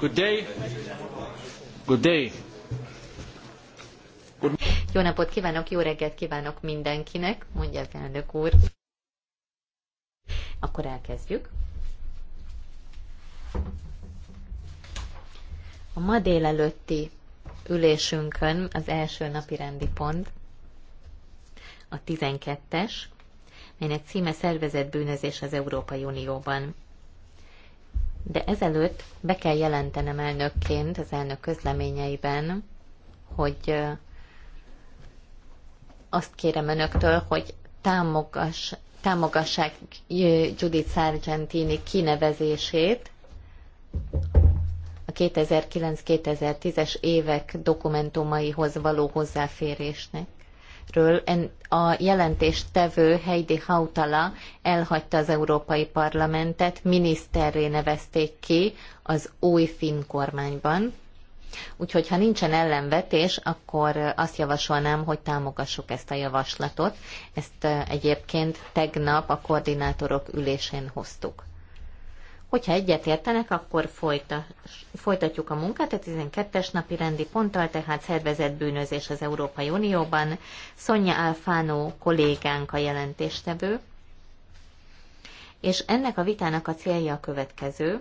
Good day. Good day. Good... Jó napot kívánok, jó reggelt kívánok mindenkinek, mondja a úr. Akkor elkezdjük. A ma délelőtti ülésünkön az első napi rendi pont a 12-es, melynek címe szervezett bűnözés az Európai Unióban. De ezelőtt be kell jelentenem elnökként az elnök közleményeiben, hogy azt kérem önöktől, hogy támogass, támogassák Judith Sargentini kinevezését a 2009-2010-es évek dokumentumaihoz való hozzáférésnek helyzetről a jelentéstevő Heidi Hautala elhagyta az Európai Parlamentet, miniszterré nevezték ki az új finn kormányban. Úgyhogy ha nincsen ellenvetés, akkor azt javasolnám, hogy támogassuk ezt a javaslatot. Ezt egyébként tegnap a koordinátorok ülésén hoztuk. Hogyha egyetértenek, akkor folyta, folytatjuk a munkát a 12-es napi rendi ponttal, tehát szervezett bűnözés az Európai Unióban. Szonya Alfánó kollégánk a jelentéstevő. És ennek a vitának a célja a következő.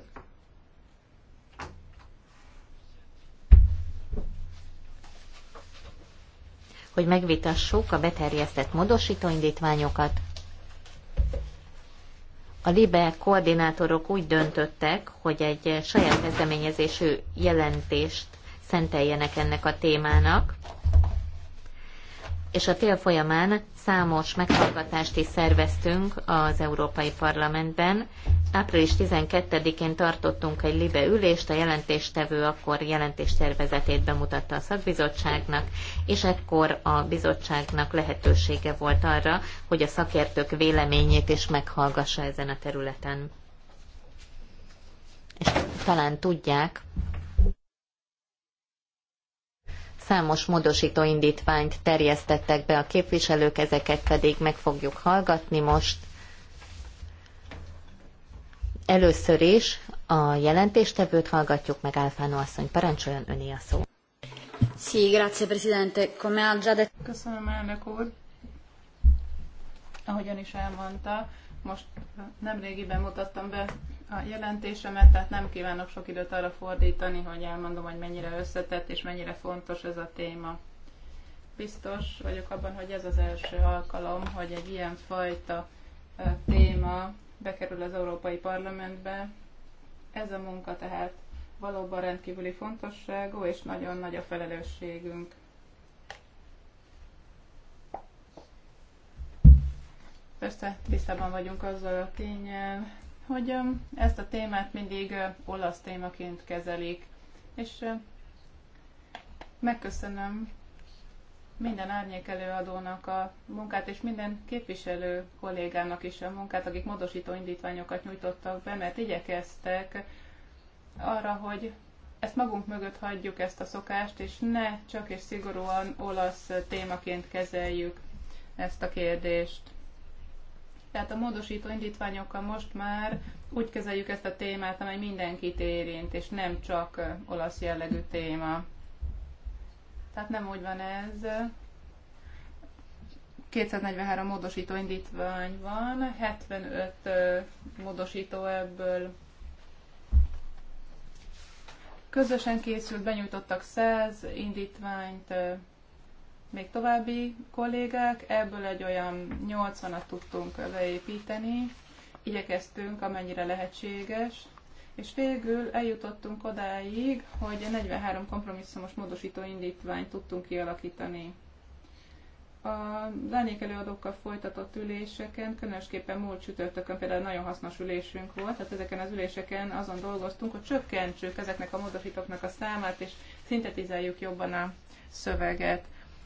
hogy megvitassuk a beterjesztett módosítóindítványokat, a LIBE koordinátorok úgy döntöttek, hogy egy saját kezdeményezésű jelentést szenteljenek ennek a témának, és a tél folyamán számos meghallgatást is szerveztünk az Európai Parlamentben. Április 12-én tartottunk egy libe ülést, a jelentéstevő akkor jelentéstervezetét bemutatta a szakbizottságnak, és ekkor a bizottságnak lehetősége volt arra, hogy a szakértők véleményét is meghallgassa ezen a területen. És talán tudják, Számos módosító indítványt terjesztettek be a képviselők, ezeket pedig meg fogjuk hallgatni most. Először is a jelentéstevőt hallgatjuk meg, Álfánó asszony, parancsoljon öné a szó. Sí, grazie, Presidente. Come ha già detto... Köszönöm, elnök úr. Ahogyan is elmondta, most nemrégiben mutattam be a jelentésemet, tehát nem kívánok sok időt arra fordítani, hogy elmondom, hogy mennyire összetett és mennyire fontos ez a téma. Biztos vagyok abban, hogy ez az első alkalom, hogy egy ilyen fajta téma bekerül az Európai Parlamentbe. Ez a munka tehát valóban rendkívüli fontosságú, és nagyon nagy a felelősségünk. Persze tisztában vagyunk azzal a tényel, hogy ezt a témát mindig olasz témaként kezelik, és megköszönöm minden árnyék előadónak a munkát, és minden képviselő kollégának is a munkát, akik módosító indítványokat nyújtottak be, mert igyekeztek arra, hogy ezt magunk mögött hagyjuk, ezt a szokást, és ne csak és szigorúan olasz témaként kezeljük ezt a kérdést. Tehát a módosító indítványokkal most már úgy kezeljük ezt a témát, amely mindenkit érint, és nem csak olasz jellegű téma. Tehát nem úgy van ez. 243 módosító indítvány van, 75 módosító ebből közösen készült, benyújtottak 100 indítványt, még további kollégák, ebből egy olyan 80-at tudtunk beépíteni, igyekeztünk, amennyire lehetséges, és végül eljutottunk odáig, hogy 43 kompromisszumos módosító indítványt tudtunk kialakítani. A zenék előadókkal folytatott üléseken, különösképpen múlt csütörtökön például nagyon hasznos ülésünk volt, tehát ezeken az üléseken azon dolgoztunk, hogy csökkentsük ezeknek a módosítóknak a számát, és szintetizáljuk jobban a szöveget.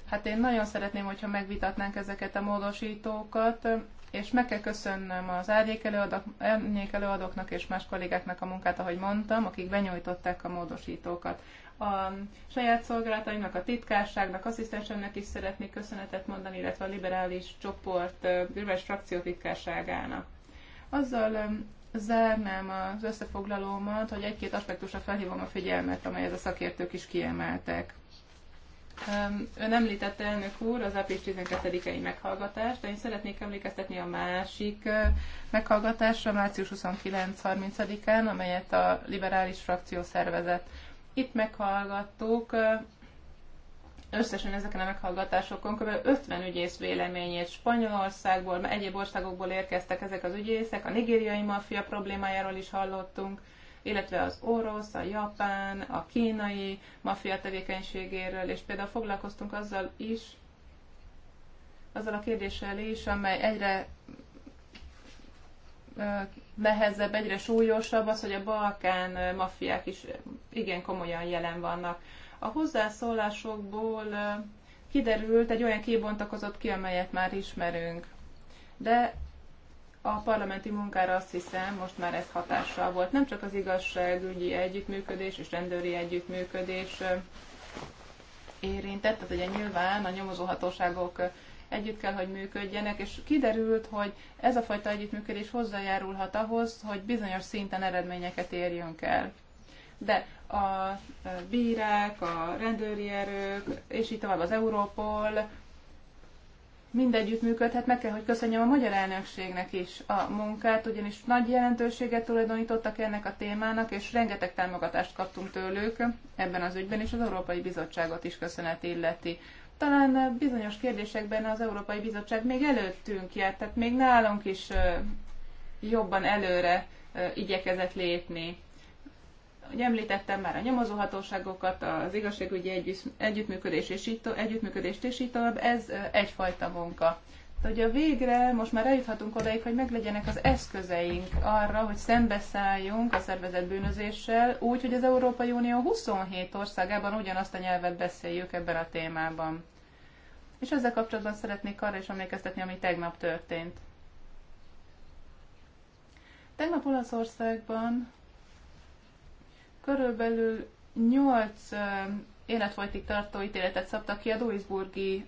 Hát én nagyon szeretném, hogyha megvitatnánk ezeket a módosítókat, és meg kell köszönnöm az árnyék, előadók, árnyék előadóknak és más kollégáknak a munkát, ahogy mondtam, akik benyújtották a módosítókat. A saját szolgálataimnak, a titkárságnak, asszisztensemnek is szeretnék köszönetet mondani, illetve a liberális csoport, liberális frakció titkárságának. Azzal zárnám az összefoglalómat, hogy egy-két aspektusra felhívom a figyelmet, amelyet a szakértők is kiemeltek. Ön említette, elnök úr, az április 12-i meghallgatást, de én szeretnék emlékeztetni a másik meghallgatásra, március 29-30-án, amelyet a liberális frakció szervezett. Itt meghallgattuk összesen ezeken a meghallgatásokon kb. 50 ügyész véleményét Spanyolországból, egyéb országokból érkeztek ezek az ügyészek, a nigériai maffia problémájáról is hallottunk, illetve az orosz, a japán, a kínai maffia tevékenységéről, és például foglalkoztunk azzal is, azzal a kérdéssel is, amely egyre nehezebb, egyre súlyosabb az, hogy a balkán maffiák is igen komolyan jelen vannak. A hozzászólásokból kiderült egy olyan kibontakozott ki, amelyet már ismerünk. De a parlamenti munkára azt hiszem, most már ez hatással volt. Nem csak az igazságügyi együttműködés és rendőri együttműködés érintett, tehát ugye nyilván a nyomozóhatóságok együtt kell, hogy működjenek, és kiderült, hogy ez a fajta együttműködés hozzájárulhat ahhoz, hogy bizonyos szinten eredményeket érjünk el. De a bírák, a rendőri erők, és így tovább az Európol, mindegyütt működhet, meg kell, hogy köszönjem a magyar elnökségnek is a munkát, ugyanis nagy jelentőséget tulajdonítottak ennek a témának, és rengeteg támogatást kaptunk tőlük ebben az ügyben, és az Európai Bizottságot is köszönet illeti. Talán bizonyos kérdésekben az Európai Bizottság még előttünk járt, tehát még nálunk is jobban előre igyekezett lépni. Ahogy említettem már a nyomozóhatóságokat, az igazságügyi együttműködés és így, együttműködést és így tovább, ez egyfajta munka. De ugye végre most már eljuthatunk odaig, hogy meglegyenek az eszközeink arra, hogy szembeszálljunk a szervezett bűnözéssel, úgy, hogy az Európai Unió 27 országában ugyanazt a nyelvet beszéljük ebben a témában. És ezzel kapcsolatban szeretnék arra is emlékeztetni, ami tegnap történt. Tegnap Olaszországban Körülbelül 8 életfolytig tartó ítéletet szabtak ki a Duisburgi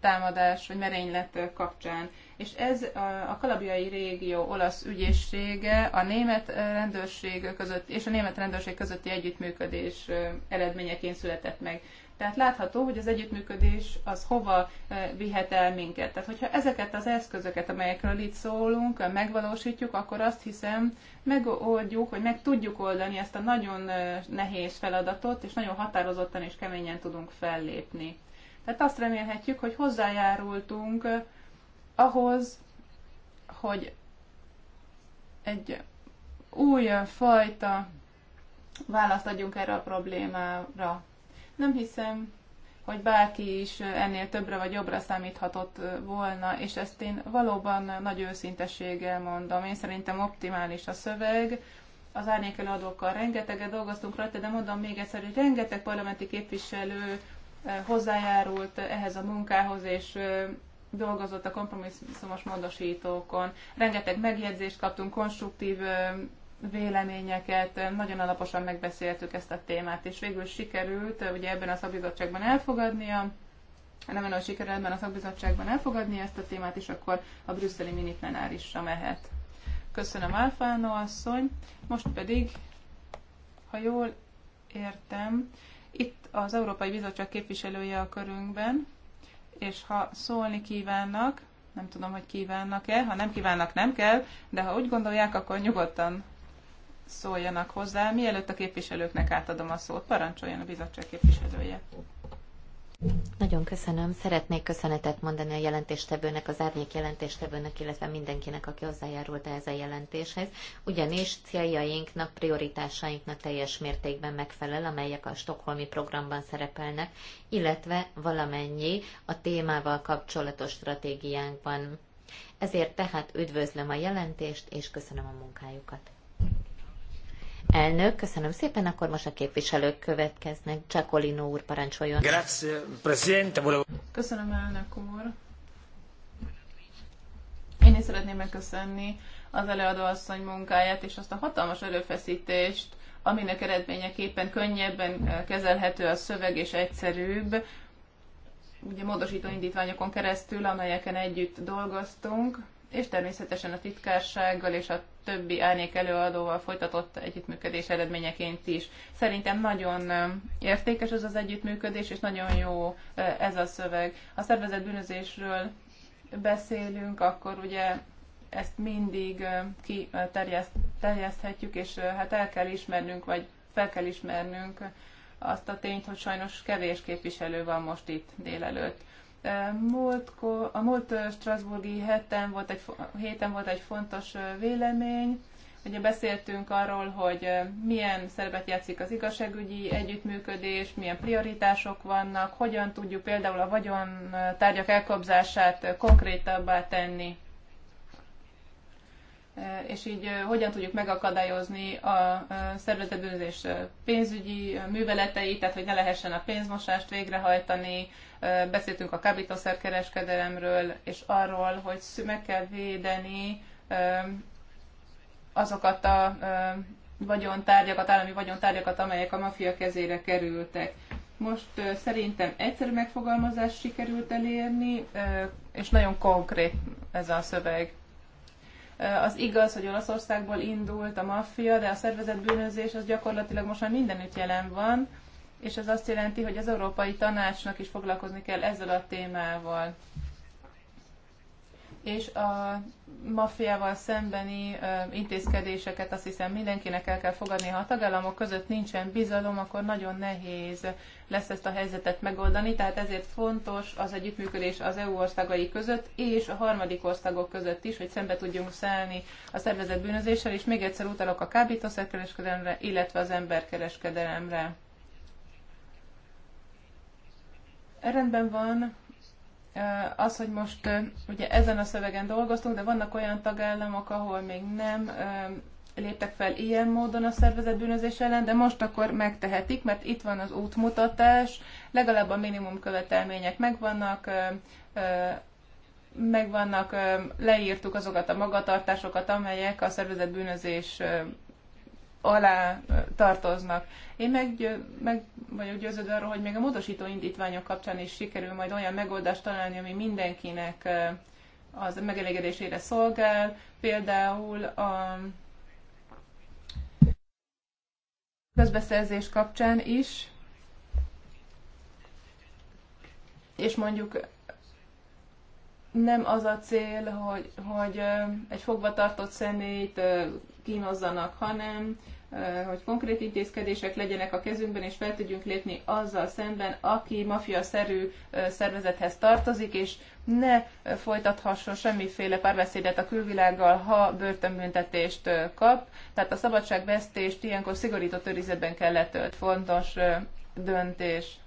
támadás vagy merénylet kapcsán. És ez a Kalabjai régió olasz ügyészsége a német rendőrség között és a német rendőrség közötti együttműködés eredményeként született meg. Tehát látható, hogy az együttműködés az hova eh, vihet el minket. Tehát, hogyha ezeket az eszközöket, amelyekről itt szólunk, eh, megvalósítjuk, akkor azt hiszem, megoldjuk, hogy meg tudjuk oldani ezt a nagyon eh, nehéz feladatot, és nagyon határozottan és keményen tudunk fellépni. Tehát azt remélhetjük, hogy hozzájárultunk ahhoz, hogy egy új fajta választ adjunk erre a problémára. Nem hiszem, hogy bárki is ennél többre vagy jobbra számíthatott volna, és ezt én valóban nagy őszintességgel mondom. Én szerintem optimális a szöveg, az árnyékelőadókkal rengeteget dolgoztunk rajta, de mondom még egyszer, hogy rengeteg parlamenti képviselő hozzájárult ehhez a munkához, és dolgozott a kompromisszumos módosítókon. Rengeteg megjegyzést kaptunk, konstruktív véleményeket, nagyon alaposan megbeszéltük ezt a témát, és végül sikerült uh, ugye ebben a szakbizottságban elfogadnia, nem olyan sikerült ebben a szakbizottságban elfogadni ezt a témát, és akkor a brüsszeli miniplenárisra mehet. Köszönöm Alfano asszony, most pedig, ha jól értem, itt az Európai Bizottság képviselője a körünkben, és ha szólni kívánnak, nem tudom, hogy kívánnak-e, ha nem kívánnak, nem kell, de ha úgy gondolják, akkor nyugodtan szóljanak hozzá. Mielőtt a képviselőknek átadom a szót, parancsoljon a bizottság képviselője. Nagyon köszönöm. Szeretnék köszönetet mondani a jelentéstevőnek, az árnyék jelentéstevőnek, illetve mindenkinek, aki hozzájárult ehhez a jelentéshez, ugyanis céljainknak, prioritásainknak teljes mértékben megfelel, amelyek a Stockholmi programban szerepelnek, illetve valamennyi a témával kapcsolatos stratégiánkban. Ezért tehát üdvözlöm a jelentést, és köszönöm a munkájukat. Elnök, köszönöm szépen, akkor most a képviselők következnek. Csakolino úr, parancsoljon. Köszönöm, elnök úr. Én is szeretném megköszönni az előadóasszony munkáját és azt a hatalmas előfeszítést, aminek eredményeképpen könnyebben eh, kezelhető a szöveg és egyszerűbb, ugye módosító indítványokon keresztül, amelyeken együtt dolgoztunk és természetesen a titkársággal és a többi árnyék előadóval folytatott együttműködés eredményeként is. Szerintem nagyon értékes ez az együttműködés, és nagyon jó ez a szöveg. A szervezett bűnözésről beszélünk, akkor ugye ezt mindig kiterjeszthetjük, és hát el kell ismernünk, vagy fel kell ismernünk azt a tényt, hogy sajnos kevés képviselő van most itt délelőtt. Múltkor, a múlt Strasburgi héten volt egy, héten volt egy fontos vélemény, Ugye beszéltünk arról, hogy milyen szerepet játszik az igazságügyi együttműködés, milyen prioritások vannak, hogyan tudjuk például a vagyon tárgyak elkobzását konkrétabbá tenni és így hogyan tudjuk megakadályozni a szervezetbűnözés pénzügyi műveleteit, tehát hogy ne lehessen a pénzmosást végrehajtani. Beszéltünk a kábítószerkereskedelemről, és arról, hogy meg kell védeni azokat a vagyontárgyakat, állami vagyontárgyakat, amelyek a mafia kezére kerültek. Most szerintem egyszerű megfogalmazást sikerült elérni, és nagyon konkrét ez a szöveg. Eh, az igaz, hogy Olaszországból indult a maffia, de a szervezett bűnözés az gyakorlatilag most már mindenütt jelen van, és ez azt jelenti, hogy az Európai Tanácsnak is foglalkozni kell ezzel a témával és a maffiával szembeni intézkedéseket azt hiszem mindenkinek el kell fogadni. Ha a tagállamok között nincsen bizalom, akkor nagyon nehéz lesz ezt a helyzetet megoldani, tehát ezért fontos az együttműködés az EU országai között és a harmadik országok között is, hogy szembe tudjunk szállni a szervezett bűnözéssel, és még egyszer utalok a kábítószerkereskedelemre, illetve az emberkereskedelemre. Rendben van, az, hogy most ugye ezen a szövegen dolgoztunk, de vannak olyan tagállamok, ahol még nem léptek fel ilyen módon a szervezett bűnözés ellen, de most akkor megtehetik, mert itt van az útmutatás, legalább a minimum követelmények megvannak, megvannak, leírtuk azokat a magatartásokat, amelyek a szervezett bűnözés alá tartoznak. Én meg, meg vagyok győződve arról, hogy még a módosító indítványok kapcsán is sikerül majd olyan megoldást találni, ami mindenkinek az megelégedésére szolgál. Például a közbeszerzés kapcsán is, és mondjuk nem az a cél, hogy, hogy egy fogvatartott személyt kínozzanak, hanem hogy konkrét intézkedések legyenek a kezünkben, és fel tudjunk lépni azzal szemben, aki mafiaszerű szervezethez tartozik, és ne folytathasson semmiféle párbeszédet a külvilággal, ha börtönbüntetést kap. Tehát a szabadságvesztést ilyenkor szigorított őrizetben kell letölt. Fontos döntés.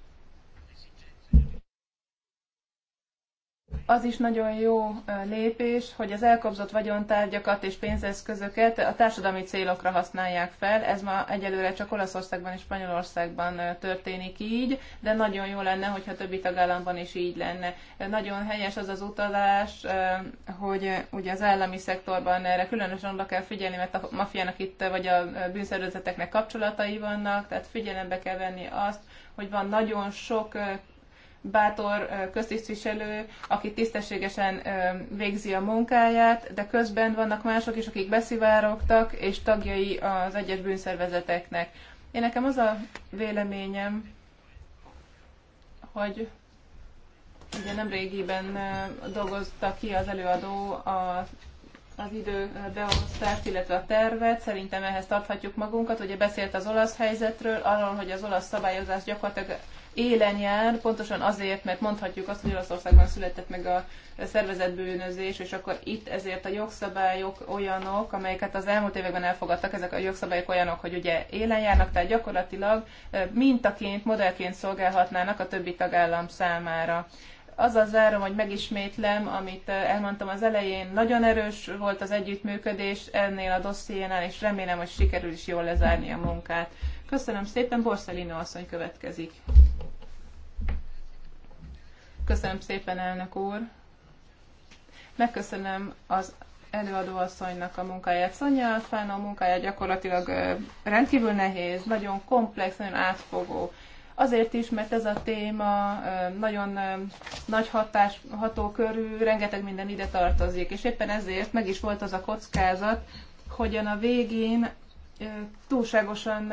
az is nagyon jó lépés, hogy az elkobzott vagyontárgyakat és pénzeszközöket a társadalmi célokra használják fel. Ez ma egyelőre csak Olaszországban és Spanyolországban történik így, de nagyon jó lenne, hogyha többi tagállamban is így lenne. Nagyon helyes az az utalás, hogy ugye az állami szektorban erre különösen oda kell figyelni, mert a mafiának itt vagy a bűnszervezeteknek kapcsolatai vannak, tehát figyelembe kell venni azt, hogy van nagyon sok bátor köztisztviselő, aki tisztességesen végzi a munkáját, de közben vannak mások is, akik beszivárogtak, és tagjai az egyes bűnszervezeteknek. Én nekem az a véleményem, hogy ugye nem régiben dolgozta ki az előadó a az idő beosztást, illetve a tervet. Szerintem ehhez tarthatjuk magunkat. Ugye beszélt az olasz helyzetről, arról, hogy az olasz szabályozás gyakorlatilag élen jár, pontosan azért, mert mondhatjuk azt, hogy Olaszországban született meg a szervezetbűnözés, és akkor itt ezért a jogszabályok olyanok, amelyeket az elmúlt években elfogadtak, ezek a jogszabályok olyanok, hogy ugye élen járnak, tehát gyakorlatilag mintaként, modellként szolgálhatnának a többi tagállam számára Az zárom, hogy megismétlem, amit elmondtam az elején. Nagyon erős volt az együttműködés ennél a dossziénál, és remélem, hogy sikerül is jól lezárni a munkát. Köszönöm szépen, Borszelino asszony következik. Köszönöm szépen, elnök úr. Megköszönöm az előadó asszonynak a munkáját. Szonya Alfán a munkája gyakorlatilag rendkívül nehéz, nagyon komplex, nagyon átfogó. Azért is, mert ez a téma nagyon nagy hatás, körű, rengeteg minden ide tartozik, és éppen ezért meg is volt az a kockázat, hogyan a végén túlságosan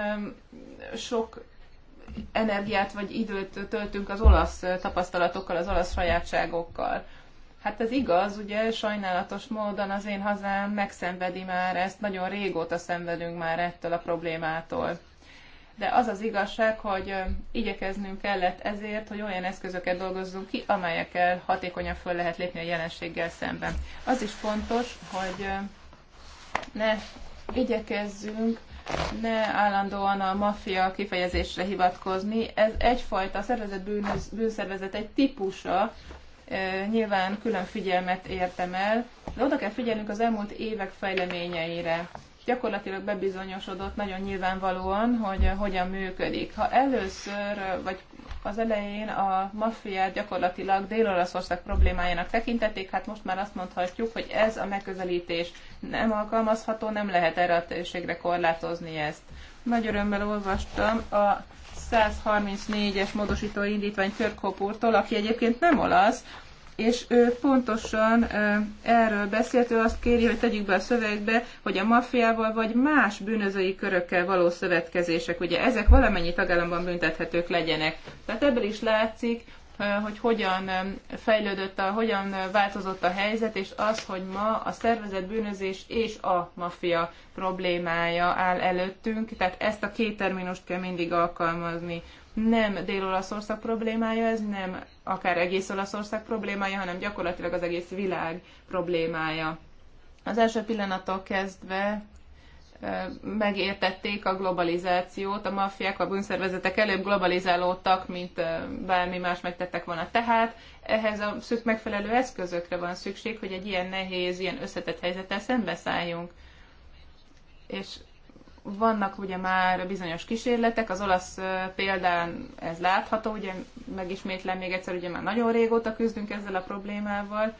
sok energiát vagy időt töltünk az olasz tapasztalatokkal, az olasz sajátságokkal. Hát ez igaz, ugye sajnálatos módon az én hazám megszenvedi már ezt, nagyon régóta szenvedünk már ettől a problémától. De az az igazság, hogy igyekeznünk kellett ezért, hogy olyan eszközöket dolgozzunk ki, amelyekkel hatékonyan föl lehet lépni a jelenséggel szemben. Az is fontos, hogy ne igyekezzünk ne állandóan a maffia kifejezésre hivatkozni. Ez egyfajta a szervezet bűnöz, bűnszervezet egy típusa, e, nyilván külön figyelmet értem el, de oda kell figyelnünk az elmúlt évek fejleményeire gyakorlatilag bebizonyosodott nagyon nyilvánvalóan, hogy eh, hogyan működik. Ha először, eh, vagy az elején a maffiát gyakorlatilag Dél-Olaszország problémájának tekintették, hát most már azt mondhatjuk, hogy ez a megközelítés nem alkalmazható, nem lehet erre a térségre korlátozni ezt. Nagy örömmel olvastam a 134-es módosító indítvány Körkop aki egyébként nem olasz, és ő pontosan erről beszélt, ő azt kéri, hogy tegyük be a szövegbe, hogy a maffiával vagy más bűnözői körökkel való szövetkezések, ugye ezek valamennyi tagállamban büntethetők legyenek. Tehát ebből is látszik, hogy hogyan fejlődött, a, hogyan változott a helyzet, és az, hogy ma a szervezett bűnözés és a maffia problémája áll előttünk, tehát ezt a két terminust kell mindig alkalmazni. Nem Dél-Olaszország problémája, ez nem akár egész Olaszország problémája, hanem gyakorlatilag az egész világ problémája. Az első pillanattól kezdve megértették a globalizációt, a maffiák, a bűnszervezetek előbb globalizálódtak, mint bármi más megtettek volna. Tehát ehhez a szük megfelelő eszközökre van szükség, hogy egy ilyen nehéz, ilyen összetett helyzettel szembeszálljunk. És vannak ugye már bizonyos kísérletek, az olasz példán ez látható, ugye megismétlen még egyszer, ugye már nagyon régóta küzdünk ezzel a problémával,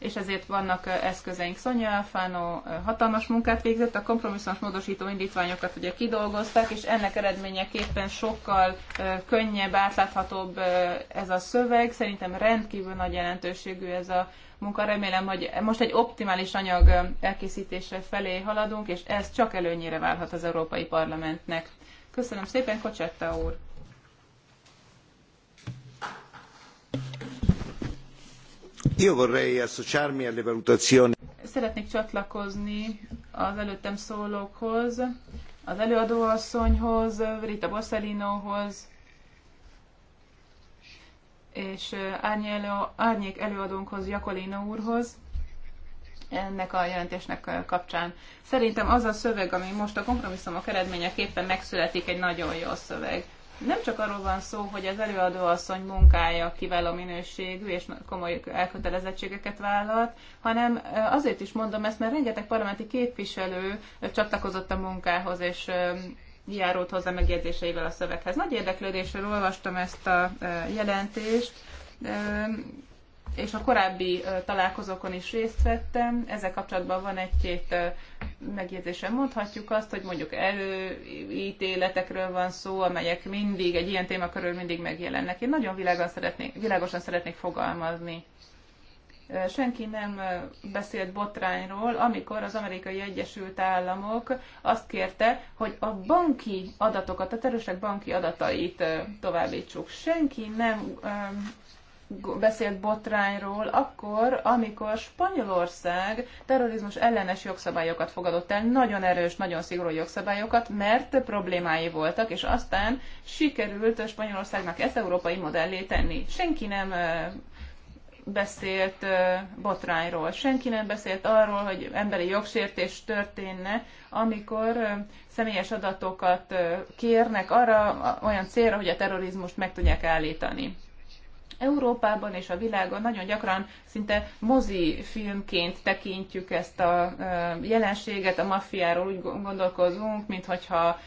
és ezért vannak eszközeink. Szonya Fánó hatalmas munkát végzett, a kompromisszumos módosító indítványokat ugye kidolgozták, és ennek eredményeképpen sokkal könnyebb, átláthatóbb ez a szöveg. Szerintem rendkívül nagy jelentőségű ez a munka. Remélem, hogy most egy optimális anyag elkészítése felé haladunk, és ez csak előnyére válhat az Európai Parlamentnek. Köszönöm szépen, Kocsetta úr! Szeretnék csatlakozni az előttem szólókhoz, az előadóasszonyhoz, Rita Borsellinohoz, és árnyék előadónkhoz, Jakolino úrhoz ennek a jelentésnek kapcsán. Szerintem az a szöveg, ami most a kompromisszumok eredményeképpen megszületik, egy nagyon jó szöveg nem csak arról van szó, hogy az asszony munkája kiváló minőségű és komoly elkötelezettségeket vállalt, hanem azért is mondom ezt, mert rengeteg parlamenti képviselő csatlakozott a munkához, és járult hozzá megjegyzéseivel a szöveghez. Nagy érdeklődésről olvastam ezt a jelentést, és a korábbi találkozókon is részt vettem. Ezzel kapcsolatban van egy-két megjegyzésem. Mondhatjuk azt, hogy mondjuk előítéletekről van szó, amelyek mindig, egy ilyen témakörül mindig megjelennek. Én nagyon világosan szeretnék, világosan szeretnék fogalmazni. Senki nem beszélt botrányról, amikor az amerikai Egyesült Államok azt kérte, hogy a banki adatokat, a terősek banki adatait továbbítsuk. Senki nem beszélt botrányról akkor, amikor Spanyolország terrorizmus ellenes jogszabályokat fogadott el, nagyon erős, nagyon szigorú jogszabályokat, mert problémái voltak, és aztán sikerült Spanyolországnak ezt európai modellé tenni. Senki nem beszélt botrányról. Senki nem beszélt arról, hogy emberi jogsértés történne, amikor személyes adatokat kérnek arra olyan célra, hogy a terrorizmust meg tudják állítani. Európában és a világon nagyon gyakran szinte filmként tekintjük ezt a jelenséget, a maffiáról úgy gondolkozunk, mintha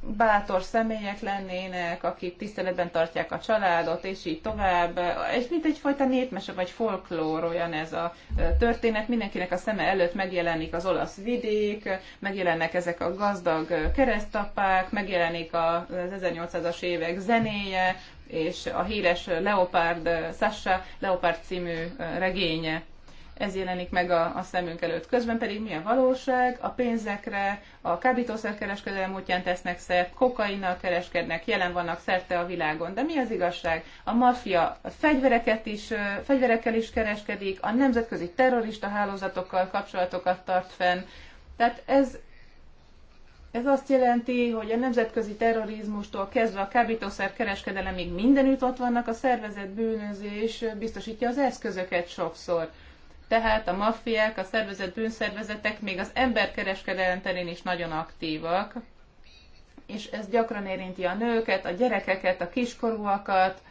bátor személyek lennének, akik tiszteletben tartják a családot, és így tovább. Ez mint egyfajta népmese vagy folklór olyan ez a történet. Mindenkinek a szeme előtt megjelenik az olasz vidék, megjelennek ezek a gazdag keresztapák, megjelenik az 1800-as évek zenéje, és a híres Leopard, Sasha Leopard című regénye. Ez jelenik meg a, a szemünk előtt. Közben pedig mi a valóság? A pénzekre, a kábítószerkereskedelem útján tesznek szert, kokainnal kereskednek, jelen vannak szerte a világon. De mi az igazság? A maffia a fegyvereket is, fegyverekkel is kereskedik, a nemzetközi terrorista hálózatokkal kapcsolatokat tart fenn. Tehát ez ez azt jelenti, hogy a nemzetközi terrorizmustól kezdve a kábítószer kereskedelemig mindenütt ott vannak, a szervezett bűnözés biztosítja az eszközöket sokszor. Tehát a maffiák, a szervezett bűnszervezetek még az emberkereskedelem terén is nagyon aktívak, és ez gyakran érinti a nőket, a gyerekeket, a kiskorúakat,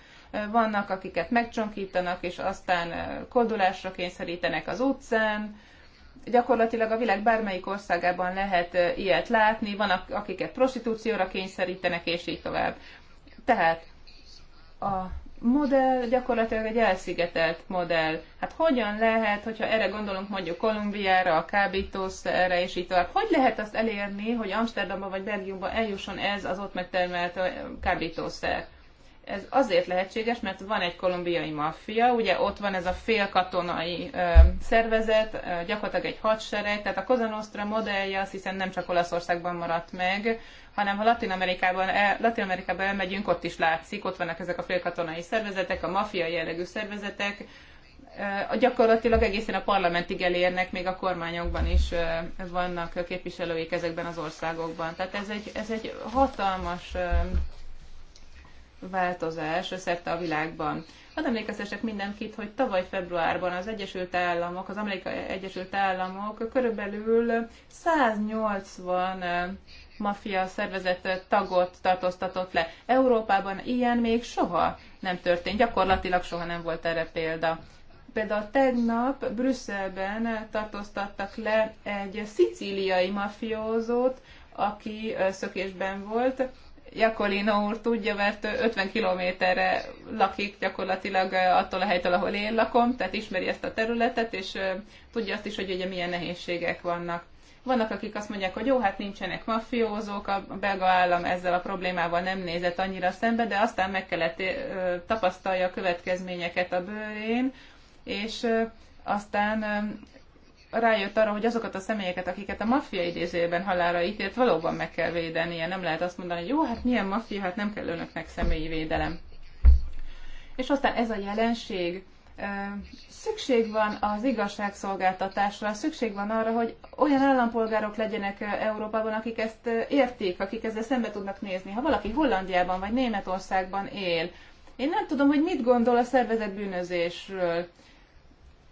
vannak, akiket megcsonkítanak, és aztán eh, koldulásra kényszerítenek az utcán, gyakorlatilag a világ bármelyik országában lehet ilyet látni, van akiket prostitúcióra kényszerítenek, és így tovább. Tehát a modell gyakorlatilag egy elszigetelt modell. Hát hogyan lehet, hogyha erre gondolunk mondjuk Kolumbiára, a kábítószerre és így tovább, hogy lehet azt elérni, hogy Amsterdamba vagy Belgiumba eljusson ez az ott megtermelt kábítószer? ez azért lehetséges, mert van egy kolumbiai maffia, ugye ott van ez a félkatonai ö, szervezet, ö, gyakorlatilag egy hadsereg, tehát a Cosa Nostra modellje azt hiszem nem csak Olaszországban maradt meg, hanem ha Latin Amerikában, el, Latin Amerikában elmegyünk, ott is látszik, ott vannak ezek a félkatonai szervezetek, a maffia jellegű szervezetek, ö, gyakorlatilag egészen a parlamentig elérnek, még a kormányokban is ö, vannak képviselőik ezekben az országokban. Tehát ez egy, ez egy hatalmas ö, változás szerte a világban. Hadd emlékeztessek mindenkit, hogy tavaly februárban az Egyesült Államok, az Amerikai Egyesült Államok körülbelül 180 maffia szervezet tagot tartóztatott le. Európában ilyen még soha nem történt, gyakorlatilag soha nem volt erre példa. Például tegnap Brüsszelben tartóztattak le egy szicíliai mafiózót, aki szökésben volt, Jakolino úr tudja, mert 50 kilométerre lakik gyakorlatilag attól a helytől, ahol én lakom, tehát ismeri ezt a területet, és tudja azt is, hogy ugye milyen nehézségek vannak. Vannak, akik azt mondják, hogy jó, hát nincsenek maffiózók, a belga állam ezzel a problémával nem nézett annyira szembe, de aztán meg kellett tapasztalja a következményeket a bőrén, és aztán rájött arra, hogy azokat a személyeket, akiket a maffia idézőjében halára ítélt, valóban meg kell védenie. Nem lehet azt mondani, hogy jó, hát milyen maffia, hát nem kell önöknek személyi védelem. És aztán ez a jelenség, szükség van az igazságszolgáltatásra, szükség van arra, hogy olyan állampolgárok legyenek Európában, akik ezt értik, akik ezzel szembe tudnak nézni. Ha valaki Hollandiában vagy Németországban él, én nem tudom, hogy mit gondol a szervezet bűnözésről.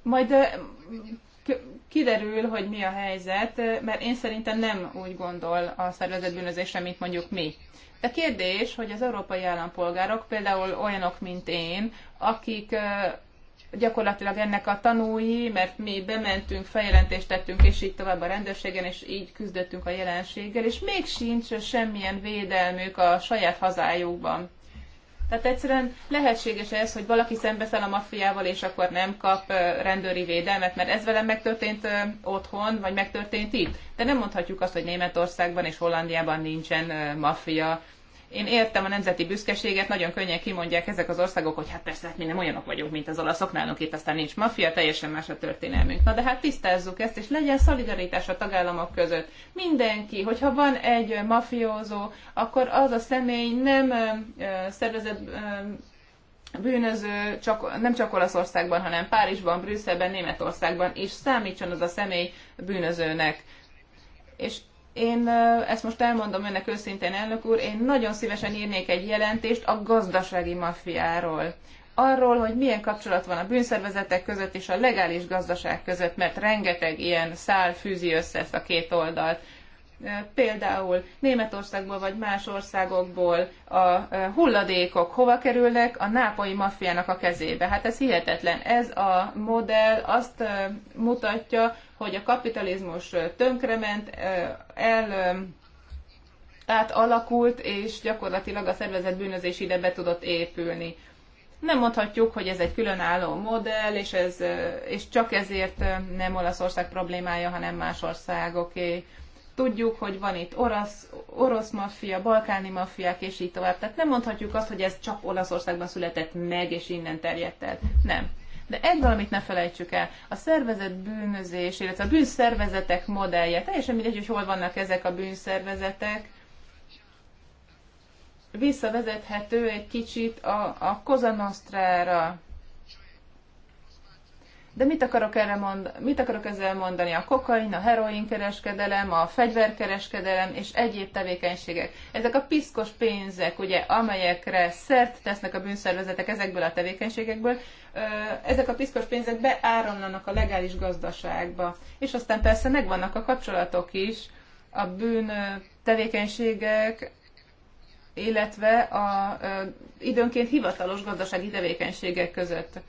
Majd kiderül, hogy mi a helyzet, mert én szerintem nem úgy gondol a szervezetbűnözésre, mint mondjuk mi. De kérdés, hogy az európai állampolgárok, például olyanok, mint én, akik gyakorlatilag ennek a tanúi, mert mi bementünk, feljelentést tettünk, és így tovább a rendőrségen, és így küzdöttünk a jelenséggel, és még sincs semmilyen védelmük a saját hazájukban. Tehát egyszerűen lehetséges ez, hogy valaki szembeszel a maffiával, és akkor nem kap rendőri védelmet, mert ez velem megtörtént otthon, vagy megtörtént itt. De nem mondhatjuk azt, hogy Németországban és Hollandiában nincsen maffia én értem a nemzeti büszkeséget, nagyon könnyen kimondják ezek az országok, hogy hát persze, hát mi nem olyanok vagyunk, mint az olaszok, nálunk itt aztán nincs maffia, teljesen más a történelmünk. Na de hát tisztázzuk ezt, és legyen szolidaritás a tagállamok között. Mindenki, hogyha van egy mafiózó, akkor az a személy nem szervezett bűnöző csak, nem csak Olaszországban, hanem Párizsban, Brüsszelben, Németországban, és számítson az a személy bűnözőnek. És én ezt most elmondom önnek őszintén, elnök úr, én nagyon szívesen írnék egy jelentést a gazdasági maffiáról. Arról, hogy milyen kapcsolat van a bűnszervezetek között és a legális gazdaság között, mert rengeteg ilyen szál fűzi össze ezt a két oldalt például Németországból vagy más országokból a hulladékok hova kerülnek? A nápolyi maffiának a kezébe. Hát ez hihetetlen. Ez a modell azt mutatja, hogy a kapitalizmus tönkrement, el átalakult, és gyakorlatilag a szervezet bűnözés ide be tudott épülni. Nem mondhatjuk, hogy ez egy különálló modell, és, ez, és csak ezért nem Olaszország problémája, hanem más országoké. Tudjuk, hogy van itt orosz, orosz maffia, balkáni maffiák, és így tovább. Tehát nem mondhatjuk azt, hogy ez csak Olaszországban született meg, és innen terjedt el. Nem de egy valamit ne felejtsük el, a szervezet bűnözés, illetve a bűnszervezetek modellje, teljesen mindegy, hogy hol vannak ezek a bűnszervezetek, visszavezethető egy kicsit a, a Kozanosztrára, de mit akarok, erre mond, mit akarok ezzel mondani? A kokain, a heroin kereskedelem, a fegyverkereskedelem és egyéb tevékenységek. Ezek a piszkos pénzek, ugye, amelyekre szert tesznek a bűnszervezetek ezekből a tevékenységekből, ezek a piszkos pénzek beáramlanak a legális gazdaságba. És aztán persze megvannak a kapcsolatok is, a bűn tevékenységek, illetve a időnként hivatalos gazdasági tevékenységek között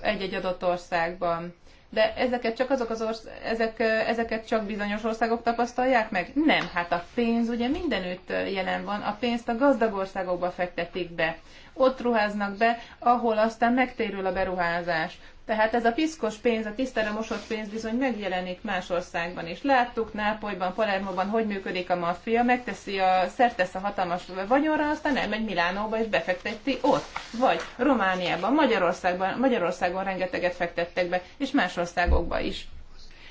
egy-egy adott országban. De ezeket csak azok az orsz- ezek, ezeket csak bizonyos országok tapasztalják meg? Nem, hát a pénz ugye mindenütt jelen van, a pénzt a gazdag országokba fektetik be. Ott ruháznak be, ahol aztán megtérül a beruházás. Tehát ez a piszkos pénz, a tisztára mosott pénz bizony megjelenik más országban is. Láttuk Nápolyban, Palermoban, hogy működik a maffia, megteszi a, szertesz a hatalmas vagyonra, aztán elmegy Milánóba és befekteti ott. Vagy Romániában, Magyarországban, Magyarországon rengeteget fektettek be, és más országokba is.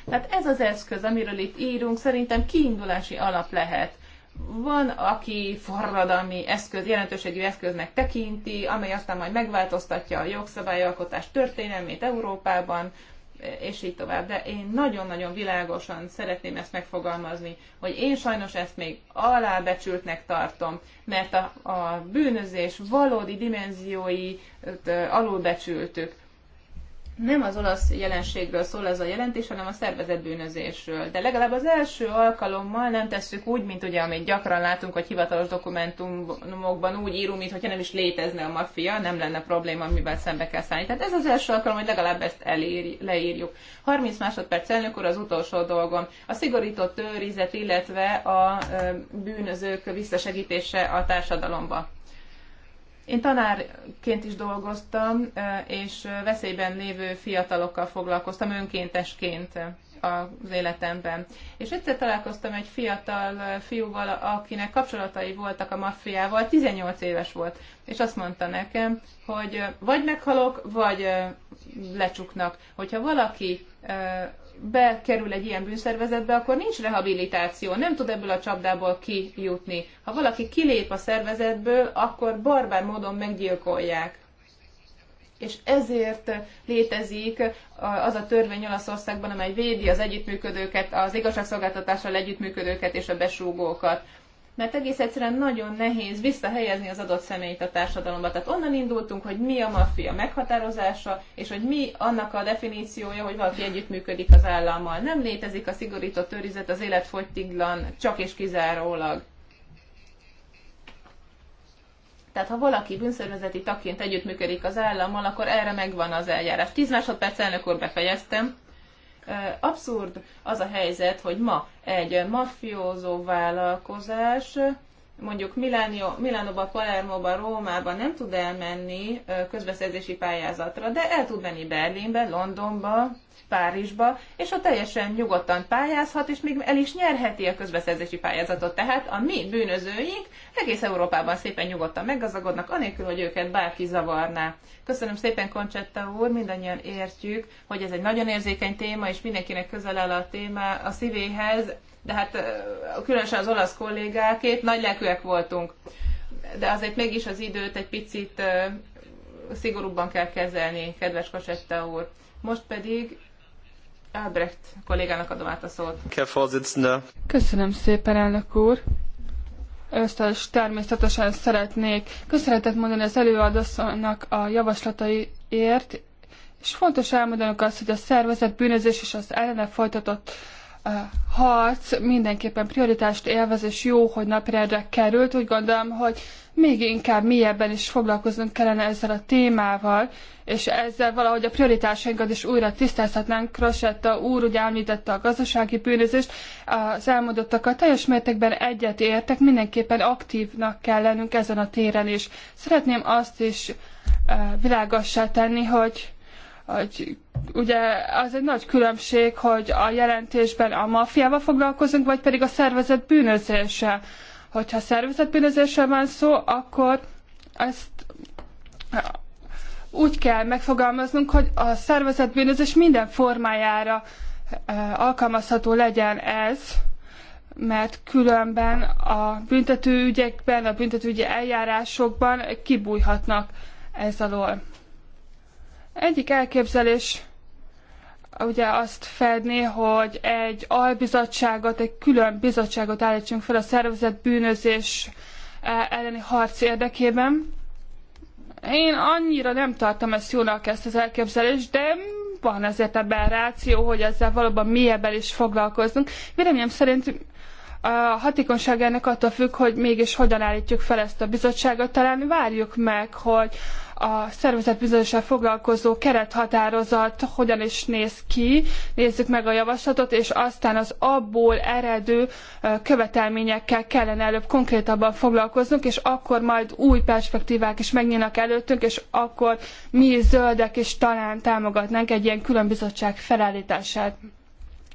Tehát ez az eszköz, amiről itt írunk, szerintem kiindulási alap lehet van, aki forradalmi eszköz, jelentőségű eszköznek tekinti, amely aztán majd megváltoztatja a jogszabályalkotás történelmét Európában, és így tovább. De én nagyon-nagyon világosan szeretném ezt megfogalmazni, hogy én sajnos ezt még alábecsültnek tartom, mert a, a bűnözés valódi dimenzióit alulbecsültük nem az olasz jelenségről szól ez a jelentés, hanem a szervezett bűnözésről. De legalább az első alkalommal nem tesszük úgy, mint ugye, amit gyakran látunk, hogy hivatalos dokumentumokban úgy írunk, mintha nem is létezne a maffia, nem lenne probléma, amivel szembe kell szállni. Tehát ez az első alkalom, hogy legalább ezt elér, leírjuk. 30 másodperc elnök úr az utolsó dolgom. A szigorított őrizet, illetve a bűnözők visszasegítése a társadalomba. Én tanárként is dolgoztam, és veszélyben lévő fiatalokkal foglalkoztam önkéntesként az életemben. És egyszer találkoztam egy fiatal fiúval, akinek kapcsolatai voltak a maffiával, 18 éves volt, és azt mondta nekem, hogy vagy meghalok, vagy lecsuknak. Hogyha valaki bekerül egy ilyen bűnszervezetbe, akkor nincs rehabilitáció, nem tud ebből a csapdából kijutni. Ha valaki kilép a szervezetből, akkor barbár módon meggyilkolják. És ezért létezik az a törvény Olaszországban, amely védi az együttműködőket, az igazságszolgáltatással együttműködőket és a besúgókat mert egész egyszerűen nagyon nehéz visszahelyezni az adott személyt a társadalomba. Tehát onnan indultunk, hogy mi a maffia meghatározása, és hogy mi annak a definíciója, hogy valaki együttműködik az állammal. Nem létezik a szigorított őrizet az életfogytiglan, csak és kizárólag. Tehát ha valaki bűnszervezeti tagként együttműködik az állammal, akkor erre megvan az eljárás. Tíz másodperc elnök úr befejeztem. Abszurd az a helyzet, hogy ma egy mafiózó vállalkozás mondjuk Milánio, Milánóba, Palermóba, Rómába nem tud elmenni közbeszerzési pályázatra, de el tud menni Berlinbe, Londonba, Párizsba, és ott teljesen nyugodtan pályázhat, és még el is nyerheti a közbeszerzési pályázatot. Tehát a mi bűnözőink egész Európában szépen nyugodtan meggazagodnak, anélkül, hogy őket bárki zavarná. Köszönöm szépen, Koncsetta úr, mindannyian értjük, hogy ez egy nagyon érzékeny téma, és mindenkinek közel áll a téma a szívéhez, de hát különösen az olasz kollégákét nagy lelkűek voltunk. De azért mégis az időt egy picit szigorúbban kell kezelni, kedves Kasetta úr. Most pedig Albrecht kollégának adom át a szót. Köszönöm szépen, elnök úr. Először is természetesen szeretnék köszönetet mondani az előadónak a javaslataiért, és fontos elmondanunk azt, hogy a szervezet bűnözés és az ellene folytatott harc mindenképpen prioritást élvez, és jó, hogy napirendre került. Úgy gondolom, hogy még inkább mélyebben is foglalkoznunk kellene ezzel a témával, és ezzel valahogy a prioritásainkat is újra tisztázhatnánk. Krosetta úr ugye említette a gazdasági bűnözést, az elmondottakat teljes mértékben egyet értek, mindenképpen aktívnak kell lennünk ezen a téren is. Szeretném azt is eh, világossá tenni, hogy hogy ugye az egy nagy különbség, hogy a jelentésben a maffiával foglalkozunk, vagy pedig a szervezet bűnözéssel. Hogyha szervezet bűnözéssel van szó, akkor ezt úgy kell megfogalmaznunk, hogy a szervezet bűnözés minden formájára e, alkalmazható legyen ez, mert különben a büntetőügyekben, a büntetőügyi eljárásokban kibújhatnak ez alól. Egyik elképzelés ugye azt fedni, hogy egy albizottságot, egy külön bizottságot állítsunk fel a szervezet bűnözés e, elleni harc érdekében. Én annyira nem tartom ezt jónak ezt az elképzelést, de van azért ebben ráció, hogy ezzel valóban mélyebben is foglalkozunk. Véleményem szerint a hatékonyság ennek attól függ, hogy mégis hogyan állítjuk fel ezt a bizottságot. Talán várjuk meg, hogy a szervezetbizonyossal foglalkozó kerethatározat hogyan is néz ki, nézzük meg a javaslatot, és aztán az abból eredő követelményekkel kellene előbb konkrétabban foglalkoznunk, és akkor majd új perspektívák is megnyílnak előttünk, és akkor mi zöldek is talán támogatnánk egy ilyen különbizottság felállítását.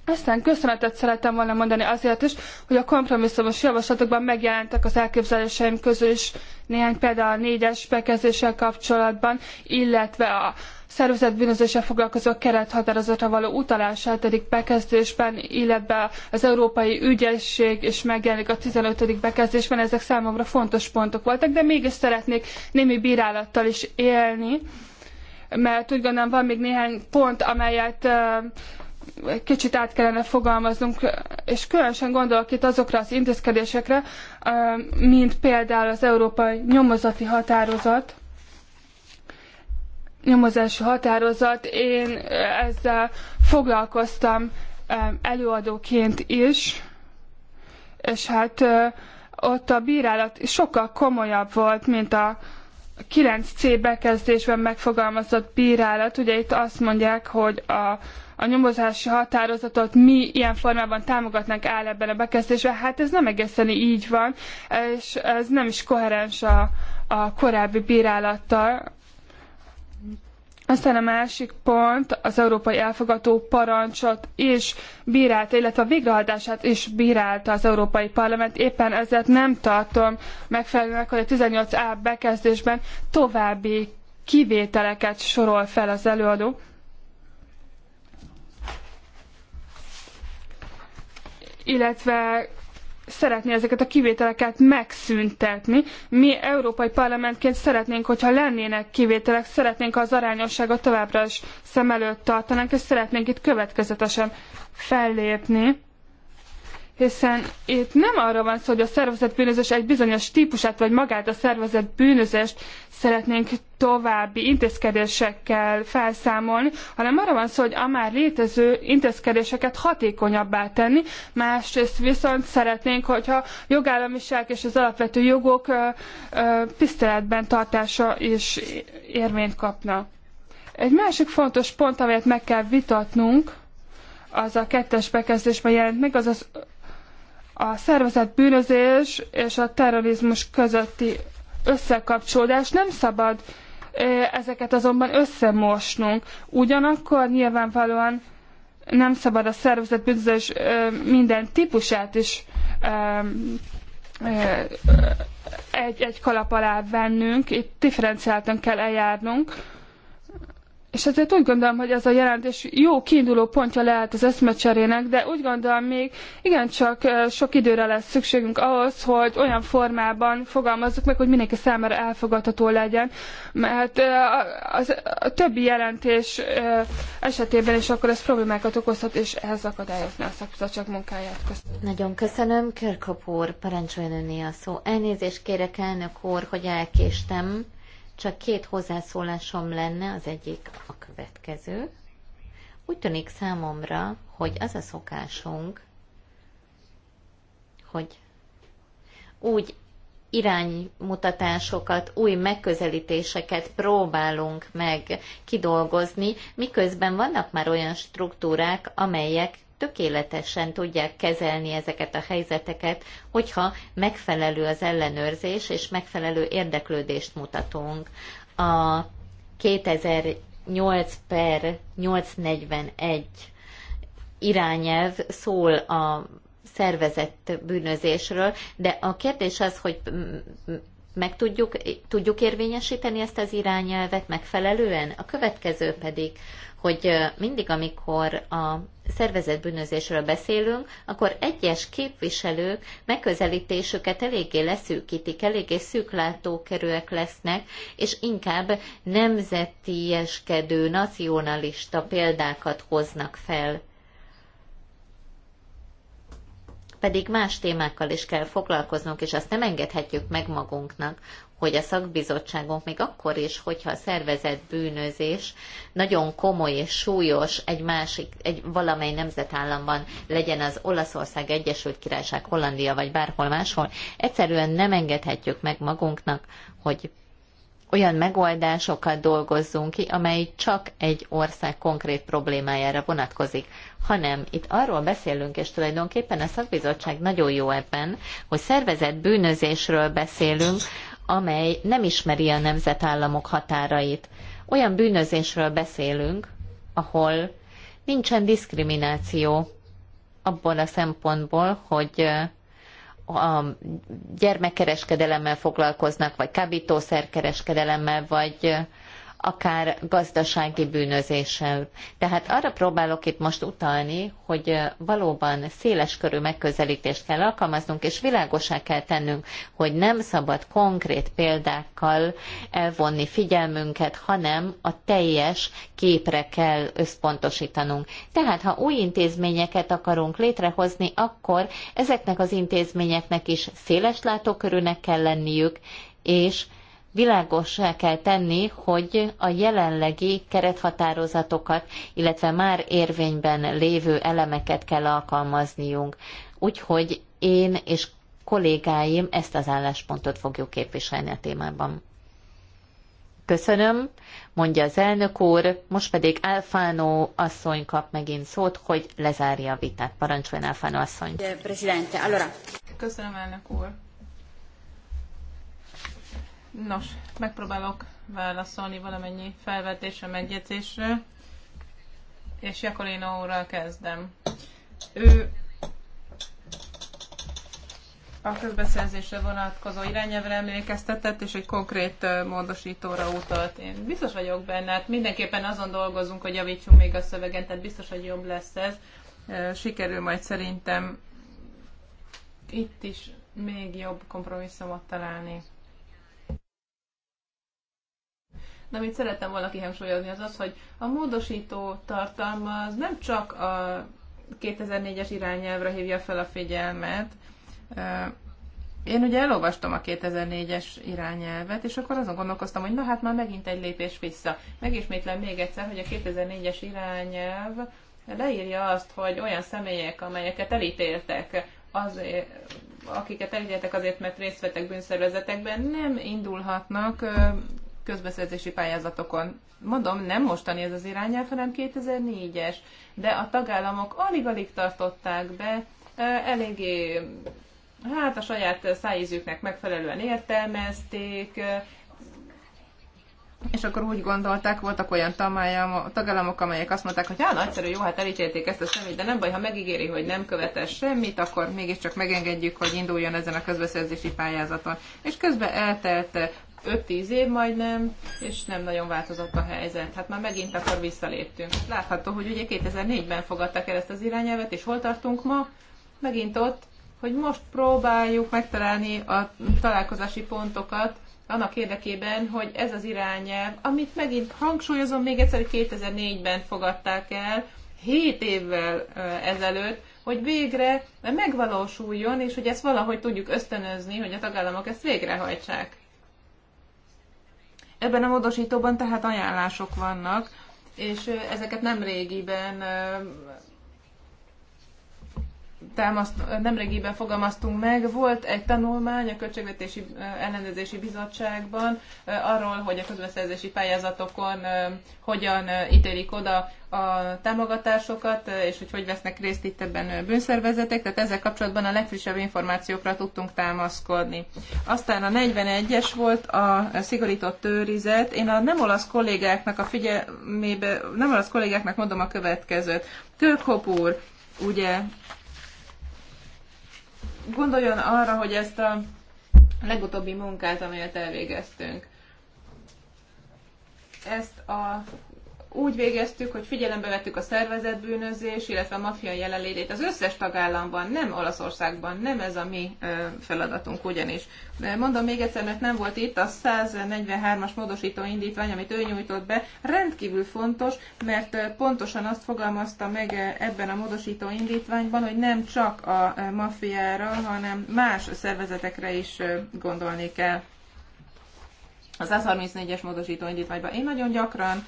Aztán köszönetet szeretem volna mondani azért is, hogy a kompromisszumos javaslatokban megjelentek az elképzeléseim közül is néhány például a négyes bekezdéssel kapcsolatban, illetve a szervezett bűnözéssel foglalkozó kerethatározatra való utalás hetedik bekezdésben, illetve az Európai Ügyesség és megjelenik a 15. bekezdésben, ezek számomra fontos pontok voltak, de mégis szeretnék némi bírálattal is élni, mert úgy gondolom van még néhány pont, amelyet kicsit át kellene fogalmaznunk, és különösen gondolok itt azokra az intézkedésekre, mint például az Európai Nyomozati Határozat, nyomozási határozat. Én ezzel foglalkoztam előadóként is, és hát ott a bírálat sokkal komolyabb volt, mint a 9C bekezdésben megfogalmazott bírálat. Ugye itt azt mondják, hogy a a nyomozási határozatot mi ilyen formában támogatnánk áll ebben a bekezdésben. Hát ez nem egészen így van, és ez nem is koherens a, a korábbi bírálattal. Aztán a másik pont az európai elfogató parancsot is bírálta, illetve a végrehajtását is bírálta az Európai Parlament. Éppen ezért nem tartom megfelelőnek, hogy a 18A bekezdésben további kivételeket sorol fel az előadó. illetve szeretné ezeket a kivételeket megszüntetni. Mi Európai Parlamentként szeretnénk, hogyha lennének kivételek, szeretnénk, ha az arányosságot továbbra is szem előtt tartanánk, és szeretnénk itt következetesen fellépni hiszen itt nem arra van szó, hogy a szervezetbűnözés bűnözés egy bizonyos típusát, vagy magát a szervezetbűnözést bűnözést szeretnénk további intézkedésekkel felszámolni, hanem arra van szó, hogy a már létező intézkedéseket hatékonyabbá tenni, másrészt viszont szeretnénk, hogyha jogállamiság és az alapvető jogok tiszteletben tartása is érvényt kapna. Egy másik fontos pont, amelyet meg kell vitatnunk, az a kettes bekezdésben jelent meg, az az a szervezett bűnözés és a terrorizmus közötti összekapcsolódás nem szabad ezeket azonban összemosnunk. Ugyanakkor nyilvánvalóan nem szabad a szervezett bűnözés minden típusát is egy, egy kalap alá vennünk, itt differenciáltan kell eljárnunk és ezért úgy gondolom, hogy ez a jelentés jó kiinduló pontja lehet az eszmecserének, de úgy gondolom még igencsak sok időre lesz szükségünk ahhoz, hogy olyan formában fogalmazzuk meg, hogy mindenki számára elfogadható legyen, mert a, többi jelentés esetében is akkor ez problémákat okozhat, és ehhez akadályozná a szakbizottság munkáját. Köszönöm. Nagyon köszönöm, Körkap úr, parancsoljon önné a szó. Elnézést kérek, elnök úr, hogy elkéstem csak két hozzászólásom lenne, az egyik a következő. Úgy tűnik számomra, hogy az a szokásunk, hogy úgy iránymutatásokat, új megközelítéseket próbálunk meg kidolgozni, miközben vannak már olyan struktúrák, amelyek tökéletesen tudják kezelni ezeket a helyzeteket, hogyha megfelelő az ellenőrzés és megfelelő érdeklődést mutatunk. A 2008 per 841 irányelv szól a szervezett bűnözésről, de a kérdés az, hogy meg tudjuk, tudjuk érvényesíteni ezt az irányelvet megfelelően? A következő pedig, hogy mindig, amikor a szervezett bűnözésről beszélünk, akkor egyes képviselők megközelítésüket eléggé leszűkítik, eléggé szűklátókerőek lesznek, és inkább nemzetieskedő, nacionalista példákat hoznak fel. Pedig más témákkal is kell foglalkoznunk, és azt nem engedhetjük meg magunknak, hogy a szakbizottságunk még akkor is, hogyha a szervezett bűnözés nagyon komoly és súlyos egy másik, egy valamely nemzetállamban legyen az Olaszország, Egyesült Királyság, Hollandia vagy bárhol máshol, egyszerűen nem engedhetjük meg magunknak, hogy olyan megoldásokat dolgozzunk ki, amely csak egy ország konkrét problémájára vonatkozik, hanem itt arról beszélünk, és tulajdonképpen a szakbizottság nagyon jó ebben, hogy szervezett bűnözésről beszélünk, amely nem ismeri a nemzetállamok határait. Olyan bűnözésről beszélünk, ahol nincsen diszkrimináció abból a szempontból, hogy a gyermekkereskedelemmel foglalkoznak, vagy kábítószerkereskedelemmel, vagy akár gazdasági bűnözéssel. Tehát arra próbálok itt most utalni, hogy valóban széles körű megközelítést kell alkalmaznunk, és világosá kell tennünk, hogy nem szabad konkrét példákkal elvonni figyelmünket, hanem a teljes képre kell összpontosítanunk. Tehát, ha új intézményeket akarunk létrehozni, akkor ezeknek az intézményeknek is széles látókörűnek kell lenniük, és világossá kell tenni, hogy a jelenlegi kerethatározatokat, illetve már érvényben lévő elemeket kell alkalmazniunk. Úgyhogy én és kollégáim ezt az álláspontot fogjuk képviselni a témában. Köszönöm, mondja az elnök úr, most pedig Alfano asszony kap megint szót, hogy lezárja a vitát. Parancsoljon Alfano asszony. Köszönöm, elnök úr. Nos, megpróbálok válaszolni valamennyi felvetésre, megjegyzésre, és Jakolina úrral kezdem. Ő a közbeszerzésre vonatkozó irányelvre emlékeztetett, és egy konkrét módosítóra utalt. Én biztos vagyok benne, hát mindenképpen azon dolgozunk, hogy javítsunk még a szövegen, tehát biztos, hogy jobb lesz ez. Sikerül majd szerintem itt is még jobb kompromisszumot találni. de amit szerettem volna kihangsúlyozni az az, hogy a módosító tartalma az nem csak a 2004-es irányelvre hívja fel a figyelmet, én ugye elolvastam a 2004-es irányelvet, és akkor azon gondolkoztam, hogy na hát már megint egy lépés vissza. Megismétlem még egyszer, hogy a 2004-es irányelv leírja azt, hogy olyan személyek, amelyeket elítéltek, azért, akiket elítéltek azért, mert részt vettek bűnszervezetekben, nem indulhatnak közbeszerzési pályázatokon. Mondom, nem mostani ez az irányelv, hanem 2004-es, de a tagállamok alig-alig tartották be, eléggé hát a saját szájízüknek megfelelően értelmezték, és akkor úgy gondolták, voltak olyan tagállamok, amelyek azt mondták, hogy hát nagyszerű, jó, hát elítélték ezt a semmit, de nem baj, ha megígéri, hogy nem követel semmit, akkor mégiscsak megengedjük, hogy induljon ezen a közbeszerzési pályázaton. És közben eltelt 5-10 év majdnem, és nem nagyon változott a helyzet. Hát már megint akkor visszaléptünk. Látható, hogy ugye 2004-ben fogadtak el ezt az irányelvet, és hol tartunk ma? Megint ott, hogy most próbáljuk megtalálni a találkozási pontokat, annak érdekében, hogy ez az irányelv, amit megint hangsúlyozom, még egyszer 2004-ben fogadták el, 7 évvel ezelőtt, hogy végre megvalósuljon, és hogy ezt valahogy tudjuk ösztönözni, hogy a tagállamok ezt végrehajtsák. Ebben a módosítóban tehát ajánlások vannak, és ezeket nem régiben támaszt, nemrégiben fogalmaztunk meg, volt egy tanulmány a Költségvetési Ellenőrzési Bizottságban arról, hogy a közbeszerzési pályázatokon hogyan ítélik oda a támogatásokat, és hogy hogy vesznek részt itt ebben bűnszervezetek, tehát ezzel kapcsolatban a legfrissebb információkra tudtunk támaszkodni. Aztán a 41-es volt a szigorított tőrizet. Én a nem olasz kollégáknak a figyelmébe, nem olasz kollégáknak mondom a következőt. Kölkhop úr, ugye gondoljon arra, hogy ezt a legutóbbi munkát, amelyet elvégeztünk, ezt a úgy végeztük, hogy figyelembe vettük a szervezetbűnözés, illetve a maffia jelenlétét az összes tagállamban, nem Olaszországban, nem ez a mi feladatunk ugyanis. De mondom még egyszer, mert nem volt itt, a 143-as módosító indítvány, amit ő nyújtott be, rendkívül fontos, mert pontosan azt fogalmazta meg ebben a módosító indítványban, hogy nem csak a maffiára, hanem más szervezetekre is gondolni kell az 134-es módosító indítványban. Én nagyon gyakran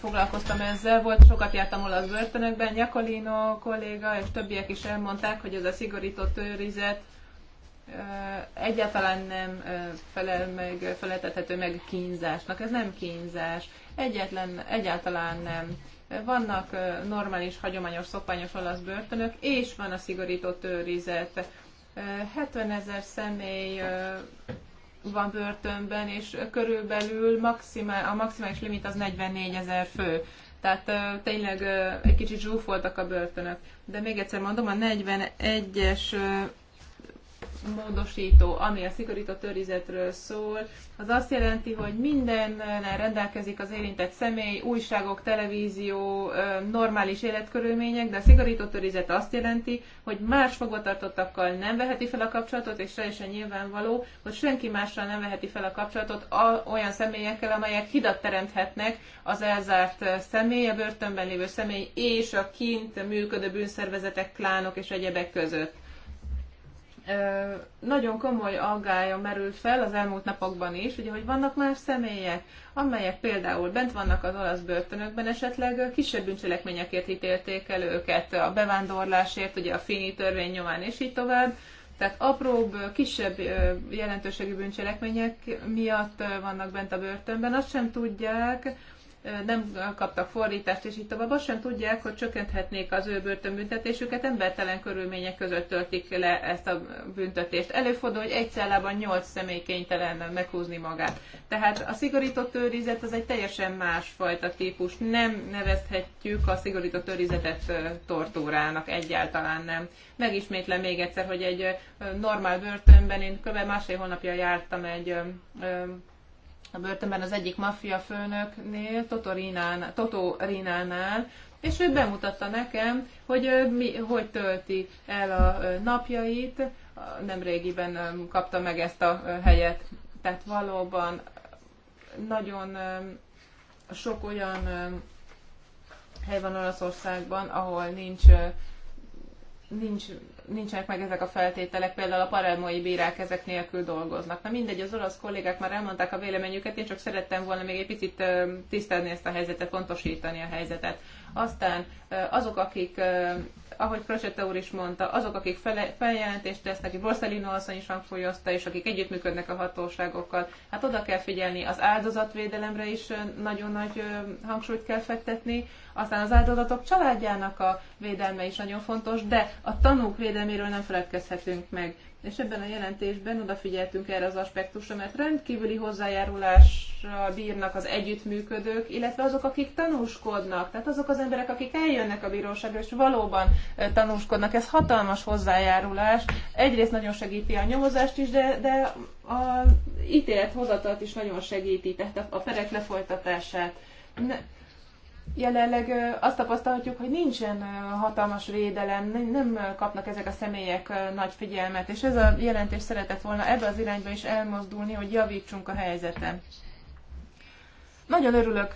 foglalkoztam ezzel, volt, sokat jártam olasz börtönökben, Nyakolino kolléga és többiek is elmondták, hogy ez a szigorított őrizet egyáltalán nem felel meg, feletethető meg kínzásnak. Ez nem kínzás. Egyetlen, egyáltalán nem. Vannak normális, hagyományos, szopányos olasz börtönök, és van a szigorított őrizet. 70 ezer személy van börtönben, és körülbelül maximál, a maximális limit az 44 ezer fő. Tehát tényleg egy kicsit zsúfoltak a börtönök. De még egyszer mondom, a 41-es módosító, ami a szigorított törizetről szól, az azt jelenti, hogy minden rendelkezik az érintett személy, újságok, televízió, normális életkörülmények, de a szigorító törizet azt jelenti, hogy más fogvatartottakkal nem veheti fel a kapcsolatot, és teljesen nyilvánvaló, hogy senki mással nem veheti fel a kapcsolatot olyan személyekkel, amelyek hidat teremthetnek az elzárt személy, a börtönben lévő személy és a kint működő bűnszervezetek, klánok és egyebek között nagyon komoly aggája merült fel az elmúlt napokban is, ugye, hogy vannak más személyek, amelyek például bent vannak az olasz börtönökben, esetleg kisebb bűncselekményekért ítélték el őket, a bevándorlásért, ugye a fini törvény nyomán, és így tovább. Tehát apróbb, kisebb jelentőségű bűncselekmények miatt vannak bent a börtönben. Azt sem tudják, nem kaptak fordítást, és így tovább. sem tudják, hogy csökkenthetnék az ő börtönbüntetésüket, embertelen körülmények között töltik le ezt a büntetést. Előfordul, hogy egy cellában nyolc személy kénytelen meghúzni magát. Tehát a szigorított őrizet az egy teljesen másfajta típus. Nem nevezhetjük a szigorított őrizetet tortúrának, egyáltalán nem. Megismétlem még egyszer, hogy egy normál börtönben én kb. másfél hónapja jártam egy a börtönben az egyik maffia főnöknél, Totó Totorinánál, és ő bemutatta nekem, hogy mi, hogy tölti el a napjait, nemrégiben kapta meg ezt a helyet. Tehát valóban nagyon sok olyan hely van Olaszországban, ahol nincs, nincs nincsenek meg ezek a feltételek, például a parelmai bírák ezek nélkül dolgoznak. Na mindegy, az olasz kollégák már elmondták a véleményüket, én csak szerettem volna még egy picit tisztelni ezt a helyzetet, pontosítani a helyzetet. Aztán azok, akik ahogy Crocetta úr is mondta, azok, akik fele, feljelentést tesznek, Borsellino asszony is hangsúlyozta, és akik együttműködnek a hatóságokkal, hát oda kell figyelni, az áldozatvédelemre is nagyon nagy hangsúlyt kell fektetni, aztán az áldozatok családjának a védelme is nagyon fontos, de a tanúk védelméről nem feledkezhetünk meg. És ebben a jelentésben odafigyeltünk erre az aspektusra, mert rendkívüli hozzájárulás tudással bírnak az együttműködők, illetve azok, akik tanúskodnak, tehát azok az emberek, akik eljönnek a bíróságra, és valóban tanúskodnak. Ez hatalmas hozzájárulás. Egyrészt nagyon segíti a nyomozást is, de, de a ítélet hozatat is nagyon segíti, tehát a perek lefolytatását. Ne, jelenleg azt tapasztalhatjuk, hogy nincsen hatalmas védelem, nem kapnak ezek a személyek nagy figyelmet, és ez a jelentés szeretett volna ebbe az irányba is elmozdulni, hogy javítsunk a helyzeten. Nagyon örülök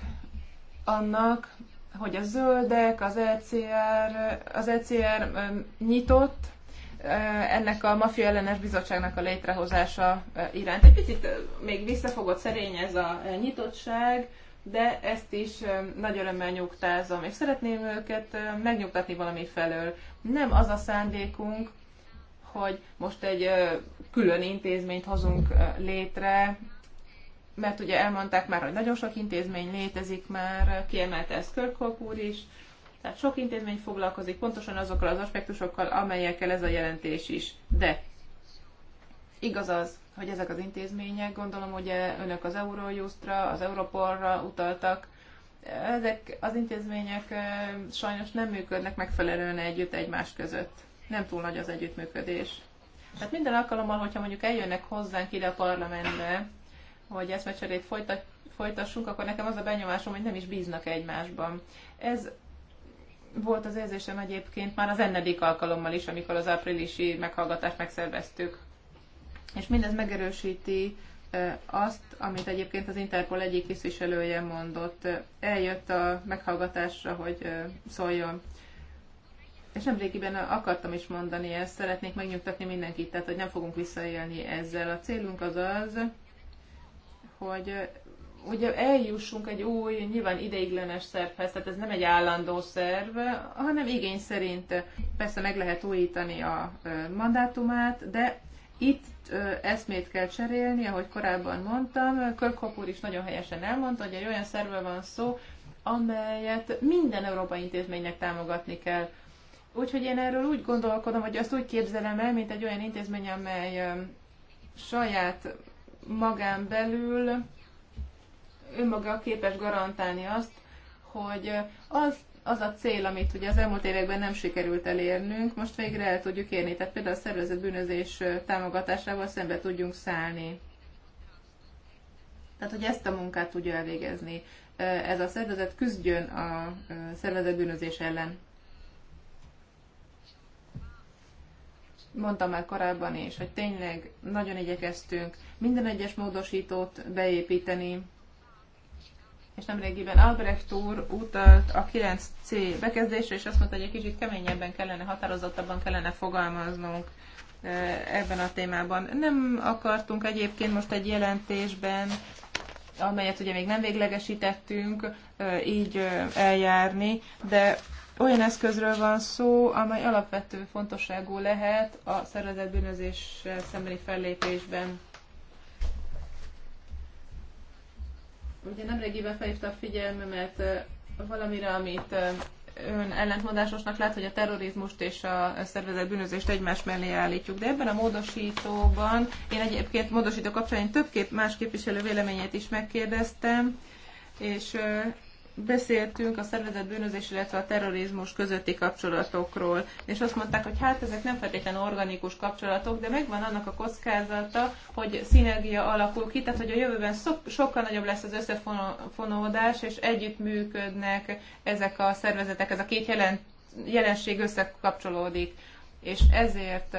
annak, hogy a zöldek, az ECR, az ECR nyitott ennek a mafia ellenes bizottságnak a létrehozása iránt. Egy picit még visszafogott szerény ez a nyitottság, de ezt is nagy örömmel nyugtázom, és szeretném őket megnyugtatni valami felől. Nem az a szándékunk, hogy most egy külön intézményt hozunk létre, mert ugye elmondták már, hogy nagyon sok intézmény létezik már, kiemelte ezt Körkok úr is, tehát sok intézmény foglalkozik pontosan azokkal az aspektusokkal, amelyekkel ez a jelentés is. De igaz az, hogy ezek az intézmények, gondolom ugye önök az Eurojustra, az Europolra utaltak, ezek az intézmények sajnos nem működnek megfelelően együtt egymás között. Nem túl nagy az együttműködés. Tehát minden alkalommal, hogyha mondjuk eljönnek hozzánk ide a parlamentbe, hogy eszmecserét folytat, folytassunk, akkor nekem az a benyomásom, hogy nem is bíznak egymásban. Ez volt az érzésem egyébként már az ennedik alkalommal is, amikor az áprilisi meghallgatást megszerveztük. És mindez megerősíti azt, amit egyébként az Interpol egyik képviselője mondott. Eljött a meghallgatásra, hogy szóljon. És nemrégiben akartam is mondani ezt, szeretnék megnyugtatni mindenkit, tehát hogy nem fogunk visszaélni ezzel. A célunk az az, hogy ugye eljussunk egy új, nyilván ideiglenes szervhez, tehát ez nem egy állandó szerv, hanem igény szerint persze meg lehet újítani a mandátumát, de itt eszmét kell cserélni, ahogy korábban mondtam. Körkhop úr is nagyon helyesen elmondta, hogy egy olyan szerve van szó, amelyet minden európai intézménynek támogatni kell. Úgyhogy én erről úgy gondolkodom, hogy azt úgy képzelem el, mint egy olyan intézmény, amely saját magán belül önmaga képes garantálni azt, hogy az, az a cél, amit ugye az elmúlt években nem sikerült elérnünk, most végre el tudjuk érni. Tehát például a szervezett bűnözés támogatásával szembe tudjunk szállni. Tehát, hogy ezt a munkát tudja elvégezni. Ez a szervezet küzdjön a szervezett bűnözés ellen. mondtam már korábban is, hogy tényleg nagyon igyekeztünk minden egyes módosítót beépíteni, és nemrégiben Albrecht úr utalt a 9C bekezdésre, és azt mondta, hogy egy kicsit keményebben kellene, határozottabban kellene fogalmaznunk eh, ebben a témában. Nem akartunk egyébként most egy jelentésben, amelyet ugye még nem véglegesítettünk, eh, így eh, eljárni, de olyan eszközről van szó, amely alapvető fontosságú lehet a szervezett bűnözéssel szembeni fellépésben. Ugye nemrégiben felhívta a figyelmemet valamire, amit ön ellentmondásosnak lát, hogy a terrorizmust és a szervezett bűnözést egymás mellé állítjuk. De ebben a módosítóban, én egyébként módosító kapcsán én több kép, más képviselő véleményét is megkérdeztem, és beszéltünk a szervezett bűnözés, illetve a terrorizmus közötti kapcsolatokról, és azt mondták, hogy hát ezek nem feltétlenül organikus kapcsolatok, de megvan annak a kockázata, hogy szinergia alakul ki, tehát hogy a jövőben sokkal nagyobb lesz az összefonódás, és együttműködnek ezek a szervezetek, ez a két jelen, jelenség összekapcsolódik. És ezért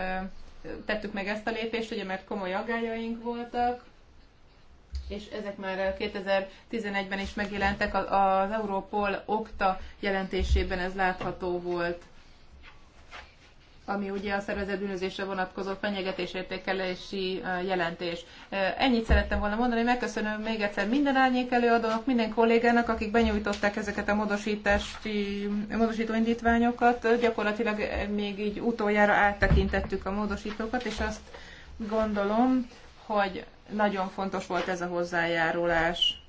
tettük meg ezt a lépést, ugye, mert komoly aggájaink voltak, és ezek már 2011-ben is megjelentek, az Europol okta jelentésében ez látható volt ami ugye a szervezet bűnözésre vonatkozó fenyegetésértékelési jelentés. Ennyit szerettem volna mondani, megköszönöm még egyszer minden árnyék előadónak, minden kollégának, akik benyújtották ezeket a módosítási, módosító indítványokat. Gyakorlatilag még így utoljára áttekintettük a módosítókat, és azt gondolom, hogy nagyon fontos volt ez a hozzájárulás.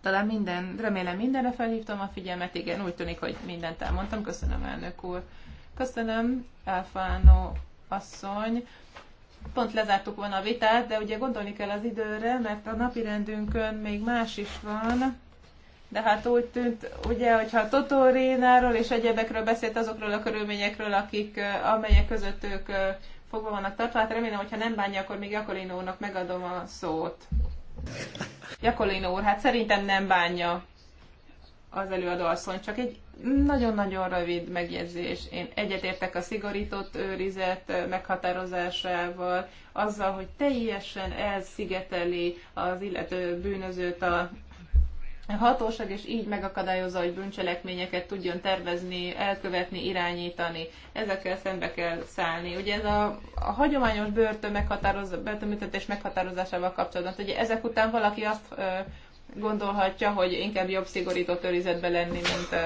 Talán minden, remélem mindenre felhívtam a figyelmet, igen, úgy tűnik, hogy mindent elmondtam. Köszönöm, elnök úr. Köszönöm, Elfánó asszony. Pont lezártuk volna a vitát, de ugye gondolni kell az időre, mert a napi rendünkön még más is van de hát úgy tűnt, ugye, hogyha Totó Rénáról és egyebekről beszélt azokról a körülményekről, akik, amelyek között ők fogva vannak tartva, hát remélem, hogyha nem bánja, akkor még Jakolino úrnak megadom a szót. Jakolino úr, hát szerintem nem bánja az előadó asszony, csak egy nagyon-nagyon rövid megjegyzés. Én egyetértek a szigorított őrizet meghatározásával, azzal, hogy teljesen elszigeteli az illető bűnözőt a hatóság, és így megakadályozza, hogy bűncselekményeket tudjon tervezni, elkövetni, irányítani. Ezekkel szembe kell szállni. Ugye ez a, a hagyományos börtön meghatároz, börtönműtetés meghatározásával kapcsolatban. Ugye ezek után valaki azt ö, gondolhatja, hogy inkább jobb szigorított őrizetbe lenni, mint ö,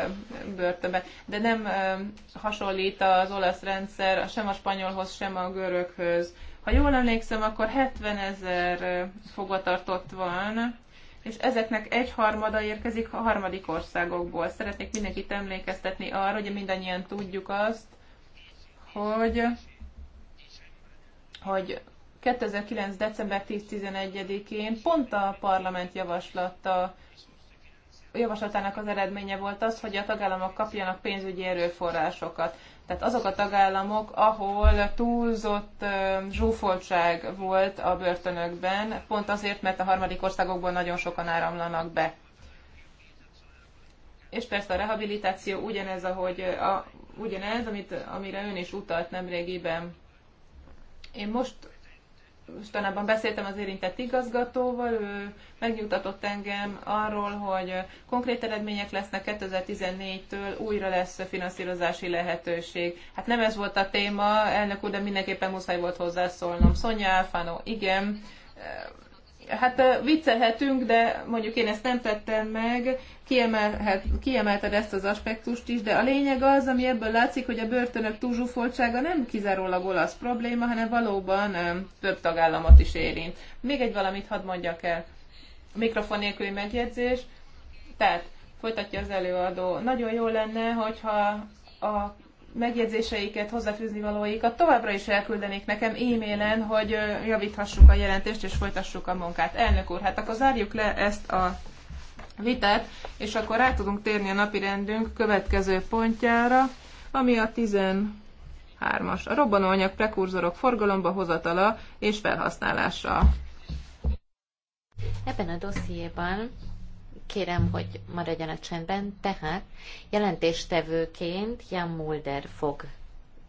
börtönbe. De nem ö, hasonlít az olasz rendszer sem a spanyolhoz, sem a görökhöz. Ha jól emlékszem, akkor 70 ezer fogvatartott van és ezeknek egy harmada érkezik a harmadik országokból. Szeretnék mindenkit emlékeztetni arra, hogy mindannyian tudjuk azt, hogy, hogy 2009. december 10-11-én pont a parlament javaslata javaslatának az eredménye volt az, hogy a tagállamok kapjanak pénzügyi erőforrásokat. Tehát azok a tagállamok, ahol túlzott zsúfoltság volt a börtönökben, pont azért, mert a harmadik országokból nagyon sokan áramlanak be. És persze a rehabilitáció ugyanez, ahogy a, ugyanez amit, amire ön is utalt nemrégiben. Én most mostanában beszéltem az érintett igazgatóval, ő megnyugtatott engem arról, hogy konkrét eredmények lesznek 2014-től, újra lesz finanszírozási lehetőség. Hát nem ez volt a téma, elnök úr, de mindenképpen muszáj volt hozzászólnom. Szonya Alfano, igen, hát viccelhetünk, de mondjuk én ezt nem tettem meg, kiemelhet, kiemelted ezt az aspektust is, de a lényeg az, ami ebből látszik, hogy a börtönök túlzsúfoltsága nem kizárólag olasz probléma, hanem valóban több tagállamot is érint. Még egy valamit hadd mondjak el. A mikrofon nélküli megjegyzés. Tehát, folytatja az előadó, nagyon jó lenne, hogyha a megjegyzéseiket, hozzáfűzni valóikat továbbra is elküldenék nekem e-mailen, hogy javíthassuk a jelentést és folytassuk a munkát. Elnök úr, hát akkor zárjuk le ezt a vitát, és akkor rá tudunk térni a napi rendünk következő pontjára, ami a 13-as. A robbanóanyag prekurzorok forgalomba hozatala és felhasználása. Ebben a dossziéban Kérem, hogy maradjon a csendben. Tehát jelentéstevőként Jan Mulder fog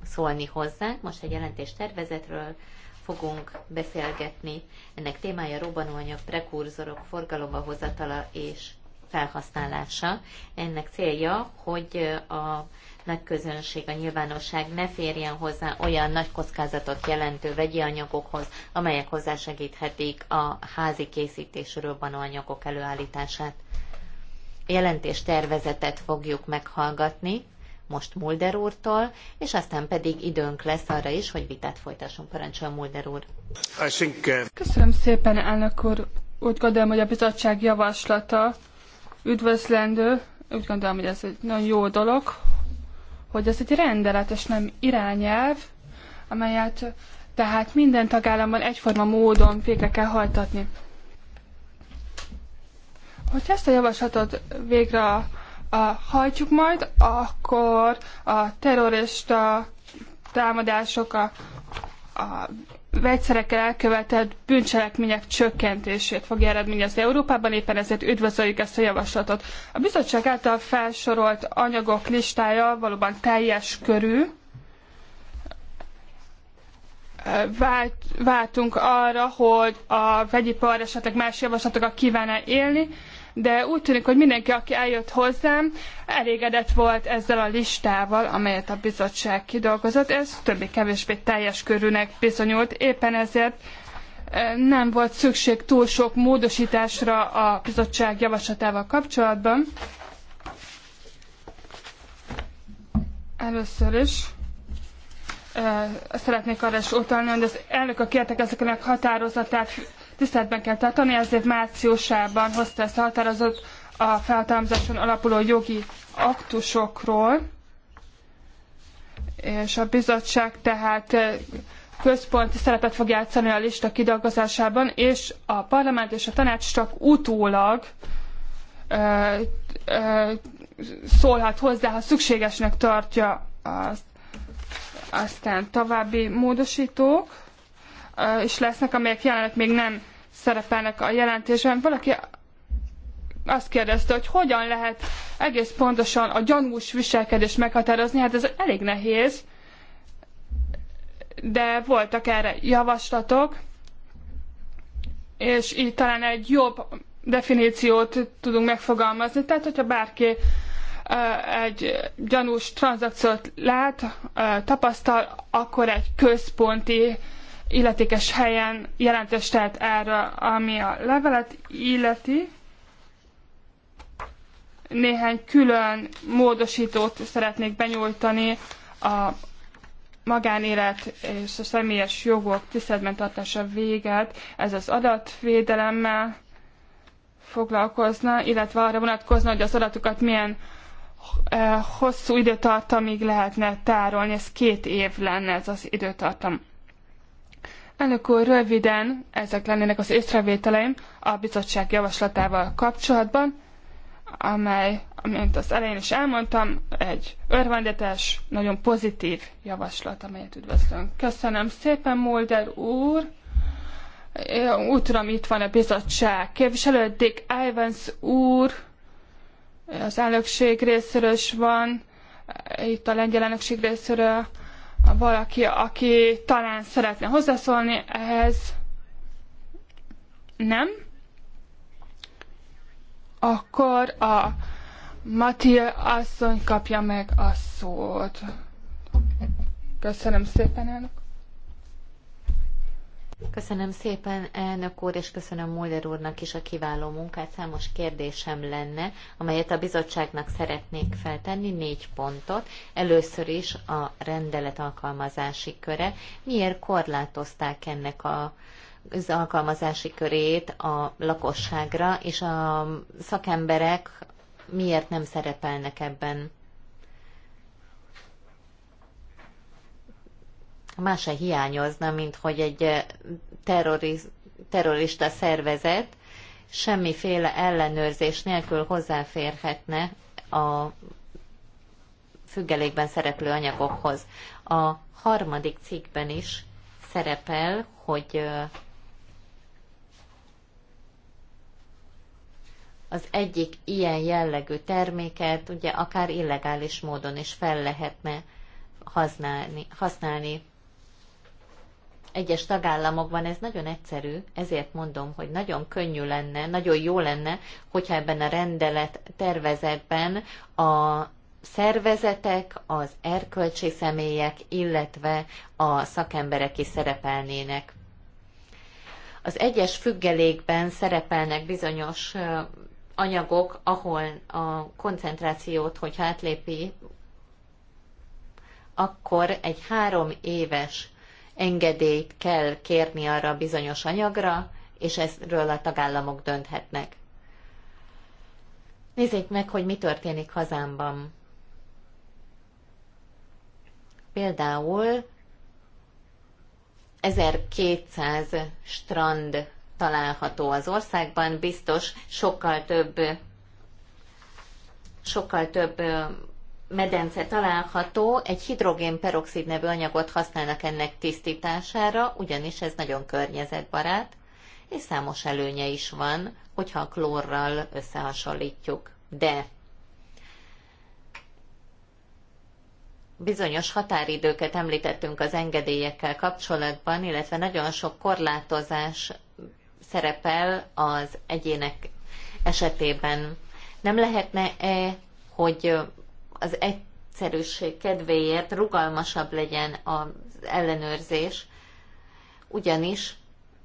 szólni hozzánk. Most egy jelentéstervezetről fogunk beszélgetni. Ennek témája robbanóanyag prekurzorok forgalomba hozatala és felhasználása. Ennek célja, hogy a nagy közönség, a nyilvánosság ne férjen hozzá olyan nagy kockázatot jelentő vegyi anyagokhoz, amelyek hozzásegíthetik a házi készítésről anyagok előállítását. A jelentés tervezetet fogjuk meghallgatni, most Mulder úrtól, és aztán pedig időnk lesz arra is, hogy vitát folytassunk. Parancsol Mulder úr! Uh, Köszönöm szépen, elnök úr! Úgy gondolom, hogy a bizottság javaslata üdvözlendő, úgy gondolom, hogy ez egy nagyon jó dolog, hogy ez egy rendelet és nem irányelv, amelyet tehát minden tagállamban egyforma módon végre kell hajtatni. Hogyha ezt a javaslatot végre a, a, hajtjuk majd, akkor a terrorista támadások, a, a vegyszerekkel elkövetett bűncselekmények csökkentését fogja eredményezni Európában, éppen ezért üdvözöljük ezt a javaslatot. A bizottság által felsorolt anyagok listája valóban teljes körű. Vált, váltunk arra, hogy a vegyipar esetleg más javaslatokkal kívánna élni, de úgy tűnik, hogy mindenki, aki eljött hozzám, elégedett volt ezzel a listával, amelyet a bizottság kidolgozott. Ez többé-kevésbé teljes körűnek bizonyult, éppen ezért eh, nem volt szükség túl sok módosításra a bizottság javaslatával kapcsolatban. Először is eh, szeretnék arra is utalni, hogy az elnökök ezeknek határozatát tiszteletben kell tartani, ezért márciusában hozta ezt a határozott a felhatalmazáson alapuló jogi aktusokról, és a bizottság tehát eh, központi szerepet fog játszani a lista kidolgozásában, és a parlament és a tanács csak utólag ö, eh, ö, eh, szólhat hozzá, ha szükségesnek tartja azt. Aztán további módosítók is lesznek, amelyek jelenleg még nem szerepelnek a jelentésben. Valaki azt kérdezte, hogy hogyan lehet egész pontosan a gyanús viselkedést meghatározni. Hát ez elég nehéz, de voltak erre javaslatok, és így talán egy jobb definíciót tudunk megfogalmazni. Tehát, hogyha bárki egy gyanús tranzakciót lát, tapasztal, akkor egy központi illetékes helyen jelentést tehet erről, ami a levelet illeti. Néhány külön módosítót szeretnék benyújtani a magánélet és a személyes jogok tiszteletben tartása véget, ez az adatvédelemmel foglalkozna, illetve arra vonatkozna, hogy az adatokat milyen eh, hosszú időtartamig lehetne tárolni, ez két év lenne ez az időtartam. Elnök úr, röviden ezek lennének az észrevételeim a bizottság javaslatával kapcsolatban, amely, amint az elején is elmondtam, egy örvendetes, nagyon pozitív javaslat, amelyet üdvözlünk. Köszönöm szépen, Mulder úr! Úgy tudom, itt van a bizottság képviselő, Dick Ivans úr, az elnökség részéről is van, itt a lengyel elnökség részéről, valaki, aki talán szeretne hozzászólni ehhez? Nem? Akkor a Matil asszony kapja meg a szót. Köszönöm szépen, elnök Köszönöm szépen, elnök úr, és köszönöm Mulder úrnak is a kiváló munkát. Számos kérdésem lenne, amelyet a bizottságnak szeretnék feltenni, négy pontot. Először is a rendelet alkalmazási köre. Miért korlátozták ennek a az alkalmazási körét a lakosságra, és a szakemberek miért nem szerepelnek ebben? más se hiányozna, mint hogy egy eh, terroriz, terrorista szervezet semmiféle ellenőrzés nélkül hozzáférhetne a függelékben szereplő anyagokhoz. A harmadik cikkben is szerepel, hogy eh, az egyik ilyen jellegű terméket ugye akár illegális módon is fel lehetne használni. használni egyes tagállamokban ez nagyon egyszerű, ezért mondom, hogy nagyon könnyű lenne, nagyon jó lenne, hogyha ebben a rendelet tervezetben a szervezetek, az erkölcsi személyek, illetve a szakemberek is szerepelnének. Az egyes függelékben szerepelnek bizonyos anyagok, ahol a koncentrációt, hogyha átlépi, akkor egy három éves engedélyt kell kérni arra a bizonyos anyagra, és ezről a tagállamok dönthetnek. Nézzék meg, hogy mi történik hazámban. Például 1200 strand található az országban, biztos sokkal több sokkal több medence található, egy hidrogénperoxid nevű anyagot használnak ennek tisztítására, ugyanis ez nagyon környezetbarát, és számos előnye is van, hogyha a klórral összehasonlítjuk. De bizonyos határidőket említettünk az engedélyekkel kapcsolatban, illetve nagyon sok korlátozás szerepel az egyének esetében. Nem lehetne-e, hogy az egyszerűség kedvéért rugalmasabb legyen az ellenőrzés, ugyanis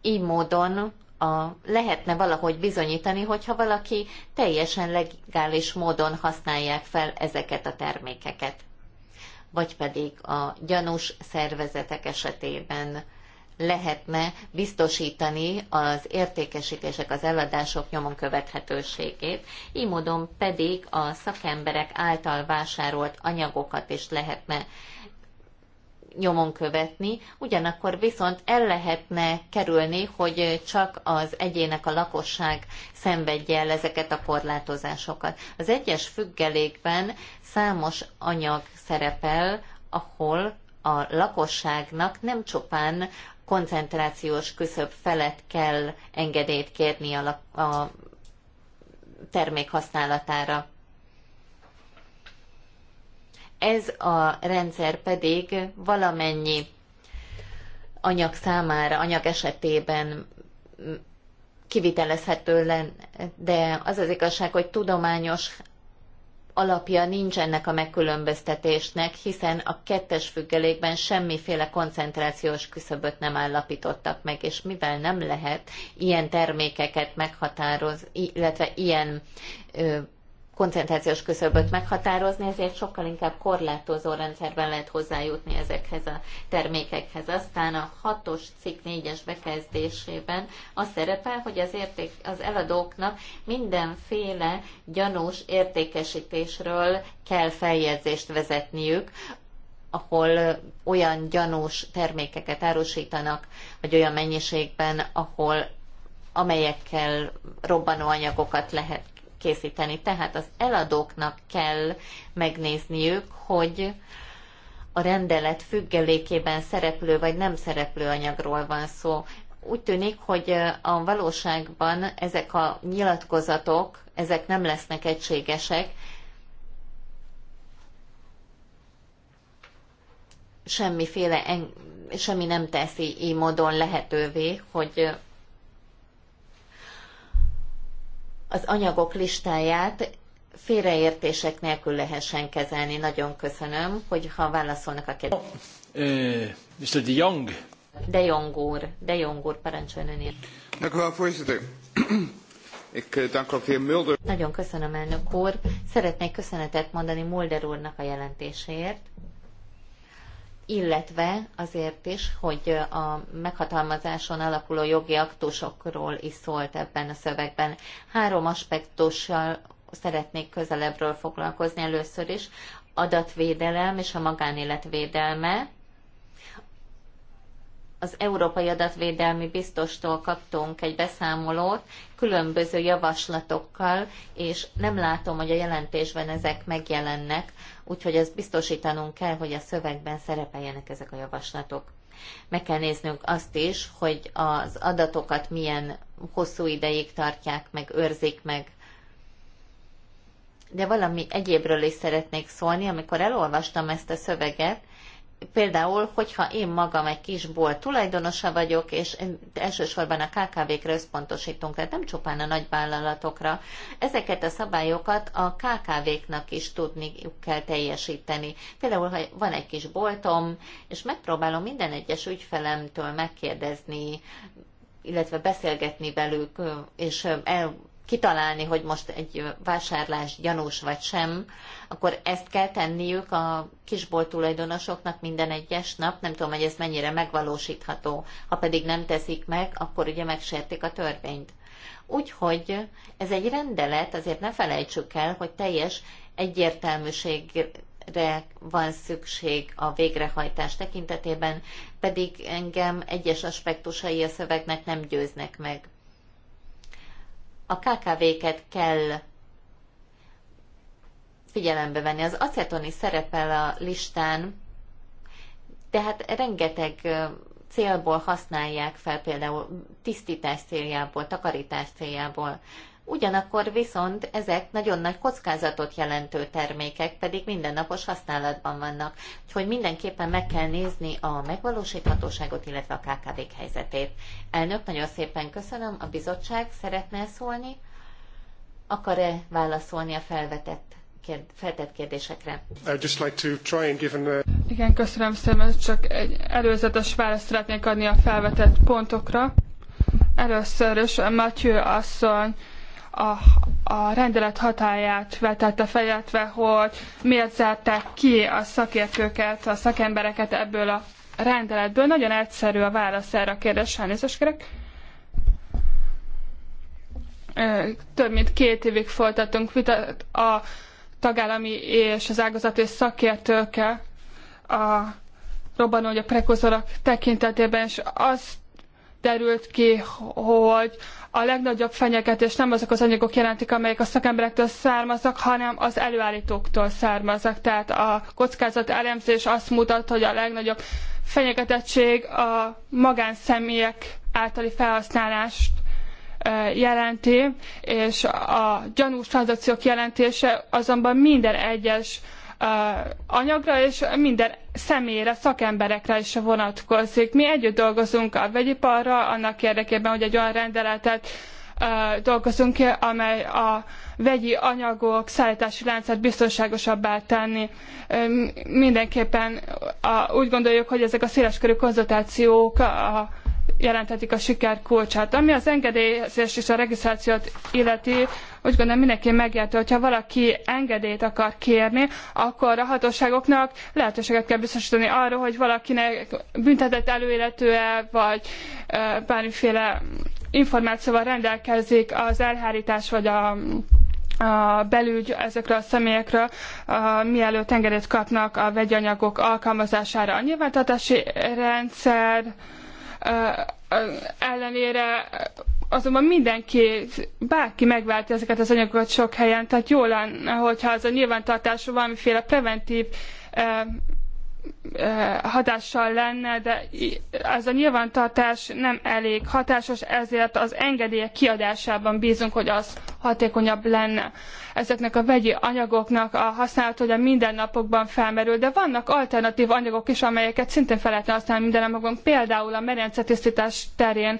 így módon a, lehetne valahogy bizonyítani, hogyha valaki teljesen legális módon használják fel ezeket a termékeket. Vagy pedig a gyanús szervezetek esetében lehetne biztosítani az értékesítések, az eladások nyomon követhetőségét, így módon pedig a szakemberek által vásárolt anyagokat is lehetne nyomon követni, ugyanakkor viszont el lehetne kerülni, hogy csak az egyének a lakosság szenvedje el ezeket a korlátozásokat. Az egyes függelékben számos anyag szerepel, ahol a lakosságnak nem csupán koncentrációs küszöb felett kell engedélyt kérni a, a termék használatára. Ez a rendszer pedig valamennyi anyag számára, anyag esetében kivitelezhető lenne, de az az igazság, hogy tudományos alapja nincs ennek a megkülönböztetésnek, hiszen a kettes függelékben semmiféle koncentrációs küszöböt nem állapítottak meg, és mivel nem lehet ilyen termékeket meghatározni, illetve ilyen ö, koncentrációs küszöböt meghatározni, ezért sokkal inkább korlátozó rendszerben lehet hozzájutni ezekhez a termékekhez. Aztán a hatos cikk négyes bekezdésében az szerepel, hogy az, érték, az eladóknak mindenféle gyanús értékesítésről kell feljegyzést vezetniük, ahol olyan gyanús termékeket árusítanak, vagy olyan mennyiségben, ahol amelyekkel robbanóanyagokat lehet készíteni. Tehát az eladóknak kell megnézniük, hogy a rendelet függelékében szereplő vagy nem szereplő anyagról van szó. Úgy tűnik, hogy a valóságban ezek a nyilatkozatok, ezek nem lesznek egységesek, semmiféle, semmi nem teszi így módon lehetővé, hogy az anyagok listáját félreértések nélkül lehessen kezelni. Nagyon köszönöm, hogy ha válaszolnak a kérdésre. Oh, uh, Mr. De Jong. De Jong úr, De Jong úr, parancsoljon ön eh, Mulder. Nagyon köszönöm, elnök úr. Szeretnék köszönetet mondani Mulder úrnak a jelentéséért illetve azért is, hogy a meghatalmazáson alapuló jogi aktusokról is szólt ebben a szövegben. Három aspektussal szeretnék közelebbről foglalkozni először is, adatvédelem és a magánélet védelme. Az Európai Adatvédelmi Biztostól kaptunk egy beszámolót különböző javaslatokkal, és nem látom, hogy a jelentésben ezek megjelennek úgyhogy ezt biztosítanunk kell, hogy a szövegben szerepeljenek ezek a javaslatok. Meg kell néznünk azt is, hogy az adatokat milyen hosszú ideig tartják, meg őrzik meg. De valami egyébről is szeretnék szólni, amikor elolvastam ezt a szöveget, például, hogyha én magam egy kis bolt tulajdonosa vagyok, és elsősorban a KKV-kre összpontosítunk, tehát nem csupán a nagyvállalatokra, ezeket a szabályokat a KKV-knak is tudni kell teljesíteni. Például, ha van egy kis boltom, és megpróbálom minden egyes ügyfelemtől megkérdezni, illetve beszélgetni velük, és el, kitalálni, hogy most egy vásárlás gyanús vagy sem, akkor ezt kell tenniük a kisbolt tulajdonosoknak minden egyes nap. Nem tudom, hogy ez mennyire megvalósítható. Ha pedig nem teszik meg, akkor ugye megsértik a törvényt. Úgyhogy ez egy rendelet, azért ne felejtsük el, hogy teljes egyértelműségre van szükség a végrehajtás tekintetében, pedig engem egyes aspektusai a szövegnek nem győznek meg a KKV-ket kell figyelembe venni. Az acetoni szerepel a listán, tehát rengeteg célból használják fel, például tisztítás céljából, takarítás céljából. Ugyanakkor viszont ezek nagyon nagy kockázatot jelentő termékek, pedig mindennapos használatban vannak. Úgyhogy mindenképpen meg kell nézni a megvalósíthatóságot, illetve a kkv helyzetét. Elnök, nagyon szépen köszönöm. A bizottság szeretne szólni? Akar-e válaszolni a felvetett feltett kérdésekre. Uh, Igen, köszönöm szépen, csak egy előzetes választ szeretnék adni a felvetett pontokra. Először is Matthew asszony a, a rendelet hatáját vetette fejletve, hogy miért zárták ki a szakértőket, a szakembereket ebből a rendeletből. Nagyon egyszerű a válasz erre a kérdésre, elnézést kérek. Több mint két évig folytattunk vitat a tagállami és az ágazati szakértőkkel a robbanó, hogy a prekozorok tekintetében, és azt derült ki, hogy a legnagyobb fenyegetés nem azok az anyagok jelentik, amelyek a szakemberektől származnak, hanem az előállítóktól származnak. Tehát a kockázat elemzés azt mutat, hogy a legnagyobb fenyegetettség a magánszemélyek általi felhasználást jelenti, és a gyanús tranzakciók jelentése azonban minden egyes anyagra és minden személyre, szakemberekre is vonatkozik. Mi együtt dolgozunk a vegyiparra, annak érdekében, hogy egy olyan rendeletet dolgozunk ki, amely a vegyi anyagok szállítási láncát biztonságosabbá tenni. mindenképpen úgy gondoljuk, hogy ezek a széleskörű konzultációk a, jelenthetik a siker kulcsát. Ami az engedélyezést és a regisztrációt illeti, úgy gondolom mindenki megértő, hogyha valaki engedélyt akar kérni, akkor a hatóságoknak lehetőséget kell biztosítani arra, hogy valakinek büntetett előéletűe, vagy bármiféle információval rendelkezik az elhárítás, vagy a a belügy ezekről a személyekről, a, mielőtt engedélyt kapnak a vegyanyagok alkalmazására. A nyilvántartási rendszer a, a, ellenére azonban mindenki, bárki megválti ezeket az anyagokat sok helyen, tehát jó lenne, hogyha ez a nyilvántartású valamiféle preventív eh, eh hatással lenne, de ez a nyilvántartás nem elég hatásos, ezért az engedélyek kiadásában bízunk, hogy az hatékonyabb lenne. Ezeknek a vegyi anyagoknak a használat a mindennapokban felmerül, de vannak alternatív anyagok is, amelyeket szintén fel lehetne használni mindennapokban, például a merencetisztítás terén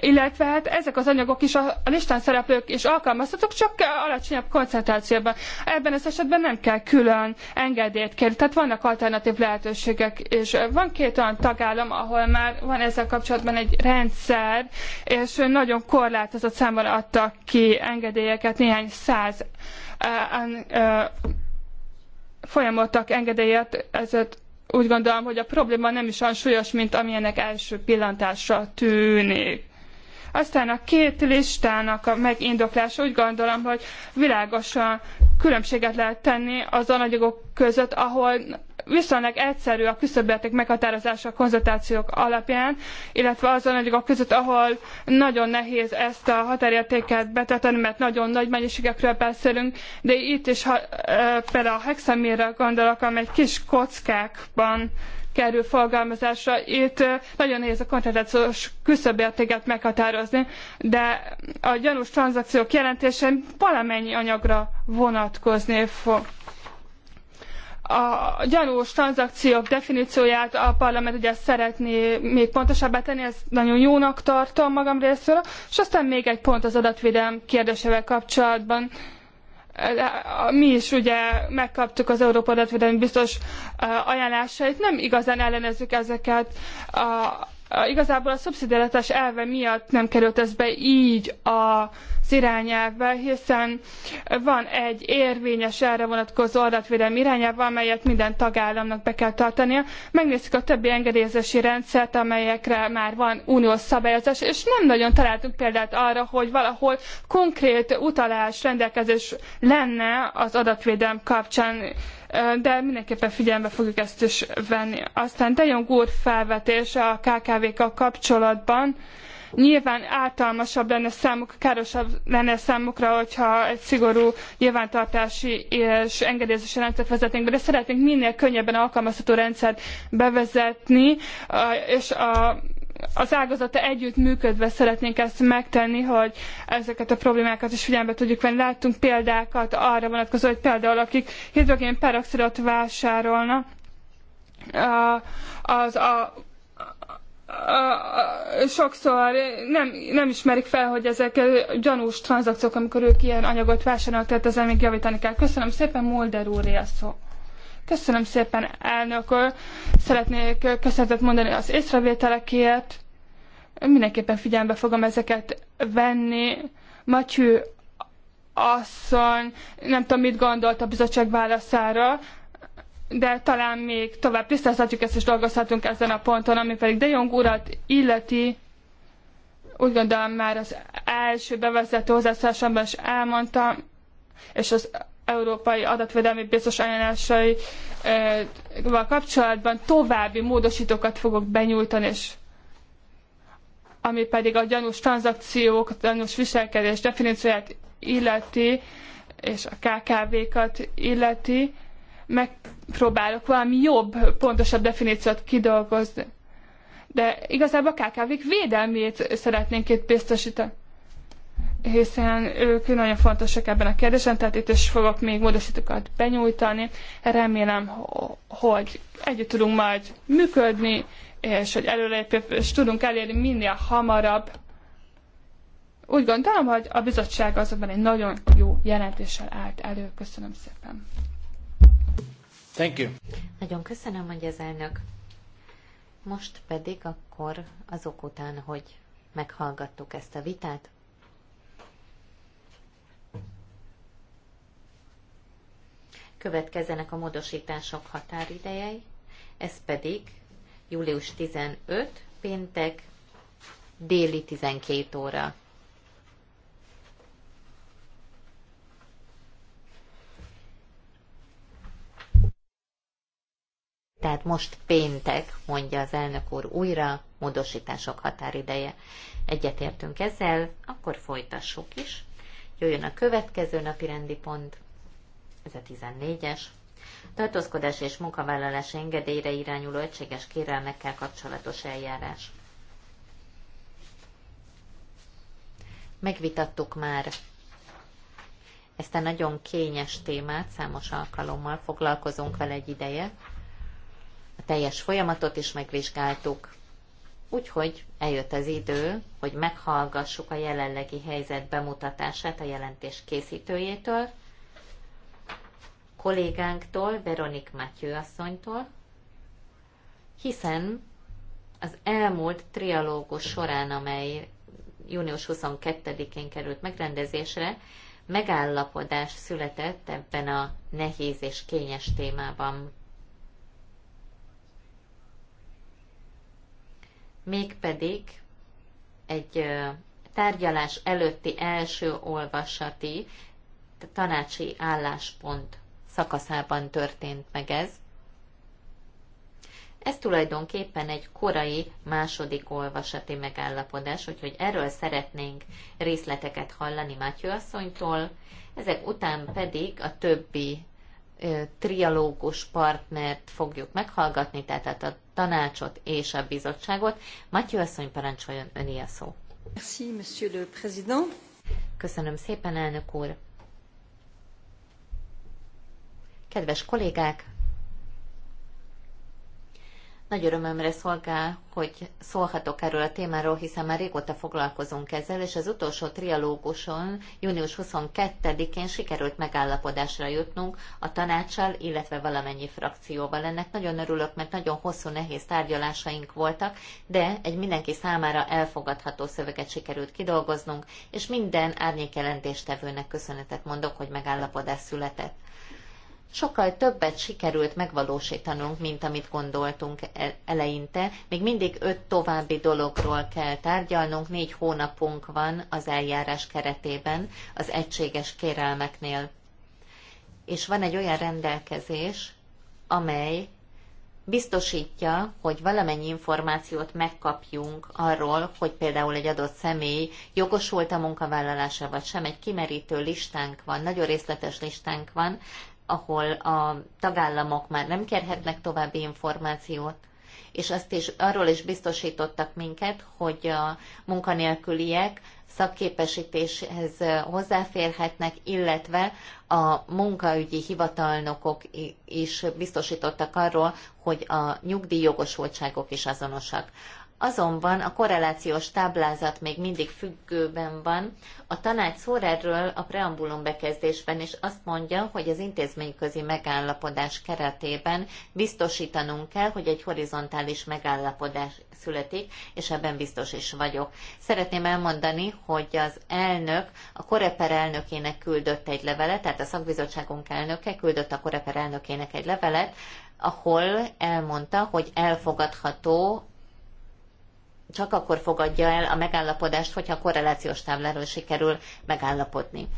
illetve hát ezek az anyagok is a listán szereplők is alkalmazhatók, csak alacsonyabb koncentrációban. Ebben az esetben nem kell külön engedélyt kérni, tehát vannak alternatív lehetőségek, és van két olyan tagállam, ahol már van ezzel kapcsolatban egy rendszer, és nagyon korlátozott számban adtak ki engedélyeket, néhány száz eh, eh, folyamodtak engedélyet, ezért úgy gondolom, hogy a probléma nem is olyan súlyos, mint amilyenek első pillantásra tűnik. Aztán a két listának a megindoklása úgy gondolom, hogy világosan különbséget lehet tenni az anyagok között, ahol viszonylag egyszerű a küszöbérték meghatározása a konzultációk alapján, illetve azon a között, ahol nagyon nehéz ezt a határértéket betartani, mert nagyon nagy mennyiségekről beszélünk, de itt is ha, e, például a hexamérre gondolok, amely kis kockákban kerül forgalmazásra. Itt nagyon nehéz a kontraktációs küszöbértéket meghatározni, de a gyanús tranzakciók jelentése valamennyi anyagra vonatkozni fog a gyanús tranzakciók definícióját a parlament ugye szeretné még pontosabbá tenni, ezt nagyon jónak tartom magam részéről, és aztán még egy pont az adatvédelem kérdésével kapcsolatban. Mi is ugye megkaptuk az Európa Adatvédelmi Biztos ajánlásait, nem igazán ellenezzük ezeket Igazából a szubszidiaritás elve miatt nem került ez be így az irányelvbe, hiszen van egy érvényes erre vonatkozó adatvédelmi irányelv, amelyet minden tagállamnak be kell tartania. Megnézzük a többi engedélyezési rendszert, amelyekre már van uniós szabályozás, és nem nagyon találtunk példát arra, hogy valahol konkrét utalás rendelkezés lenne az adatvédelem kapcsán de mindenképpen figyelembe fogjuk ezt is venni. Aztán Dejong úr felvetése a KKV-kkal kapcsolatban, nyilván általmasabb lenne számuk, károsabb lenne számukra, hogyha egy szigorú nyilvántartási és engedélyezési rendszert vezetnénk be, de szeretnénk minél könnyebben alkalmazható rendszert bevezetni, és a az ágazata együtt működve szeretnénk ezt megtenni, hogy ezeket a problémákat is figyelembe tudjuk venni. Láttunk példákat arra vonatkozó, hogy például akik hidrogén peroxidot vásárolna, az a sokszor nem, nem ismerik fel, hogy ezek gyanús tranzakciók, amikor ők ilyen anyagot vásárolnak, tehát ezen még javítani kell. Köszönöm szépen, Mulder úr, szó. Köszönöm szépen, elnök úr. Szeretnék köszönetet mondani az észrevételekért. Mindenképpen figyelembe fogom ezeket venni. Matyű asszony, nem tudom, mit gondolt a bizottság válaszára, de talán még tovább tisztázhatjuk ezt, és dolgozhatunk ezen a ponton, ami pedig De Jong urat illeti, úgy gondolom már az első bevezető hozzászólásomban is elmondtam, és az európai adatvédelmi biztos ajánlásaival kapcsolatban további módosítókat fogok benyújtani, és ami pedig a gyanús tranzakciók, a gyanús viselkedés definícióját illeti, és a KKV-kat illeti, megpróbálok valami jobb, pontosabb definíciót kidolgozni. De igazából a KKV-k védelmét szeretnénk itt biztosítani hiszen ők nagyon fontosak ebben a kérdésben, tehát itt is fogok még módosítókat benyújtani. Remélem, hogy együtt tudunk majd működni, és hogy és tudunk elérni minél hamarabb. Úgy gondolom, hogy a bizottság azonban egy nagyon jó jelentéssel állt elő. Köszönöm szépen. Thank you. Nagyon köszönöm, hogy az elnök. Most pedig akkor azok után, hogy meghallgattuk ezt a vitát, következzenek a módosítások határidejei, ez pedig július 15, péntek, déli 12 óra. Tehát most péntek, mondja az elnök úr újra, módosítások határideje. Egyetértünk ezzel, akkor folytassuk is. Jöjjön a következő napi rendi pont ez a 14-es, tartózkodás és munkavállalás engedélyre irányuló egységes kérelmekkel kapcsolatos eljárás. Megvitattuk már ezt a nagyon kényes témát, számos alkalommal foglalkozunk vele egy ideje. A teljes folyamatot is megvizsgáltuk. Úgyhogy eljött az idő, hogy meghallgassuk a jelenlegi helyzet bemutatását a jelentés készítőjétől, kollégánktól, Veronik Matyő asszonytól, hiszen az elmúlt trialógus során, amely június 22-én került megrendezésre, megállapodás született ebben a nehéz és kényes témában. Mégpedig egy tárgyalás előtti első olvasati tanácsi álláspont szakaszában történt meg ez. Ez tulajdonképpen egy korai második olvasati megállapodás, úgyhogy erről szeretnénk részleteket hallani Mátyő asszonytól, ezek után pedig a többi ö, trialógus partnert fogjuk meghallgatni, tehát a tanácsot és a bizottságot. Mátyő asszony parancsoljon öné a szó. monsieur le président. Köszönöm szépen, elnök úr. Kedves kollégák, nagy örömömre szolgál, hogy szólhatok erről a témáról, hiszen már régóta foglalkozunk ezzel, és az utolsó trialóguson, június 22-én sikerült megállapodásra jutnunk a tanácssal, illetve valamennyi frakcióval. Ennek nagyon örülök, mert nagyon hosszú, nehéz tárgyalásaink voltak, de egy mindenki számára elfogadható szöveget sikerült kidolgoznunk, és minden árnyékjelentéstevőnek köszönetet mondok, hogy megállapodás született sokkal többet sikerült megvalósítanunk, mint amit gondoltunk e- eleinte. Még mindig öt további dologról kell tárgyalnunk, négy hónapunk van az eljárás keretében az egységes kérelmeknél. És van egy olyan rendelkezés, amely biztosítja, hogy valamennyi információt megkapjunk arról, hogy például egy adott személy jogosult a munkavállalásra vagy sem, egy kimerítő listánk van, nagyon részletes listánk van, ahol a tagállamok már nem kérhetnek további információt, és azt is, arról is biztosítottak minket, hogy a munkanélküliek szakképesítéshez hozzáférhetnek, illetve a munkaügyi hivatalnokok is biztosítottak arról, hogy a nyugdíjjogosultságok is azonosak. Azonban a korrelációs táblázat még mindig függőben van. A tanács szól erről a preambulum bekezdésben, és azt mondja, hogy az intézményközi megállapodás keretében biztosítanunk kell, hogy egy horizontális megállapodás születik, és ebben biztos is vagyok. Szeretném elmondani, hogy az elnök a Koreper elnökének küldött egy levelet, tehát a szakbizottságunk elnöke küldött a Koreper elnökének egy levelet, ahol elmondta, hogy elfogadható csak akkor fogadja el a megállapodást, hogyha a korrelációs tábláról sikerül megállapodni.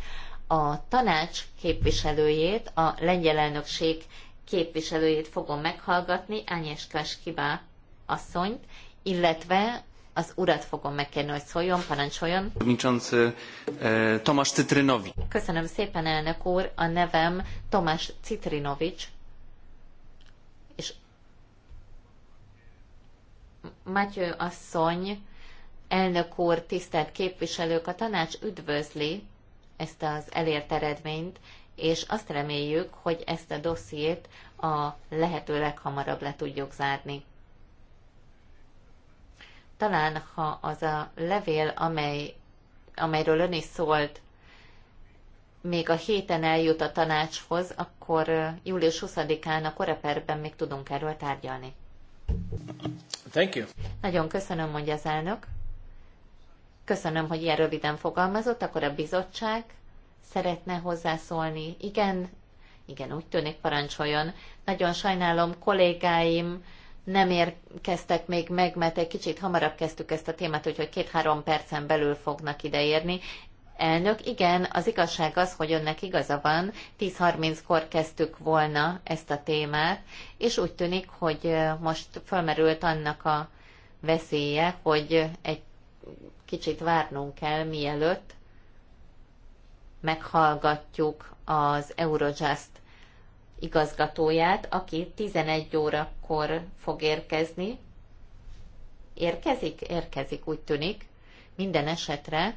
A tanács képviselőjét, a lengyel elnökség képviselőjét fogom meghallgatni, Ányes Kibá asszonyt, illetve az urat fogom megkérni, hogy szóljon, parancsoljon. E, Tomasz Köszönöm szépen, elnök úr. A nevem Tomás Citrinovics. Matyő asszony, elnök úr, tisztelt képviselők, a tanács üdvözli ezt az elért eredményt, és azt reméljük, hogy ezt a dossziét a lehető leghamarabb le tudjuk zárni. Talán, ha az a levél, amely, amelyről ön is szólt, még a héten eljut a tanácshoz, akkor július 20-án a koreperben még tudunk erről tárgyalni. Thank you. Nagyon köszönöm, mondja az elnök. Köszönöm, hogy ilyen röviden fogalmazott. Akkor a bizottság szeretne hozzászólni. Igen, igen, úgy tűnik parancsoljon. Nagyon sajnálom, kollégáim nem érkeztek még meg, mert egy kicsit hamarabb kezdtük ezt a témát, úgyhogy két-három percen belül fognak ideérni. Elnök, igen, az igazság az, hogy önnek igaza van, 10.30-kor kezdtük volna ezt a témát, és úgy tűnik, hogy most fölmerült annak a veszélye, hogy egy kicsit várnunk kell, mielőtt meghallgatjuk az Eurojust igazgatóját, aki 11 órakor fog érkezni. Érkezik? Érkezik, úgy tűnik. Minden esetre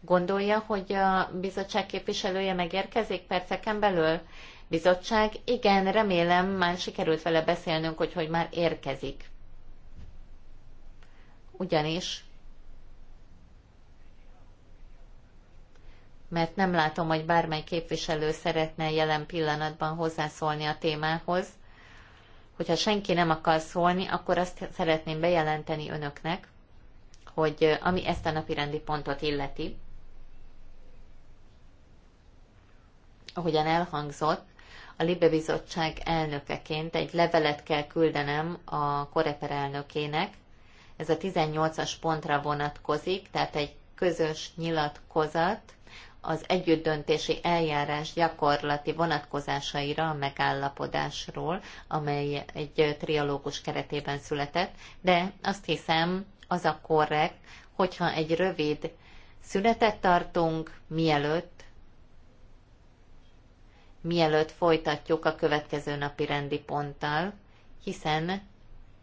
Gondolja, hogy a bizottság képviselője megérkezik perceken belül? Bizottság, igen, remélem már sikerült vele beszélnünk, hogy, hogy már érkezik. Ugyanis mert nem látom, hogy bármely képviselő szeretne jelen pillanatban hozzászólni a témához. Hogyha senki nem akar szólni, akkor azt szeretném bejelenteni önöknek, hogy ami ezt a napi rendi pontot illeti, ahogyan elhangzott, a Libe Bizottság elnökeként egy levelet kell küldenem a Koreper elnökének. Ez a 18-as pontra vonatkozik, tehát egy közös nyilatkozat az együttdöntési eljárás gyakorlati vonatkozásaira a megállapodásról, amely egy trialógus keretében született, de azt hiszem az a korrekt, hogyha egy rövid szünetet tartunk, mielőtt mielőtt folytatjuk a következő napi rendi ponttal, hiszen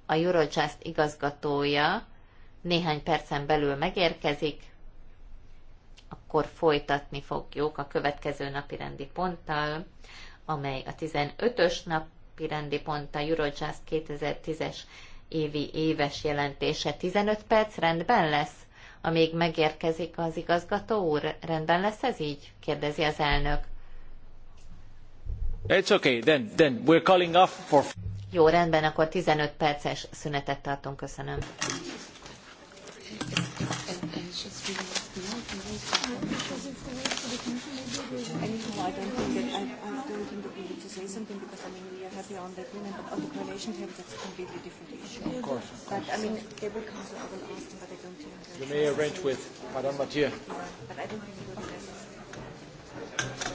a Eurojust igazgatója néhány percen belül megérkezik, akkor folytatni fogjuk a következő napi rendi ponttal, amely a 15-ös napi rendi pont a Eurojust 2010-es évi éves jelentése. 15 perc rendben lesz, amíg megérkezik az igazgató úr. Rendben lesz ez így? kérdezi az elnök. It's okay, then, then we're calling off for... Jó, rendben, akkor 15 perces szünetet tartunk, köszönöm. I don't think that I, I don't think that we need to say something because I mean we are happy on that women, but other correlation tables that's a completely different issue. Of course, of course. But I mean they will come, so I will ask them, but I don't think. You may arrange with Madame Mathieu. Yeah, but I don't think it will be necessary.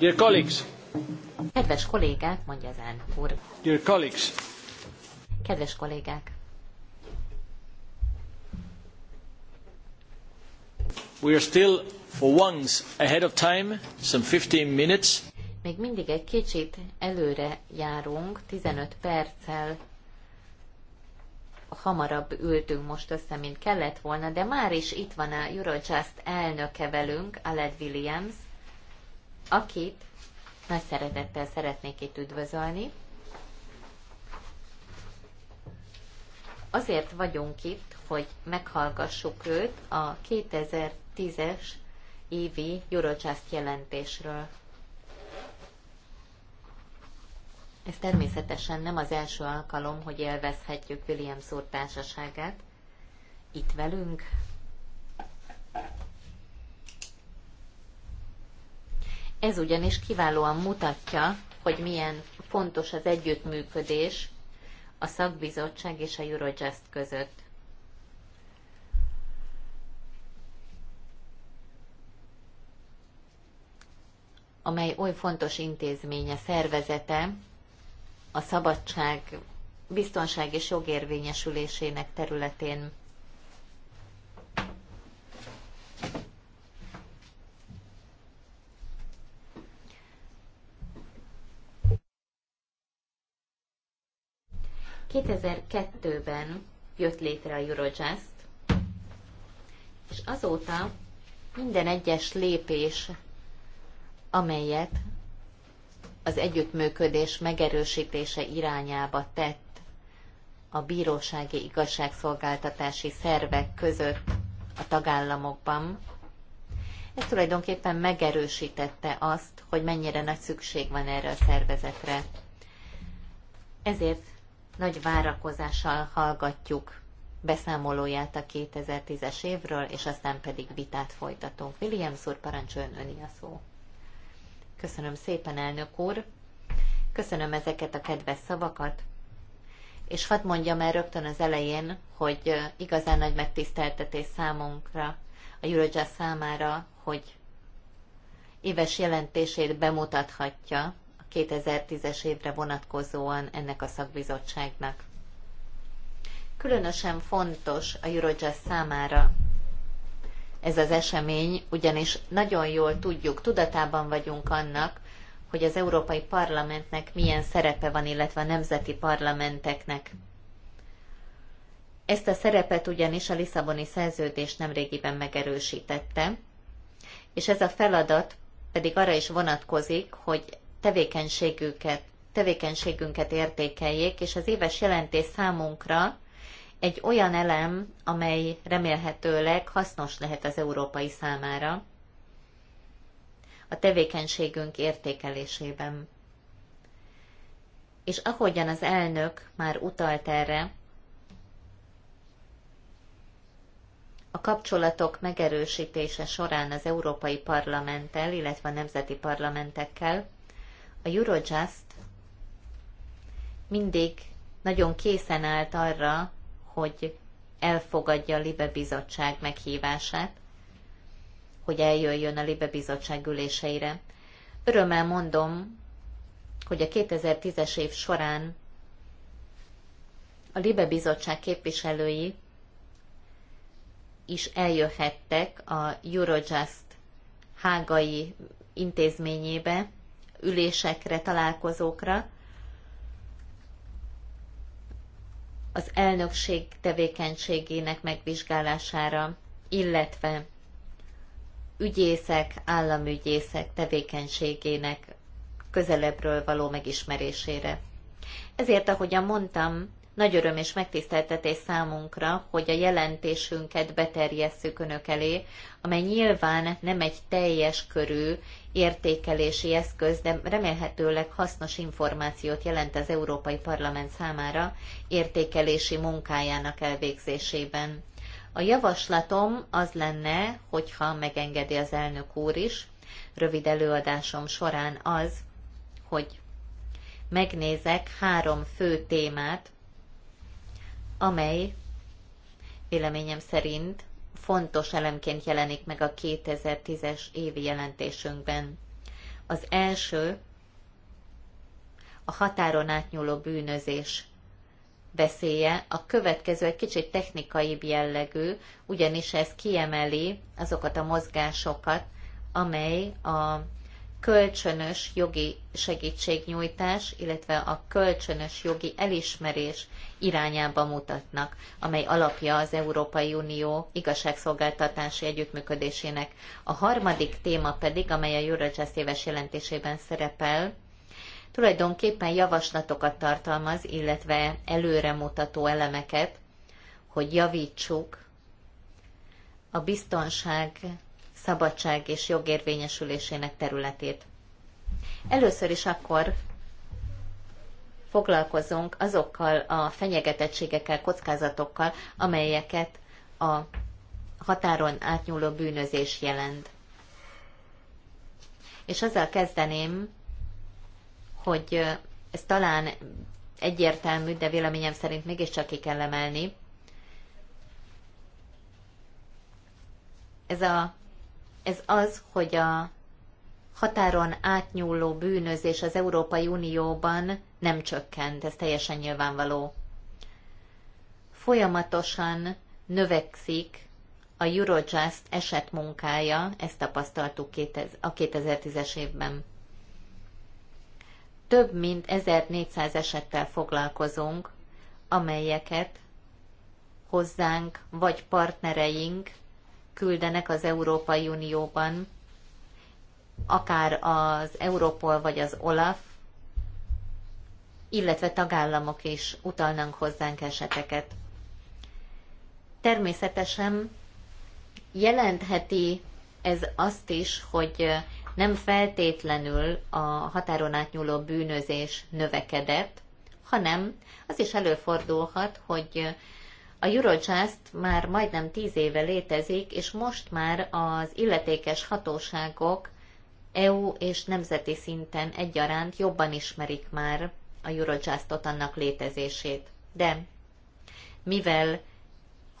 Dear colleagues. Kedves kollégák, mondja az elnök úr. Dear colleagues. Kedves kollégák. We are still for once ahead of time, some 15 minutes. Még mindig egy kicsit előre járunk, 15 perccel hamarabb ültünk most össze, mint kellett volna, de már is itt van a Eurojust elnöke velünk, Aled Williams, akit nagy szeretettel szeretnék itt üdvözölni. Azért vagyunk itt, hogy meghallgassuk őt a 2010-es évi Eurojust jelentésről. Ez természetesen nem az első alkalom, hogy élvezhetjük William úr társaságát. Itt velünk. Ez ugyanis kiválóan mutatja, hogy milyen fontos az együttműködés a szakbizottság és a Eurojust között. amely oly fontos intézménye, szervezete a szabadság, biztonság és jogérvényesülésének területén. 2002-ben jött létre a Eurojust, és azóta minden egyes lépés, amelyet az együttműködés megerősítése irányába tett a bírósági igazságszolgáltatási szervek között a tagállamokban, ez tulajdonképpen megerősítette azt, hogy mennyire nagy szükség van erre a szervezetre. Ezért nagy várakozással hallgatjuk beszámolóját a 2010-es évről, és aztán pedig vitát folytatunk. William úr, parancsoljon öni a szó. Köszönöm szépen, elnök úr. Köszönöm ezeket a kedves szavakat. És hadd mondjam el rögtön az elején, hogy igazán nagy megtiszteltetés számunkra, a Eurojust számára, hogy éves jelentését bemutathatja 2010-es évre vonatkozóan ennek a szakbizottságnak. Különösen fontos a Eurojust számára ez az esemény, ugyanis nagyon jól tudjuk, tudatában vagyunk annak, hogy az Európai Parlamentnek milyen szerepe van, illetve a nemzeti parlamenteknek. Ezt a szerepet ugyanis a Lisszaboni szerződés nemrégiben megerősítette, és ez a feladat pedig arra is vonatkozik, hogy tevékenységüket, tevékenységünket értékeljék, és az éves jelentés számunkra egy olyan elem, amely remélhetőleg hasznos lehet az európai számára a tevékenységünk értékelésében. És ahogyan az elnök már utalt erre, a kapcsolatok megerősítése során az Európai Parlamenttel, illetve a nemzeti parlamentekkel a Eurojust mindig nagyon készen állt arra, hogy elfogadja a Libe Bizottság meghívását, hogy eljöjjön a Libe Bizottság üléseire. Örömmel mondom, hogy a 2010-es év során a Libe Bizottság képviselői is eljöhettek a Eurojust hágai intézményébe, ülésekre, találkozókra. az elnökség tevékenységének megvizsgálására, illetve ügyészek, államügyészek tevékenységének közelebbről való megismerésére. Ezért, ahogyan mondtam, nagy öröm és megtiszteltetés számunkra, hogy a jelentésünket beterjesszük önök elé, amely nyilván nem egy teljes körű értékelési eszköz, de remélhetőleg hasznos információt jelent az Európai Parlament számára értékelési munkájának elvégzésében. A javaslatom az lenne, hogyha megengedi az elnök úr is, rövid előadásom során az, hogy megnézek három fő témát, amely véleményem szerint fontos elemként jelenik meg a 2010-es évi jelentésünkben. Az első a határon átnyúló bűnözés veszélye, a következő egy kicsit technikai jellegű, ugyanis ez kiemeli azokat a mozgásokat, amely a kölcsönös jogi segítségnyújtás, illetve a kölcsönös jogi elismerés irányába mutatnak, amely alapja az Európai Unió igazságszolgáltatási együttműködésének. A harmadik téma pedig, amely a Eurojust éves jelentésében szerepel, tulajdonképpen javaslatokat tartalmaz, illetve előremutató elemeket, hogy javítsuk a biztonság szabadság és jogérvényesülésének területét. Először is akkor foglalkozunk azokkal a fenyegetettségekkel, kockázatokkal, amelyeket a határon átnyúló bűnözés jelent. És azzal kezdeném, hogy ez talán egyértelmű, de véleményem szerint mégiscsak ki kell emelni. Ez a ez az, hogy a határon átnyúló bűnözés az Európai Unióban nem csökkent, ez teljesen nyilvánvaló. Folyamatosan növekszik a Eurojust eset munkája, ezt tapasztaltuk a 2010-es évben. Több mint 1400 esettel foglalkozunk, amelyeket hozzánk vagy partnereink küldenek az Európai Unióban, akár az Európol vagy az OLAF, illetve tagállamok is utalnak hozzánk eseteket. Természetesen jelentheti ez azt is, hogy nem feltétlenül a határon átnyúló bűnözés növekedett, hanem az is előfordulhat, hogy a Eurojust már majdnem tíz éve létezik, és most már az illetékes hatóságok EU és nemzeti szinten egyaránt jobban ismerik már a Eurojustot, annak létezését. De mivel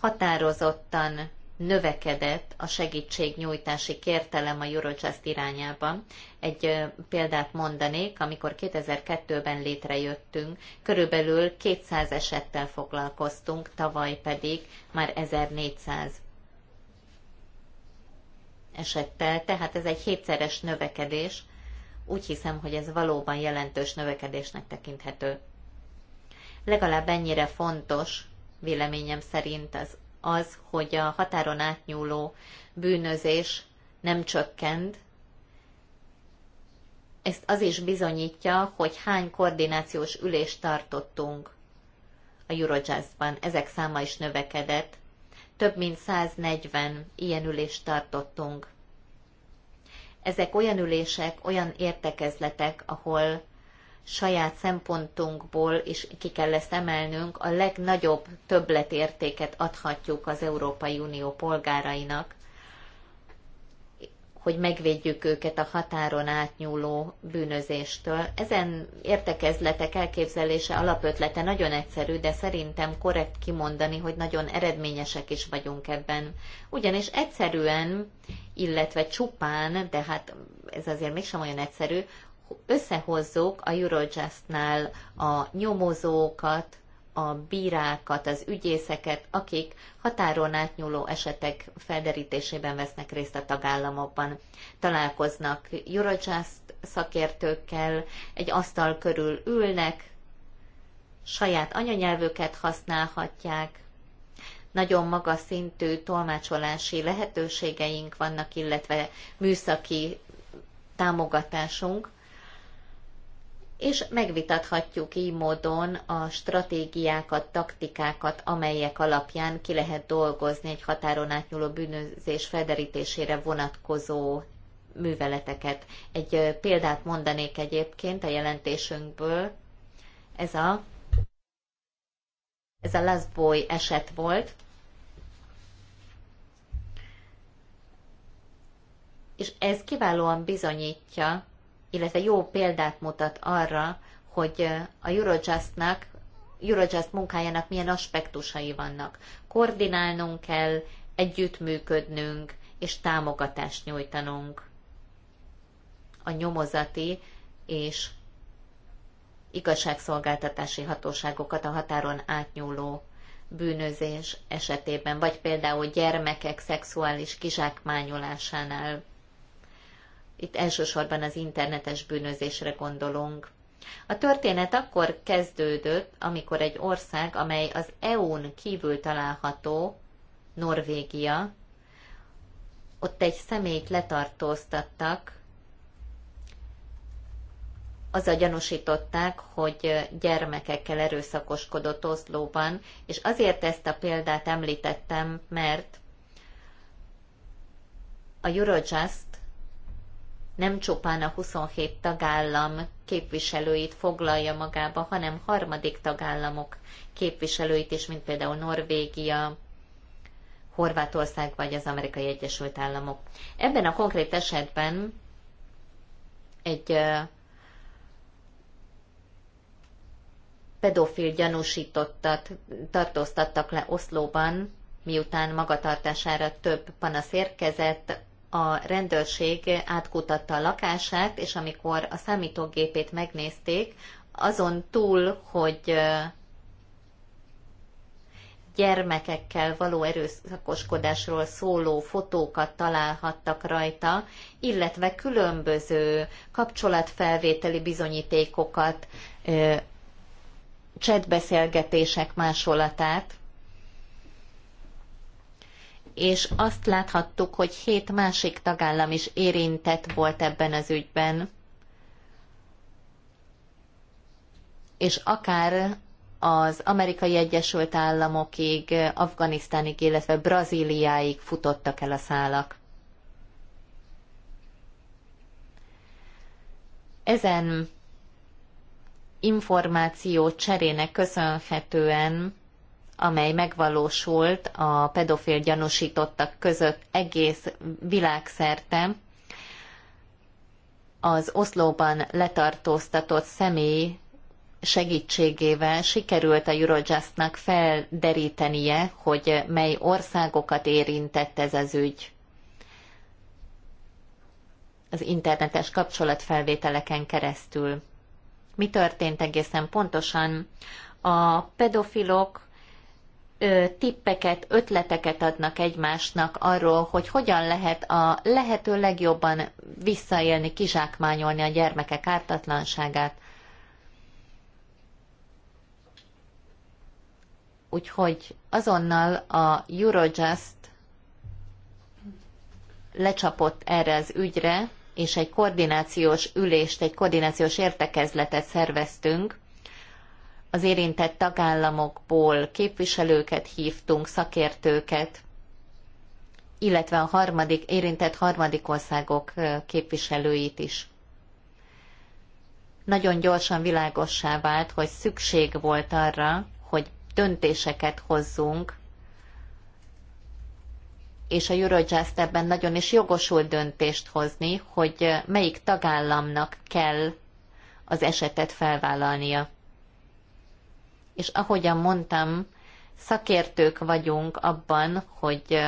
határozottan növekedett a segítségnyújtási kértelem a Eurojust irányában. Egy példát mondanék, amikor 2002-ben létrejöttünk, körülbelül 200 esettel foglalkoztunk, tavaly pedig már 1400 esettel, tehát ez egy hétszeres növekedés, úgy hiszem, hogy ez valóban jelentős növekedésnek tekinthető. Legalább ennyire fontos, véleményem szerint az az, hogy a határon átnyúló bűnözés nem csökkent, ezt az is bizonyítja, hogy hány koordinációs ülést tartottunk a Eurojazzban. Ezek száma is növekedett. Több mint 140 ilyen ülést tartottunk. Ezek olyan ülések, olyan értekezletek, ahol saját szempontunkból is ki kell ezt emelnünk, a legnagyobb többletértéket adhatjuk az Európai Unió polgárainak, hogy megvédjük őket a határon átnyúló bűnözéstől. Ezen értekezletek elképzelése alapötlete nagyon egyszerű, de szerintem korrekt kimondani, hogy nagyon eredményesek is vagyunk ebben. Ugyanis egyszerűen, illetve csupán, de hát ez azért mégsem olyan egyszerű, összehozzuk a Eurojustnál a nyomozókat, a bírákat, az ügyészeket, akik határon átnyúló esetek felderítésében vesznek részt a tagállamokban. Találkoznak Eurojust szakértőkkel, egy asztal körül ülnek, saját anyanyelvüket használhatják, nagyon magas szintű tolmácsolási lehetőségeink vannak, illetve műszaki támogatásunk, és megvitathatjuk így módon a stratégiákat, taktikákat, amelyek alapján ki lehet dolgozni egy határon átnyúló bűnözés felderítésére vonatkozó műveleteket. Egy példát mondanék egyébként a jelentésünkből, ez a, ez a Last Boy eset volt, és ez kiválóan bizonyítja, illetve jó példát mutat arra, hogy a Eurojustnak, Eurojust munkájának milyen aspektusai vannak. Koordinálnunk kell, együttműködnünk és támogatást nyújtanunk a nyomozati és igazságszolgáltatási hatóságokat a határon átnyúló bűnözés esetében, vagy például gyermekek szexuális kizsákmányolásánál itt elsősorban az internetes bűnözésre gondolunk. A történet akkor kezdődött, amikor egy ország, amely az EU-n kívül található, Norvégia, ott egy személyt letartóztattak, a gyanúsították, hogy gyermekekkel erőszakoskodott Oszlóban, és azért ezt a példát említettem, mert a Eurojust nem csupán a 27 tagállam képviselőit foglalja magába, hanem harmadik tagállamok képviselőit is, mint például Norvégia, Horvátország vagy az Amerikai Egyesült Államok. Ebben a konkrét esetben egy pedofil gyanúsítottat tartóztattak le Oszlóban, miután magatartására több panasz érkezett, a rendőrség átkutatta a lakását, és amikor a számítógépét megnézték, azon túl, hogy gyermekekkel való erőszakoskodásról szóló fotókat találhattak rajta, illetve különböző kapcsolatfelvételi bizonyítékokat, csetbeszélgetések másolatát, és azt láthattuk, hogy hét másik tagállam is érintett volt ebben az ügyben. És akár az Amerikai Egyesült Államokig, Afganisztánig, illetve Brazíliáig futottak el a szálak. Ezen információ cserének köszönhetően amely megvalósult a pedofil gyanúsítottak között egész világszerte, az Oszlóban letartóztatott személy segítségével sikerült a Eurojustnak felderítenie, hogy mely országokat érintett ez az ügy az internetes kapcsolatfelvételeken keresztül. Mi történt egészen pontosan? A pedofilok tippeket, ötleteket adnak egymásnak arról, hogy hogyan lehet a lehető legjobban visszaélni, kizsákmányolni a gyermekek ártatlanságát. Úgyhogy azonnal a Eurojust lecsapott erre az ügyre, és egy koordinációs ülést, egy koordinációs értekezletet szerveztünk, az érintett tagállamokból képviselőket hívtunk, szakértőket, illetve a harmadik, érintett harmadik országok képviselőit is. Nagyon gyorsan világossá vált, hogy szükség volt arra, hogy döntéseket hozzunk, és a Eurojust ebben nagyon is jogosult döntést hozni, hogy melyik tagállamnak kell az esetet felvállalnia és ahogyan mondtam, szakértők vagyunk abban, hogy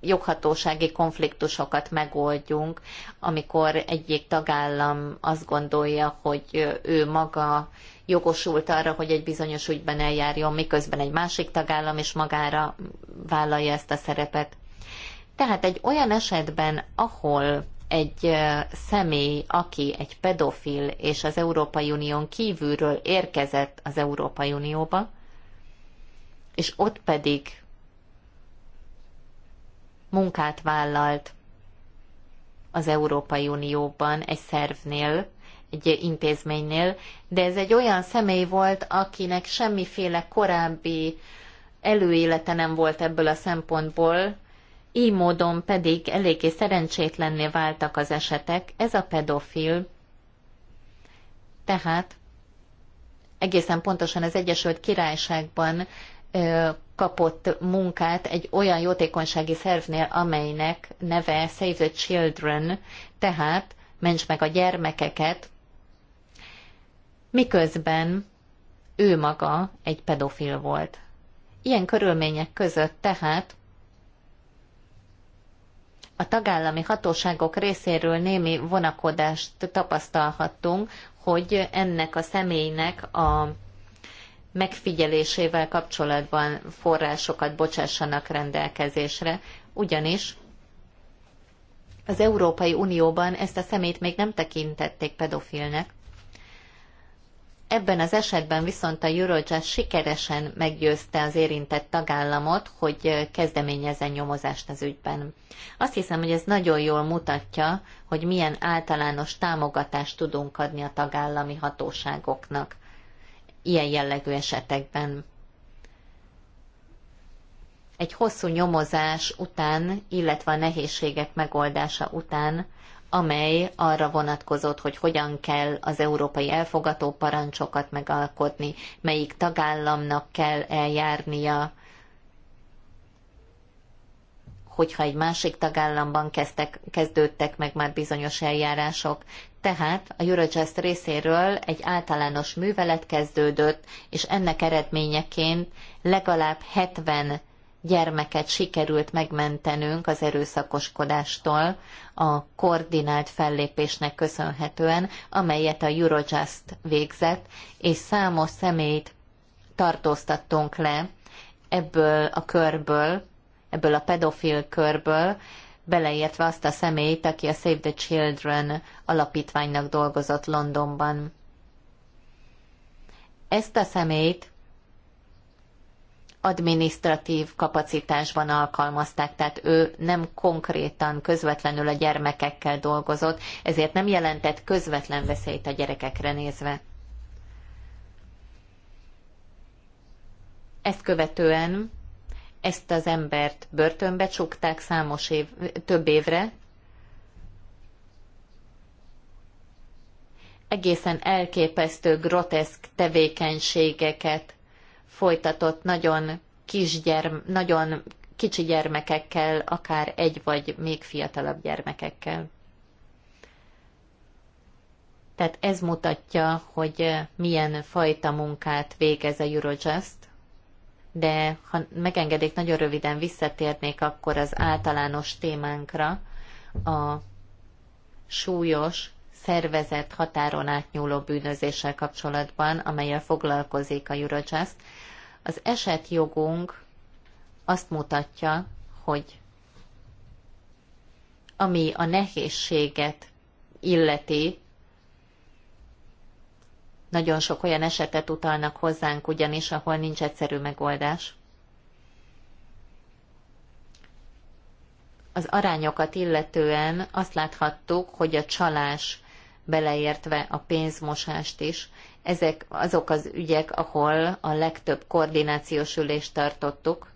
joghatósági konfliktusokat megoldjunk, amikor egyik tagállam azt gondolja, hogy ő maga jogosult arra, hogy egy bizonyos ügyben eljárjon, miközben egy másik tagállam is magára vállalja ezt a szerepet. Tehát egy olyan esetben, ahol egy személy, aki egy pedofil és az Európai Unión kívülről érkezett az Európai Unióba, és ott pedig munkát vállalt az Európai Unióban egy szervnél, egy intézménynél, de ez egy olyan személy volt, akinek semmiféle korábbi előélete nem volt ebből a szempontból, így módon pedig eléggé szerencsétlenné váltak az esetek. Ez a pedofil, tehát egészen pontosan az Egyesült Királyságban kapott munkát egy olyan jótékonysági szervnél, amelynek neve Save the Children, tehát ments meg a gyermekeket, miközben ő maga egy pedofil volt. Ilyen körülmények között tehát a tagállami hatóságok részéről némi vonakodást tapasztalhattunk, hogy ennek a személynek a megfigyelésével kapcsolatban forrásokat bocsássanak rendelkezésre, ugyanis az Európai Unióban ezt a szemét még nem tekintették pedofilnek, Ebben az esetben viszont a Eurojust sikeresen meggyőzte az érintett tagállamot, hogy kezdeményezzen nyomozást az ügyben. Azt hiszem, hogy ez nagyon jól mutatja, hogy milyen általános támogatást tudunk adni a tagállami hatóságoknak ilyen jellegű esetekben. Egy hosszú nyomozás után, illetve a nehézségek megoldása után amely arra vonatkozott, hogy hogyan kell az európai elfogató parancsokat megalkotni, melyik tagállamnak kell eljárnia, hogyha egy másik tagállamban kezdtek, kezdődtek meg már bizonyos eljárások. Tehát a Eurojust részéről egy általános művelet kezdődött, és ennek eredményeként legalább 70 gyermeket sikerült megmentenünk az erőszakoskodástól a koordinált fellépésnek köszönhetően, amelyet a Eurojust végzett, és számos személyt tartóztattunk le ebből a körből, ebből a pedofil körből, beleértve azt a személyt, aki a Save the Children alapítványnak dolgozott Londonban. Ezt a személyt administratív kapacitásban alkalmazták, tehát ő nem konkrétan, közvetlenül a gyermekekkel dolgozott, ezért nem jelentett közvetlen veszélyt a gyerekekre nézve. Ezt követően ezt az embert börtönbe csukták számos év, több évre, egészen elképesztő, groteszk tevékenységeket folytatott nagyon kisgyerm, nagyon kicsi gyermekekkel, akár egy vagy még fiatalabb gyermekekkel. Tehát ez mutatja, hogy milyen fajta munkát végez a Eurojust, de ha megengedik, nagyon röviden visszatérnék akkor az általános témánkra, a súlyos, szervezett határon átnyúló bűnözéssel kapcsolatban, amelyel foglalkozik a Eurojust, az esetjogunk azt mutatja, hogy ami a nehézséget illeti, nagyon sok olyan esetet utalnak hozzánk ugyanis, ahol nincs egyszerű megoldás. Az arányokat illetően azt láthattuk, hogy a csalás beleértve a pénzmosást is ezek azok az ügyek, ahol a legtöbb koordinációs ülést tartottuk,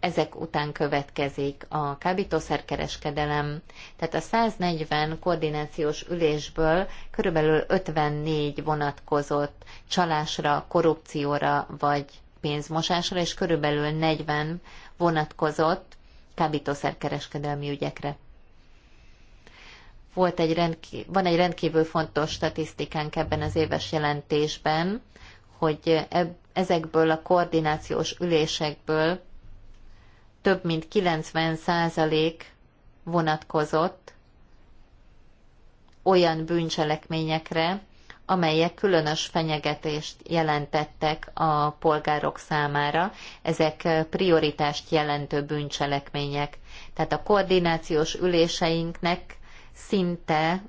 ezek után következik a kábítószerkereskedelem. Tehát a 140 koordinációs ülésből körülbelül 54 vonatkozott csalásra, korrupcióra vagy pénzmosásra, és körülbelül 40 vonatkozott kábítószerkereskedelmi ügyekre volt egy rendkív- van egy rendkívül fontos statisztikánk ebben az éves jelentésben, hogy eb- ezekből a koordinációs ülésekből több mint 90 százalék vonatkozott olyan bűncselekményekre, amelyek különös fenyegetést jelentettek a polgárok számára. Ezek prioritást jelentő bűncselekmények. Tehát a koordinációs üléseinknek szinte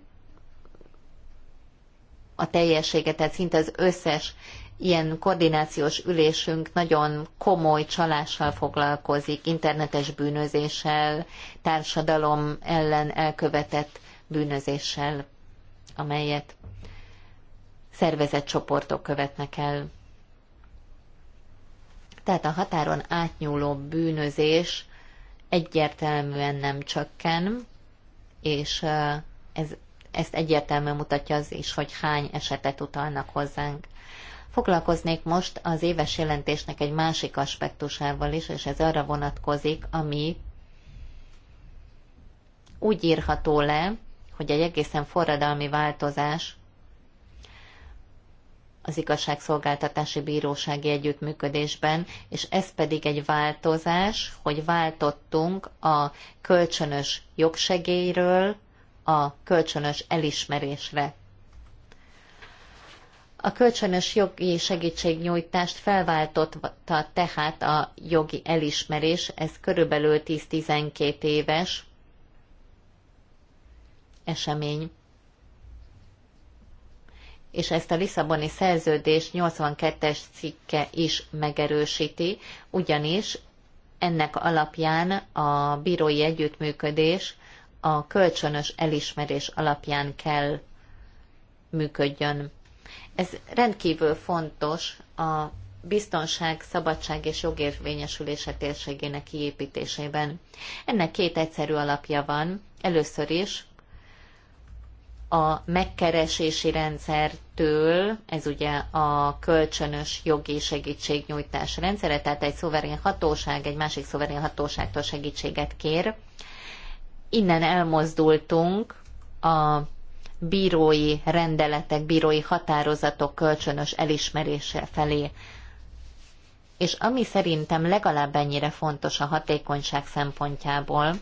a teljességet, tehát szinte az összes ilyen koordinációs ülésünk nagyon komoly csalással foglalkozik, internetes bűnözéssel, társadalom ellen elkövetett bűnözéssel, amelyet szervezett csoportok követnek el. Tehát a határon átnyúló bűnözés egyértelműen nem csökken, és ez, ezt egyértelműen mutatja az is, hogy hány esetet utalnak hozzánk. Foglalkoznék most az éves jelentésnek egy másik aspektusával is, és ez arra vonatkozik, ami úgy írható le, hogy egy egészen forradalmi változás az igazságszolgáltatási bírósági együttműködésben, és ez pedig egy változás, hogy váltottunk a kölcsönös jogsegélyről a kölcsönös elismerésre. A kölcsönös jogi segítségnyújtást felváltotta tehát a jogi elismerés, ez körülbelül 10-12 éves esemény és ezt a Lisszaboni szerződés 82-es cikke is megerősíti, ugyanis ennek alapján a bírói együttműködés a kölcsönös elismerés alapján kell működjön. Ez rendkívül fontos a biztonság, szabadság és jogérvényesülése térségének kiépítésében. Ennek két egyszerű alapja van. Először is a megkeresési rendszertől, ez ugye a kölcsönös jogi segítségnyújtás rendszere, tehát egy szuverén hatóság egy másik szuverén hatóságtól segítséget kér. Innen elmozdultunk a bírói rendeletek, bírói határozatok kölcsönös elismerése felé. És ami szerintem legalább ennyire fontos a hatékonyság szempontjából,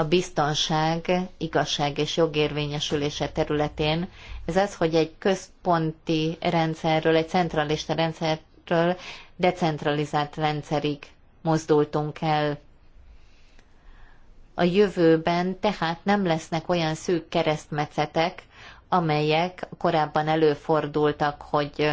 a biztonság, igazság és jogérvényesülése területén, ez az, hogy egy központi rendszerről, egy centralista rendszerről decentralizált rendszerig mozdultunk el. A jövőben tehát nem lesznek olyan szűk keresztmetszetek, amelyek korábban előfordultak, hogy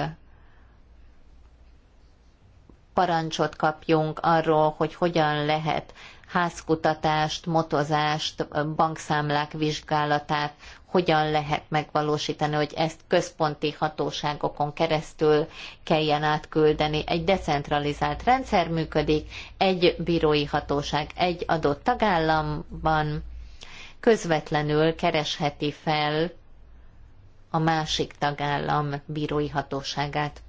parancsot kapjunk arról, hogy hogyan lehet házkutatást, motozást, bankszámlák vizsgálatát hogyan lehet megvalósítani, hogy ezt központi hatóságokon keresztül kelljen átküldeni. Egy decentralizált rendszer működik, egy bírói hatóság egy adott tagállamban közvetlenül keresheti fel a másik tagállam bírói hatóságát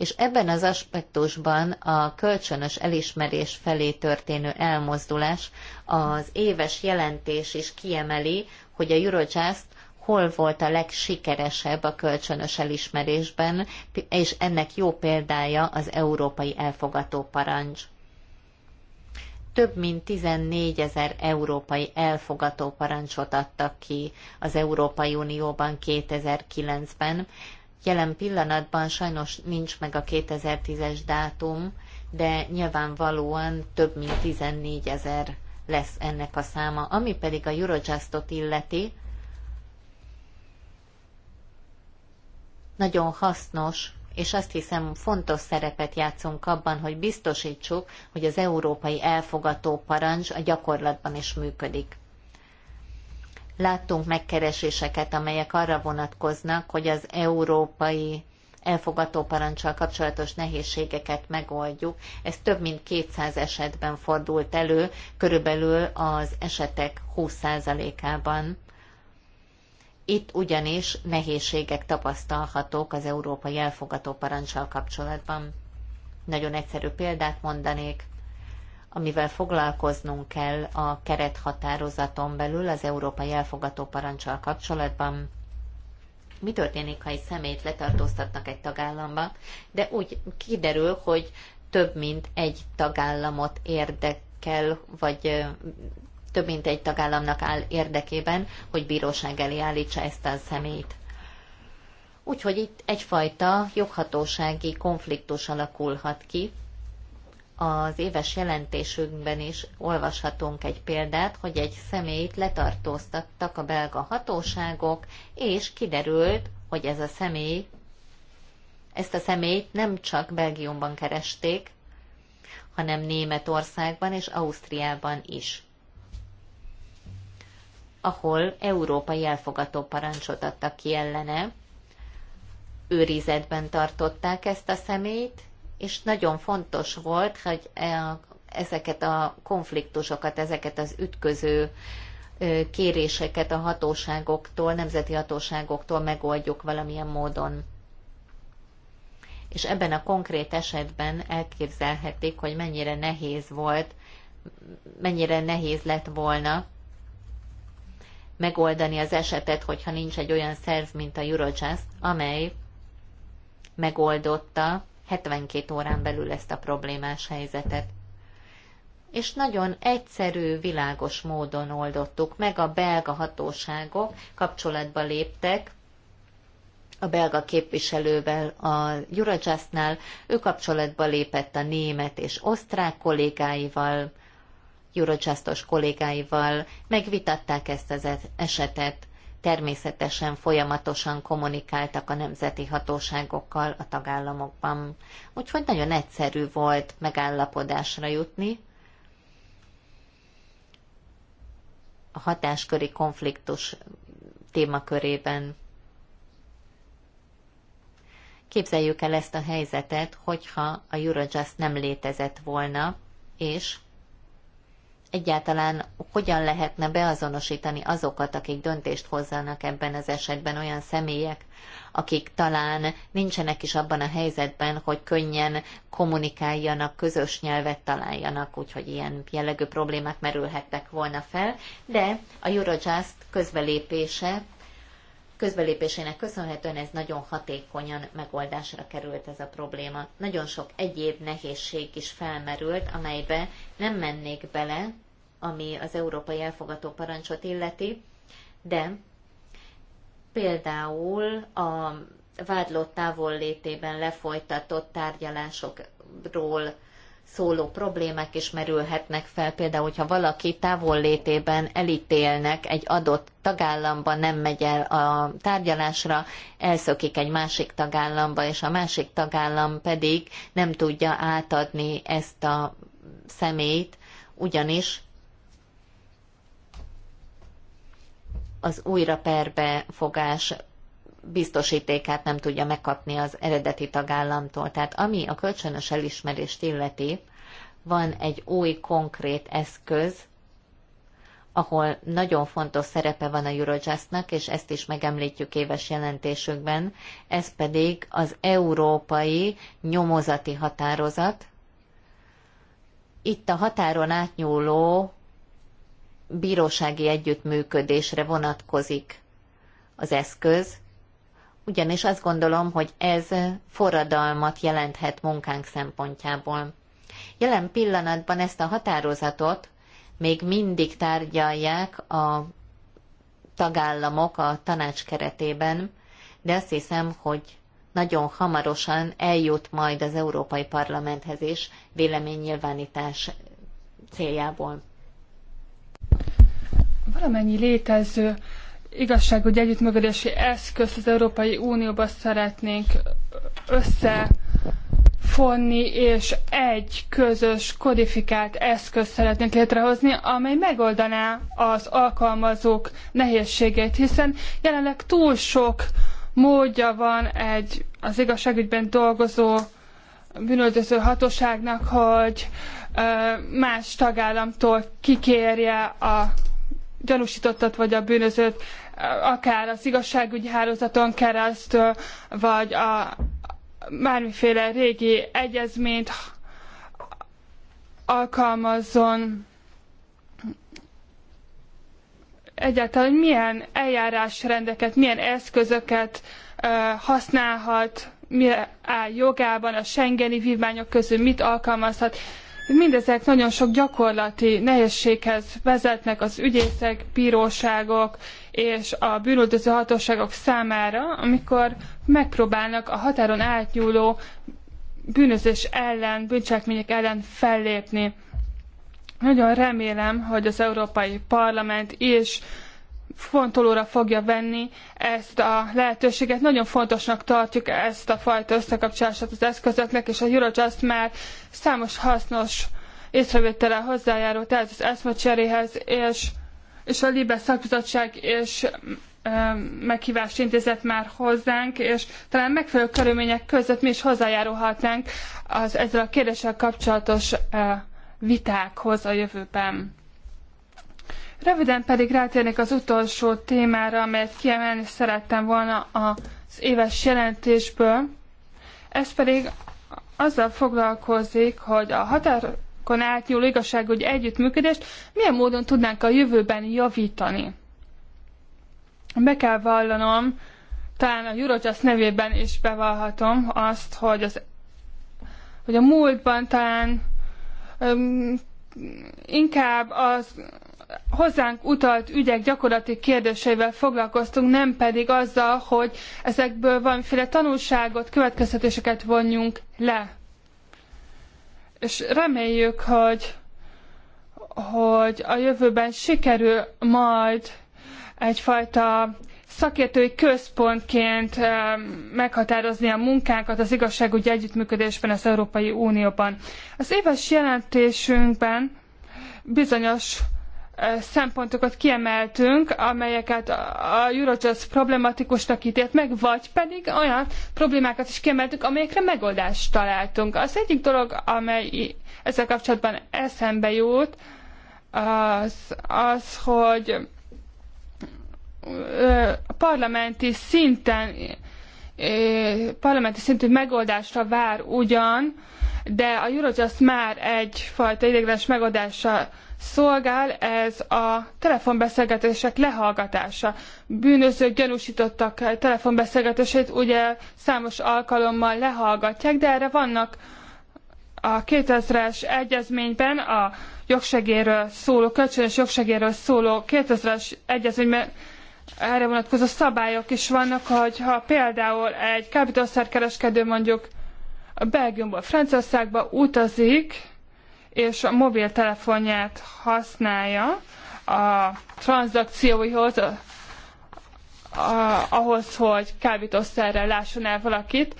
és ebben az aspektusban a kölcsönös elismerés felé történő elmozdulás az éves jelentés is kiemeli, hogy a Eurojust hol volt a legsikeresebb a kölcsönös elismerésben, és ennek jó példája az európai elfogató parancs. Több mint 14 ezer európai elfogató parancsot adtak ki az Európai Unióban 2009-ben, Jelen pillanatban sajnos nincs meg a 2010-es dátum, de nyilvánvalóan több mint 14 ezer lesz ennek a száma. Ami pedig a Eurojustot illeti, nagyon hasznos, és azt hiszem fontos szerepet játszunk abban, hogy biztosítsuk, hogy az európai elfogató parancs a gyakorlatban is működik láttunk megkereséseket, amelyek arra vonatkoznak, hogy az európai elfogató parancsal kapcsolatos nehézségeket megoldjuk. Ez több mint 200 esetben fordult elő, körülbelül az esetek 20%-ában. Itt ugyanis nehézségek tapasztalhatók az európai elfogató parancsal kapcsolatban. Nagyon egyszerű példát mondanék amivel foglalkoznunk kell a kerethatározaton belül az európai elfogató parancsal kapcsolatban. Mi történik, ha egy szemét letartóztatnak egy tagállamba, de úgy kiderül, hogy több mint egy tagállamot érdekel, vagy több mint egy tagállamnak áll érdekében, hogy bíróság elé állítsa ezt a szemét. Úgyhogy itt egyfajta joghatósági konfliktus alakulhat ki, az éves jelentésünkben is olvashatunk egy példát, hogy egy személyt letartóztattak a belga hatóságok, és kiderült, hogy ez a személy, ezt a személyt nem csak Belgiumban keresték, hanem Németországban és Ausztriában is ahol európai elfogató parancsot adtak ki ellene. Őrizetben tartották ezt a szemét, és nagyon fontos volt, hogy e, ezeket a konfliktusokat, ezeket az ütköző kéréseket a hatóságoktól, nemzeti hatóságoktól megoldjuk valamilyen módon. És ebben a konkrét esetben elképzelhetik, hogy mennyire nehéz volt, mennyire nehéz lett volna megoldani az esetet, hogyha nincs egy olyan szerv, mint a Eurojust, amely megoldotta 72 órán belül ezt a problémás helyzetet. És nagyon egyszerű, világos módon oldottuk meg, a belga hatóságok kapcsolatba léptek a belga képviselővel a Eurojustnál, ő kapcsolatba lépett a német és osztrák kollégáival, Eurojustos kollégáival, megvitatták ezt az e- esetet természetesen folyamatosan kommunikáltak a nemzeti hatóságokkal a tagállamokban. Úgyhogy nagyon egyszerű volt megállapodásra jutni. A hatásköri konfliktus témakörében. Képzeljük el ezt a helyzetet, hogyha a Eurojust nem létezett volna, és egyáltalán hogyan lehetne beazonosítani azokat, akik döntést hozzanak ebben az esetben, olyan személyek, akik talán nincsenek is abban a helyzetben, hogy könnyen kommunikáljanak, közös nyelvet találjanak, úgyhogy ilyen jellegű problémák merülhettek volna fel, de a Eurojust közbelépése közbelépésének köszönhetően ez nagyon hatékonyan megoldásra került ez a probléma. Nagyon sok egyéb nehézség is felmerült, amelybe nem mennék bele, ami az európai elfogató parancsot illeti, de például a vádlott távollétében lefolytatott tárgyalásokról szóló problémák is merülhetnek fel, például, hogyha valaki távol létében elítélnek egy adott tagállamban, nem megy el a tárgyalásra, elszökik egy másik tagállamba, és a másik tagállam pedig nem tudja átadni ezt a személyt, ugyanis az újra perbe fogás biztosítékát nem tudja megkapni az eredeti tagállamtól. Tehát ami a kölcsönös elismerést illeti, van egy új konkrét eszköz, ahol nagyon fontos szerepe van a Eurojustnak, és ezt is megemlítjük éves jelentésükben, ez pedig az európai nyomozati határozat. Itt a határon átnyúló bírósági együttműködésre vonatkozik az eszköz, ugyanis azt gondolom, hogy ez forradalmat jelenthet munkánk szempontjából. Jelen pillanatban ezt a határozatot még mindig tárgyalják a tagállamok a tanács keretében, de azt hiszem, hogy nagyon hamarosan eljut majd az Európai Parlamenthez is véleménynyilvánítás céljából. Valamennyi létező igazságügyi együttműködési eszközt az Európai Unióba szeretnénk összefonni, és egy közös kodifikált eszközt szeretnénk létrehozni, amely megoldaná az alkalmazók nehézségét, hiszen jelenleg túl sok módja van egy az igazságügyben dolgozó bűnöldöző hatóságnak, hogy más tagállamtól kikérje a gyanúsítottat vagy a bűnözőt, akár az igazságügyi hálózaton keresztül, vagy a bármiféle régi egyezményt alkalmazzon. Egyáltalán milyen eljárásrendeket, milyen eszközöket használhat, mi áll jogában, a Schengeni vívmányok közül mit alkalmazhat. Mindezek nagyon sok gyakorlati nehézséghez vezetnek az ügyészek, bíróságok és a bűnöldöző hatóságok számára, amikor megpróbálnak a határon átnyúló bűnözés ellen, bűncselekmények ellen fellépni. Nagyon remélem, hogy az Európai Parlament is fontolóra fogja venni ezt a lehetőséget. Nagyon fontosnak tartjuk ezt a fajta összekapcsolását az eszközöknek, és a Eurojust már számos hasznos észrevétele hozzájárult ez az eszmecseréhez, és, és a Libe szakbizottság és e, meghívást intézett már hozzánk, és talán megfelelő körülmények között mi is hozzájárulhatnánk az ezzel a kérdéssel kapcsolatos vitákhoz a jövőben. Röviden pedig rátérnék az utolsó témára, amelyet kiemelni szerettem volna az éves jelentésből. Ez pedig azzal foglalkozik, hogy a határokon átnyúló igazságügyi együttműködést milyen módon tudnánk a jövőben javítani. Be kell vallanom, talán a Eurojust nevében is bevallhatom azt, hogy, az, hogy a múltban talán öm, inkább az hozzánk utalt ügyek gyakorlati kérdéseivel foglalkoztunk, nem pedig azzal, hogy ezekből valamiféle tanulságot, következtetéseket vonjunk le. És reméljük, hogy, hogy a jövőben sikerül majd egyfajta szakértői központként eh, meghatározni a munkánkat az igazságügyi együttműködésben az Európai Unióban. Az éves jelentésünkben bizonyos szempontokat kiemeltünk, amelyeket a Eurojust problematikusnak ítélt meg, vagy pedig olyan problémákat is kiemeltünk, amelyekre megoldást találtunk. Az egyik dolog, amely ezzel kapcsolatban eszembe jut, az, az hogy a parlamenti szinten parlamenti szintű megoldásra vár ugyan, de a Eurojust már egyfajta ideiglenes megoldással szolgál, ez a telefonbeszélgetések lehallgatása. Bűnözők gyanúsítottak telefonbeszélgetését, ugye számos alkalommal lehallgatják, de erre vannak a 2000-es egyezményben, a jogsegéről szóló, kölcsönös jogsegéről szóló 2000-es egyezményben erre vonatkozó szabályok is vannak, hogy ha például egy kábítószerkereskedő mondjuk Belgiumból Franciaországba utazik, és a mobiltelefonját használja a tranzakcióihoz, a, a, ahhoz, hogy kábítószerrel lásson el valakit,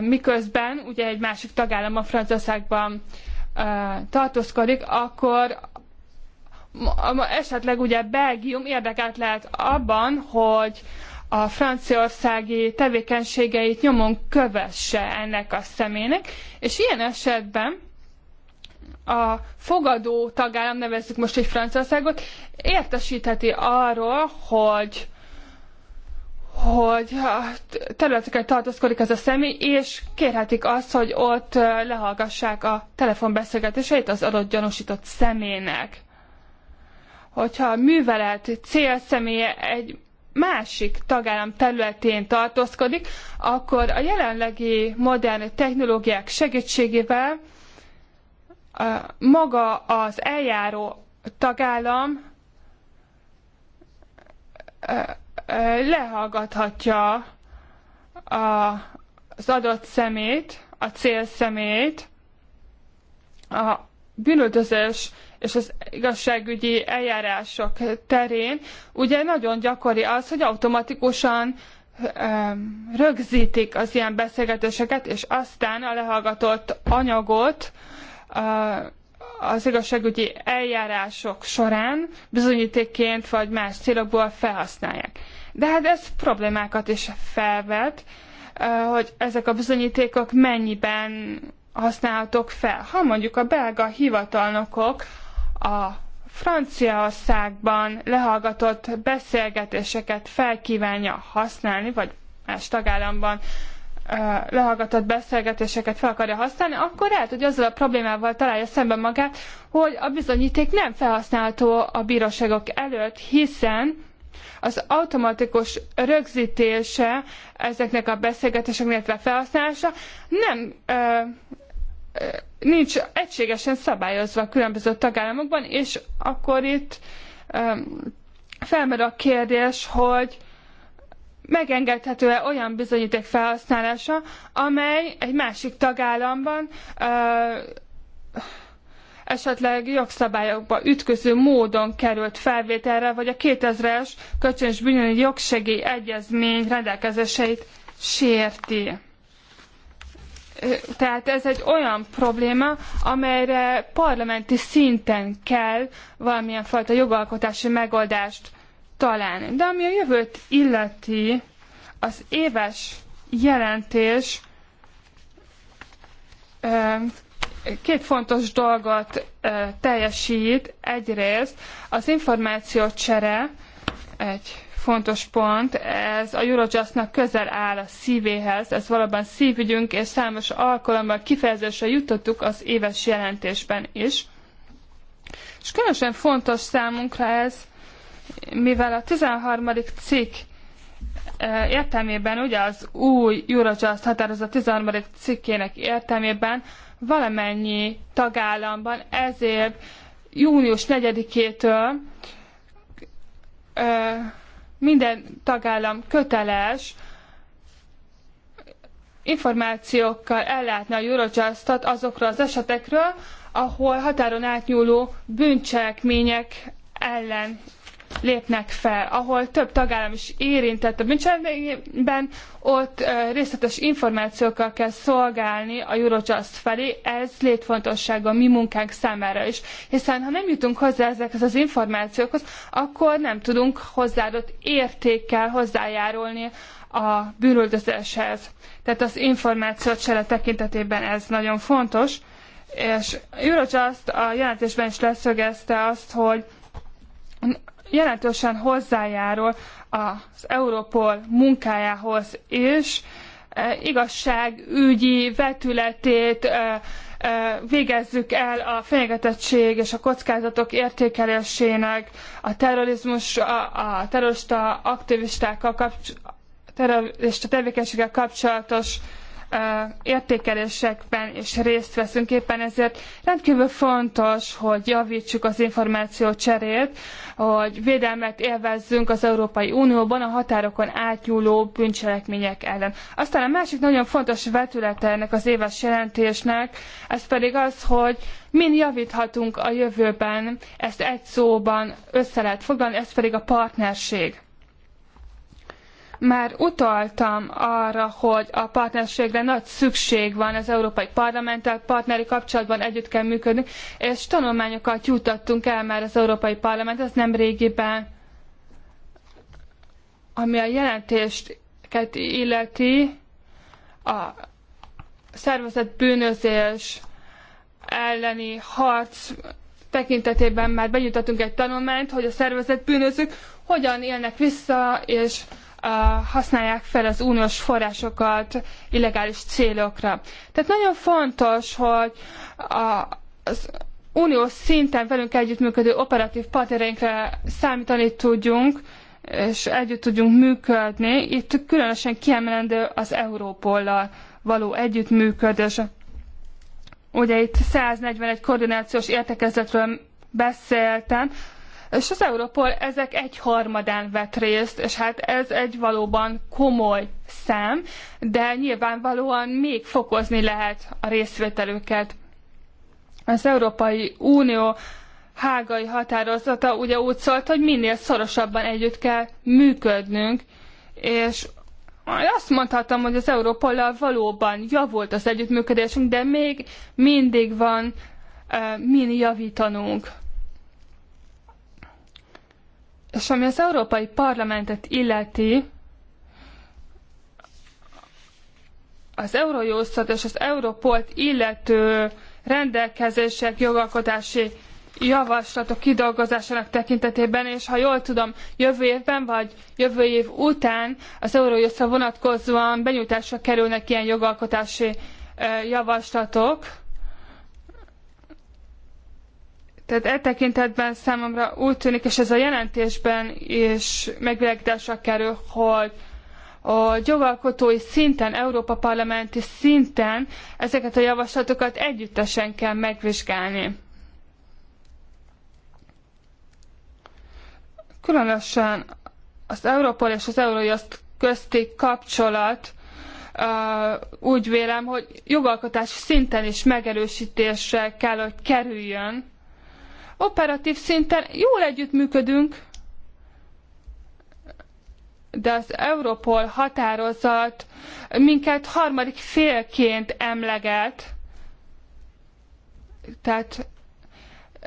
miközben ugye egy másik tagállam a Franciaországban tartózkodik, akkor esetleg ugye Belgium érdekelt lehet abban, hogy a franciaországi tevékenységeit nyomon kövesse ennek a személynek, és ilyen esetben a fogadó tagállam, nevezzük most egy Franciaországot, értesítheti arról, hogy hogy területeken tartozkodik ez a személy, és kérhetik azt, hogy ott lehallgassák a telefonbeszélgetéseit az adott gyanúsított személynek. Hogyha a művelet célszemélye egy másik tagállam területén tartózkodik, akkor a jelenlegi modern technológiák segítségével maga az eljáró tagállam lehallgathatja az adott szemét, a célszemét, a bűnöldözés és az igazságügyi eljárások terén, ugye nagyon gyakori az, hogy automatikusan rögzítik az ilyen beszélgetéseket, és aztán a lehallgatott anyagot az igazságügyi eljárások során bizonyítékként vagy más célokból felhasználják. De hát ez problémákat is felvet, hogy ezek a bizonyítékok mennyiben használhatók fel. Ha mondjuk a belga hivatalnokok a Franciaországban lehallgatott beszélgetéseket felkívánja használni, vagy más tagállamban lehallgatott beszélgetéseket fel akarja használni, akkor lehet, hogy azzal a problémával találja szemben magát, hogy a bizonyíték nem felhasználható a bíróságok előtt, hiszen az automatikus rögzítése ezeknek a beszélgetéseknek, illetve felhasználása nem ö, ö, nincs egységesen szabályozva a különböző tagállamokban, és akkor itt ö, felmerül a kérdés, hogy megengedhető-e olyan bizonyíték felhasználása, amely egy másik tagállamban ö, esetleg jogszabályokba ütköző módon került felvételre, vagy a 2000-es kölcsönös bűnöni jogsegély egyezmény rendelkezéseit sérti. Tehát ez egy olyan probléma, amelyre parlamenti szinten kell valamilyen fajta jogalkotási megoldást talán, De ami a jövőt illeti, az éves jelentés két fontos dolgot teljesít. Egyrészt az információcsere egy fontos pont, ez a Eurojustnak közel áll a szívéhez, ez valóban szívügyünk, és számos alkalommal kifejezésre jutottuk az éves jelentésben is. És különösen fontos számunkra ez, mivel a 13. cikk e, értelmében, ugye az új Eurojust határozat 13. cikkének értelmében valamennyi tagállamban ezért június 4-től e, minden tagállam köteles információkkal ellátni a Eurojust-ot azokról az esetekről, ahol határon átnyúló bűncselekmények ellen lépnek fel, ahol több tagállam is érintett a bűncselekményben, ott részletes információkkal kell szolgálni a Eurojust felé, ez létfontossága a mi munkánk számára is. Hiszen ha nem jutunk hozzá ezekhez az információkhoz, akkor nem tudunk hozzáadott értékkel hozzájárulni a bűnöldözéshez. Tehát az információ tekintetében ez nagyon fontos. És Eurojust a jelentésben is leszögezte azt, hogy jelentősen hozzájárul az Europol munkájához és e, igazságügyi vetületét e, e, végezzük el a fenyegetettség és a kockázatok értékelésének, a terrorizmus, a, a terrorista aktivistákkal kapcs- a tevékenységgel kapcsolatos értékelésekben is részt veszünk. Éppen ezért rendkívül fontos, hogy javítsuk az információ cserét, hogy védelmet élvezzünk az Európai Unióban a határokon átnyúló bűncselekmények ellen. Aztán a másik nagyon fontos vetülete ennek az éves jelentésnek, ez pedig az, hogy min javíthatunk a jövőben, ezt egy szóban össze lehet foglalni, ez pedig a partnerség már utaltam arra, hogy a partnerségre nagy szükség van az Európai Parlamenttel, partneri kapcsolatban együtt kell működni, és tanulmányokat jutottunk el már az Európai Parlament, az nem régiben, ami a jelentést illeti, a szervezett bűnözés elleni harc tekintetében már benyújtottunk egy tanulmányt, hogy a szervezett bűnözők hogyan élnek vissza, és használják fel az uniós forrásokat illegális célokra. Tehát nagyon fontos, hogy az uniós szinten velünk együttműködő operatív partnereinkre számítani tudjunk, és együtt tudjunk működni. Itt különösen kiemelendő az Európollal való együttműködés. Ugye itt 141 koordinációs értekezletről beszéltem, és az Europol ezek egy harmadán vett részt, és hát ez egy valóban komoly szám, de nyilvánvalóan még fokozni lehet a részvételüket. Az Európai Unió hágai határozata ugye úgy szólt, hogy minél szorosabban együtt kell működnünk, és azt mondhatom, hogy az Európollal valóban javult az együttműködésünk, de még mindig van uh, min javítanunk. És ami az Európai Parlamentet illeti, az Eurojustot és az Europolt illető rendelkezések jogalkotási javaslatok kidolgozásának tekintetében, és ha jól tudom, jövő évben vagy jövő év után az Eurojustra vonatkozóan benyújtásra kerülnek ilyen jogalkotási javaslatok, tehát e tekintetben számomra úgy tűnik, és ez a jelentésben is megvilágításra kerül, hogy a jogalkotói szinten, Európa parlamenti szinten ezeket a javaslatokat együttesen kell megvizsgálni. Különösen az Európol és az Eurojust közti kapcsolat úgy vélem, hogy jogalkotási szinten is megerősítésre kell, hogy kerüljön, operatív szinten jól együttműködünk, de az Europol határozat minket harmadik félként emleget, tehát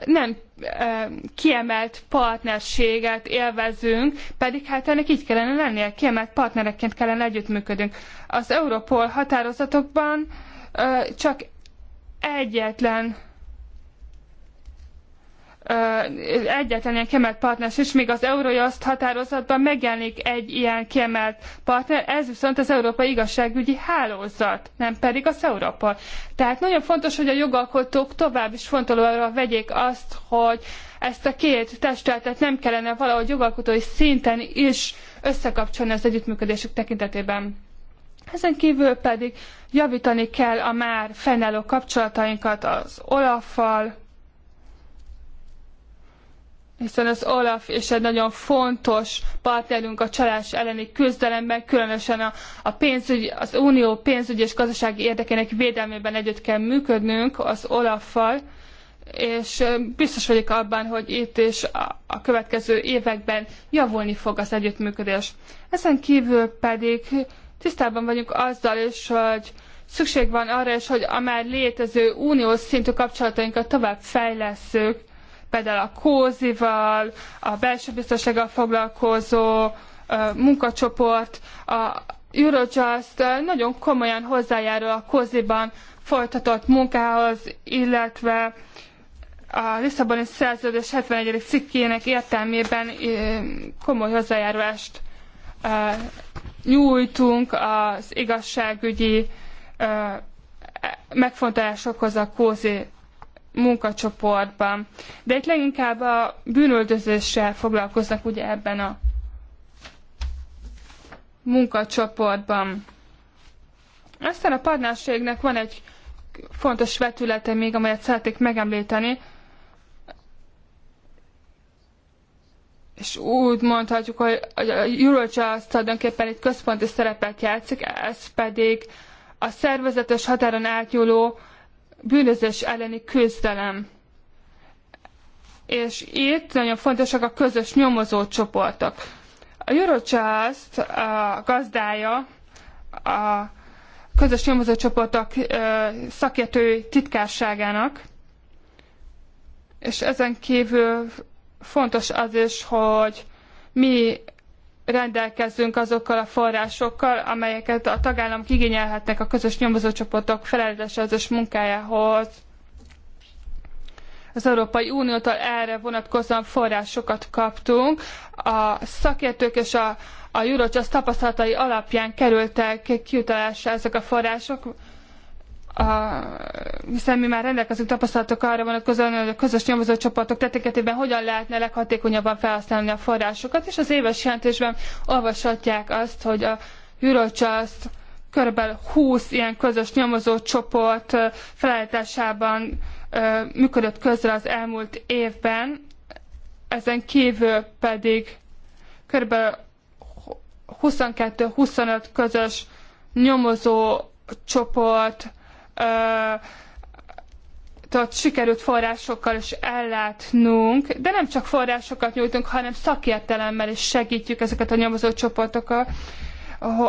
nem e, kiemelt partnerséget élvezünk, pedig hát ennek így kellene lennie, kiemelt partnerekként kellene együttműködünk. Az Europol határozatokban e, csak egyetlen egyetlen ilyen kiemelt partner sincs, még az Eurojust határozatban megjelenik egy ilyen kiemelt partner, ez viszont az Európai Igazságügyi Hálózat, nem pedig az Európa. Tehát nagyon fontos, hogy a jogalkotók tovább is fontolóra vegyék azt, hogy ezt a két testületet nem kellene valahogy jogalkotói szinten is összekapcsolni az együttműködésük tekintetében. Ezen kívül pedig javítani kell a már fennálló kapcsolatainkat az Olaffal, hiszen az Olaf és egy nagyon fontos partnerünk a csalás elleni küzdelemben, különösen a, a pénzügy, az unió pénzügyi és gazdasági érdekének védelmében együtt kell működnünk az Olaffal, és biztos vagyok abban, hogy itt is a, a következő években javulni fog az együttműködés. Ezen kívül pedig tisztában vagyunk azzal is, hogy szükség van arra is, hogy a már létező uniós szintű kapcsolatainkat tovább fejlesszük, például a Kózival, a belső biztonsággal foglalkozó munkacsoport, a Eurojust nagyon komolyan hozzájárul a Kóziban folytatott munkához, illetve a Lisszaboni szerződés 71. cikkének értelmében komoly hozzájárulást nyújtunk az igazságügyi megfontolásokhoz a Kózi munkacsoportban. De itt leginkább a bűnöldözéssel foglalkoznak ugye ebben a munkacsoportban. Aztán a partnerségnek van egy fontos vetülete még, amelyet szeretnék megemlíteni, és úgy mondhatjuk, hogy a Eurojust tulajdonképpen egy központi szerepet játszik, ez pedig a szervezetes határon átnyúló bűnözés elleni küzdelem. És itt nagyon fontosak a közös nyomozó csoportok. A Eurojust a gazdája a közös nyomozó csoportok szakértői titkárságának, és ezen kívül fontos az is, hogy mi rendelkezzünk azokkal a forrásokkal, amelyeket a tagállamok igényelhetnek a közös nyomozócsoportok felelősségteljes munkájához. Az Európai Uniótól erre vonatkozóan forrásokat kaptunk. A szakértők és a, a Eurojust tapasztalatai alapján kerültek kiutalásra ezek a források a, hiszen mi már rendelkezünk tapasztalatok arra vonatkozóan, hogy a közös nyomozó csoportok tetéketében hogyan lehetne leghatékonyabban felhasználni a forrásokat, és az éves jelentésben olvashatják azt, hogy a Eurojust kb. 20 ilyen közös nyomozó csoport felállításában működött közre az elmúlt évben, ezen kívül pedig kb. 22-25 közös nyomozó csoport tehát sikerült forrásokkal is ellátnunk, de nem csak forrásokat nyújtunk, hanem szakértelemmel is segítjük ezeket a nyomozó csoportokat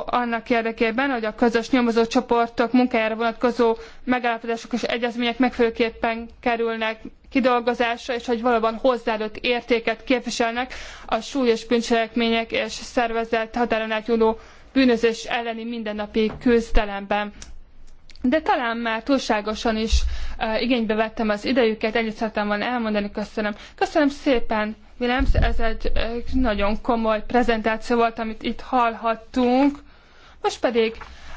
annak érdekében, hogy a közös nyomozó csoportok munkájára vonatkozó megállapodások és egyezmények megfelelőképpen kerülnek kidolgozásra, és hogy valóban hozzáadott értéket képviselnek a súlyos bűncselekmények és szervezett határon átnyúló bűnözés elleni mindennapi küzdelemben de talán már túlságosan is uh, igénybe vettem az idejüket, ennyit szeretem van elmondani, köszönöm. Köszönöm szépen, Vilem, ez egy nagyon komoly prezentáció volt, amit itt hallhattunk. Most pedig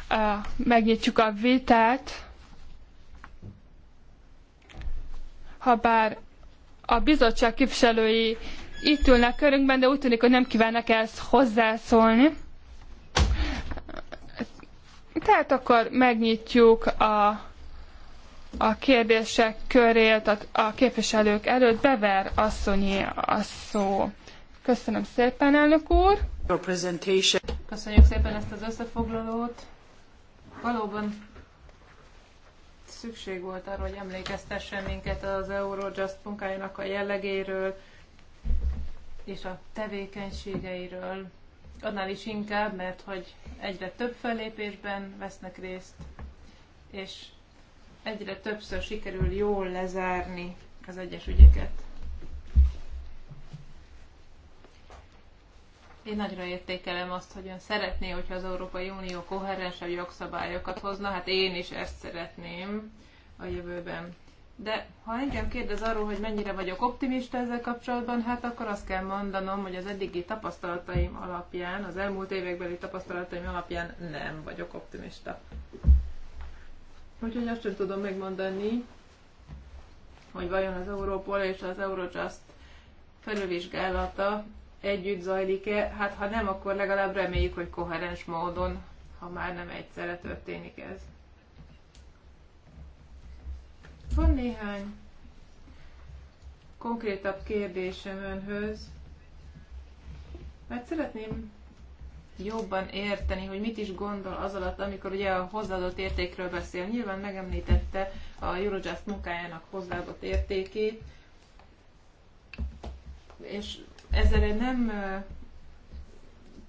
uh, megnyitjuk a vitát. Habár a bizottság képviselői itt ülnek körünkben, de úgy tűnik, hogy nem kívánnak ezt hozzászólni. Tehát akkor megnyitjuk a, a kérdések körét a, a képviselők előtt. Bever asszonyi a szó. Köszönöm szépen, elnök úr! Köszönjük szépen ezt az összefoglalót. Valóban szükség volt arra, hogy emlékeztessen minket az Eurojust munkájának a jellegéről és a tevékenységeiről annál is inkább, mert hogy egyre több fellépésben vesznek részt, és egyre többször sikerül jól lezárni az egyes ügyeket. Én nagyra értékelem azt, hogy ön szeretné, hogyha az Európai Unió koherensebb jogszabályokat hozna, hát én is ezt szeretném a jövőben. De ha engem kérdez arról, hogy mennyire vagyok optimista ezzel kapcsolatban, hát akkor azt kell mondanom, hogy az eddigi tapasztalataim alapján, az elmúlt évekbeli tapasztalataim alapján nem vagyok optimista. Úgyhogy azt sem tudom megmondani, hogy vajon az Európol és az Eurojust felülvizsgálata együtt zajlik-e. Hát ha nem, akkor legalább reméljük, hogy koherens módon, ha már nem egyszerre történik ez. Van néhány konkrétabb kérdésem önhöz, mert szeretném jobban érteni, hogy mit is gondol az alatt, amikor ugye a hozzáadott értékről beszél. Nyilván megemlítette a Eurojust munkájának hozzáadott értékét, és ezzel én nem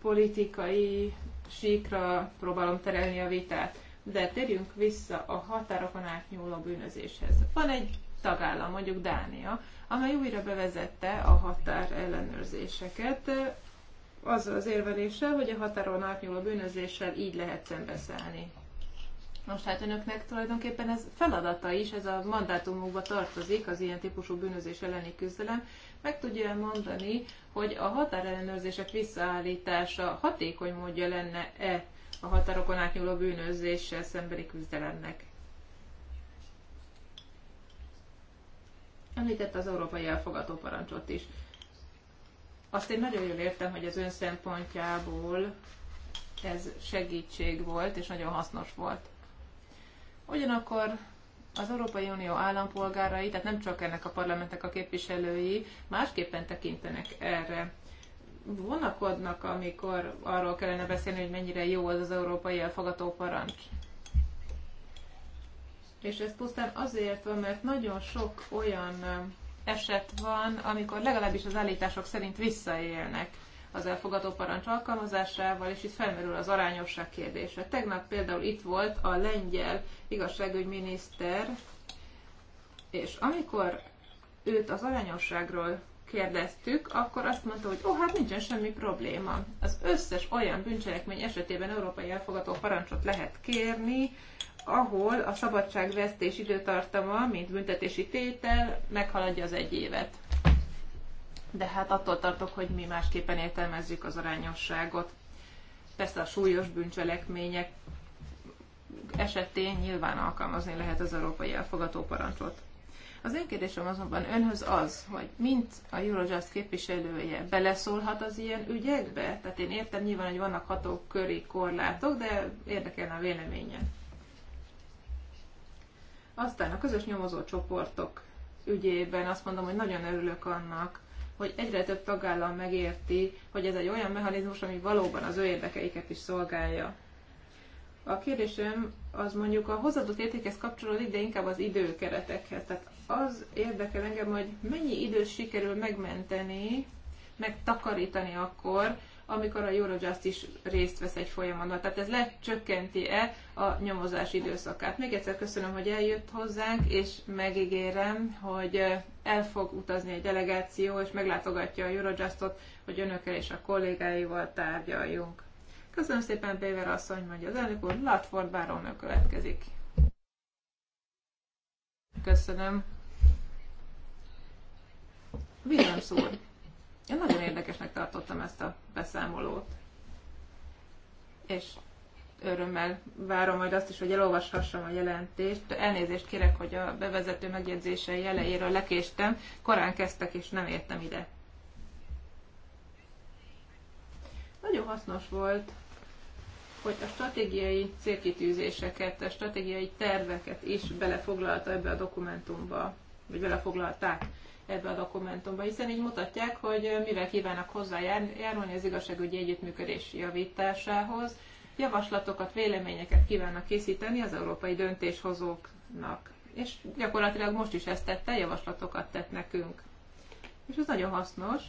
politikai síkra próbálom terelni a vitát. De térjünk vissza a határokon átnyúló bűnözéshez. Van egy tagállam, mondjuk Dánia, amely újra bevezette a határ ellenőrzéseket, azzal az érveléssel, hogy a határon átnyúló bűnözéssel így lehet szembeszállni. Most hát önöknek tulajdonképpen ez feladata is, ez a mandátumokba tartozik, az ilyen típusú bűnözés elleni küzdelem. Meg tudja mondani, hogy a határellenőrzések visszaállítása hatékony módja lenne-e a határokon átnyúló bűnözéssel szembeni küzdelemnek. Említett az európai elfogató parancsot is. Azt én nagyon jól értem, hogy az ön szempontjából ez segítség volt, és nagyon hasznos volt. Ugyanakkor az Európai Unió állampolgárai, tehát nem csak ennek a parlamentnek a képviselői, másképpen tekintenek erre vonakodnak, amikor arról kellene beszélni, hogy mennyire jó az az európai elfogató parancs. És ez pusztán azért van, mert nagyon sok olyan eset van, amikor legalábbis az állítások szerint visszaélnek az elfogadó parancs alkalmazásával, és itt felmerül az arányosság kérdése. Tegnap például itt volt a lengyel igazságügyminiszter, és amikor őt az arányosságról kérdeztük, akkor azt mondta, hogy ó, oh, hát nincsen semmi probléma. Az összes olyan bűncselekmény esetében európai elfogadó parancsot lehet kérni, ahol a szabadságvesztés időtartama, mint büntetési tétel, meghaladja az egy évet. De hát attól tartok, hogy mi másképpen értelmezzük az arányosságot. Persze a súlyos bűncselekmények esetén nyilván alkalmazni lehet az európai elfogató parancsot. Az én kérdésem azonban önhöz az, hogy mint a Eurojust képviselője beleszólhat az ilyen ügyekbe? Tehát én értem nyilván, hogy vannak hatóköri korlátok, de érdekelne a véleménye. Aztán a közös nyomozó csoportok ügyében azt mondom, hogy nagyon örülök annak, hogy egyre több tagállam megérti, hogy ez egy olyan mechanizmus, ami valóban az ő érdekeiket is szolgálja. A kérdésem az mondjuk a hozadott értékhez kapcsolódik, de inkább az időkeretekhez. Tehát az érdekel engem, hogy mennyi időt sikerül megmenteni, megtakarítani akkor, amikor a Eurojust is részt vesz egy folyamatban. Tehát ez lecsökkenti-e a nyomozás időszakát. Még egyszer köszönöm, hogy eljött hozzánk, és megígérem, hogy el fog utazni egy delegáció, és meglátogatja a Eurojustot, hogy önökkel és a kollégáival tárgyaljunk. Köszönöm szépen, Péver asszony, hogy az elnök úr, Latford Báron következik. Köszönöm. Williams úr, én nagyon érdekesnek tartottam ezt a beszámolót. És örömmel várom majd azt is, hogy elolvashassam a jelentést. Elnézést kérek, hogy a bevezető megjegyzései elejéről lekéstem. Korán kezdtek, és nem értem ide. Nagyon hasznos volt, hogy a stratégiai célkitűzéseket, a stratégiai terveket is belefoglalta ebbe a dokumentumba, vagy belefoglalták ebbe a dokumentumba, hiszen így mutatják, hogy mivel kívánnak hozzájárulni az igazságügyi együttműködés javításához. Javaslatokat, véleményeket kívánnak készíteni az európai döntéshozóknak. És gyakorlatilag most is ezt tette, javaslatokat tett nekünk. És ez nagyon hasznos.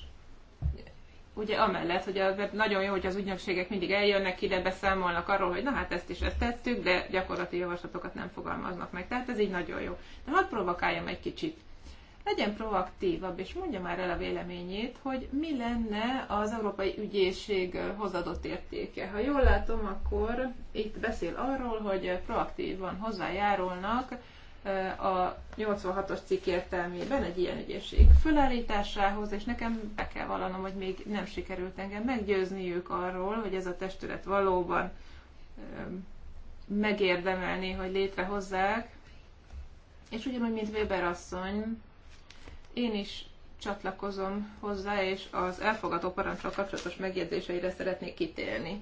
Ugye amellett, hogy a, nagyon jó, hogy az ügynökségek mindig eljönnek ide, beszámolnak arról, hogy na hát ezt is ezt tettük, de gyakorlati javaslatokat nem fogalmaznak meg. Tehát ez így nagyon jó. De hadd provokáljam egy kicsit legyen proaktívabb, és mondja már el a véleményét, hogy mi lenne az Európai Ügyészség hozadott értéke. Ha jól látom, akkor itt beszél arról, hogy proaktívan hozzájárulnak eh, a 86-os cikk értelmében egy ilyen ügyészség fölállításához, és nekem be kell vallanom, hogy még nem sikerült engem meggyőzniük arról, hogy ez a testület valóban eh, megérdemelni, hogy létrehozzák. És ugyanúgy, mint Weber asszony, én is csatlakozom hozzá, és az elfogadó parancsal kapcsolatos megjegyzéseire szeretnék kitélni.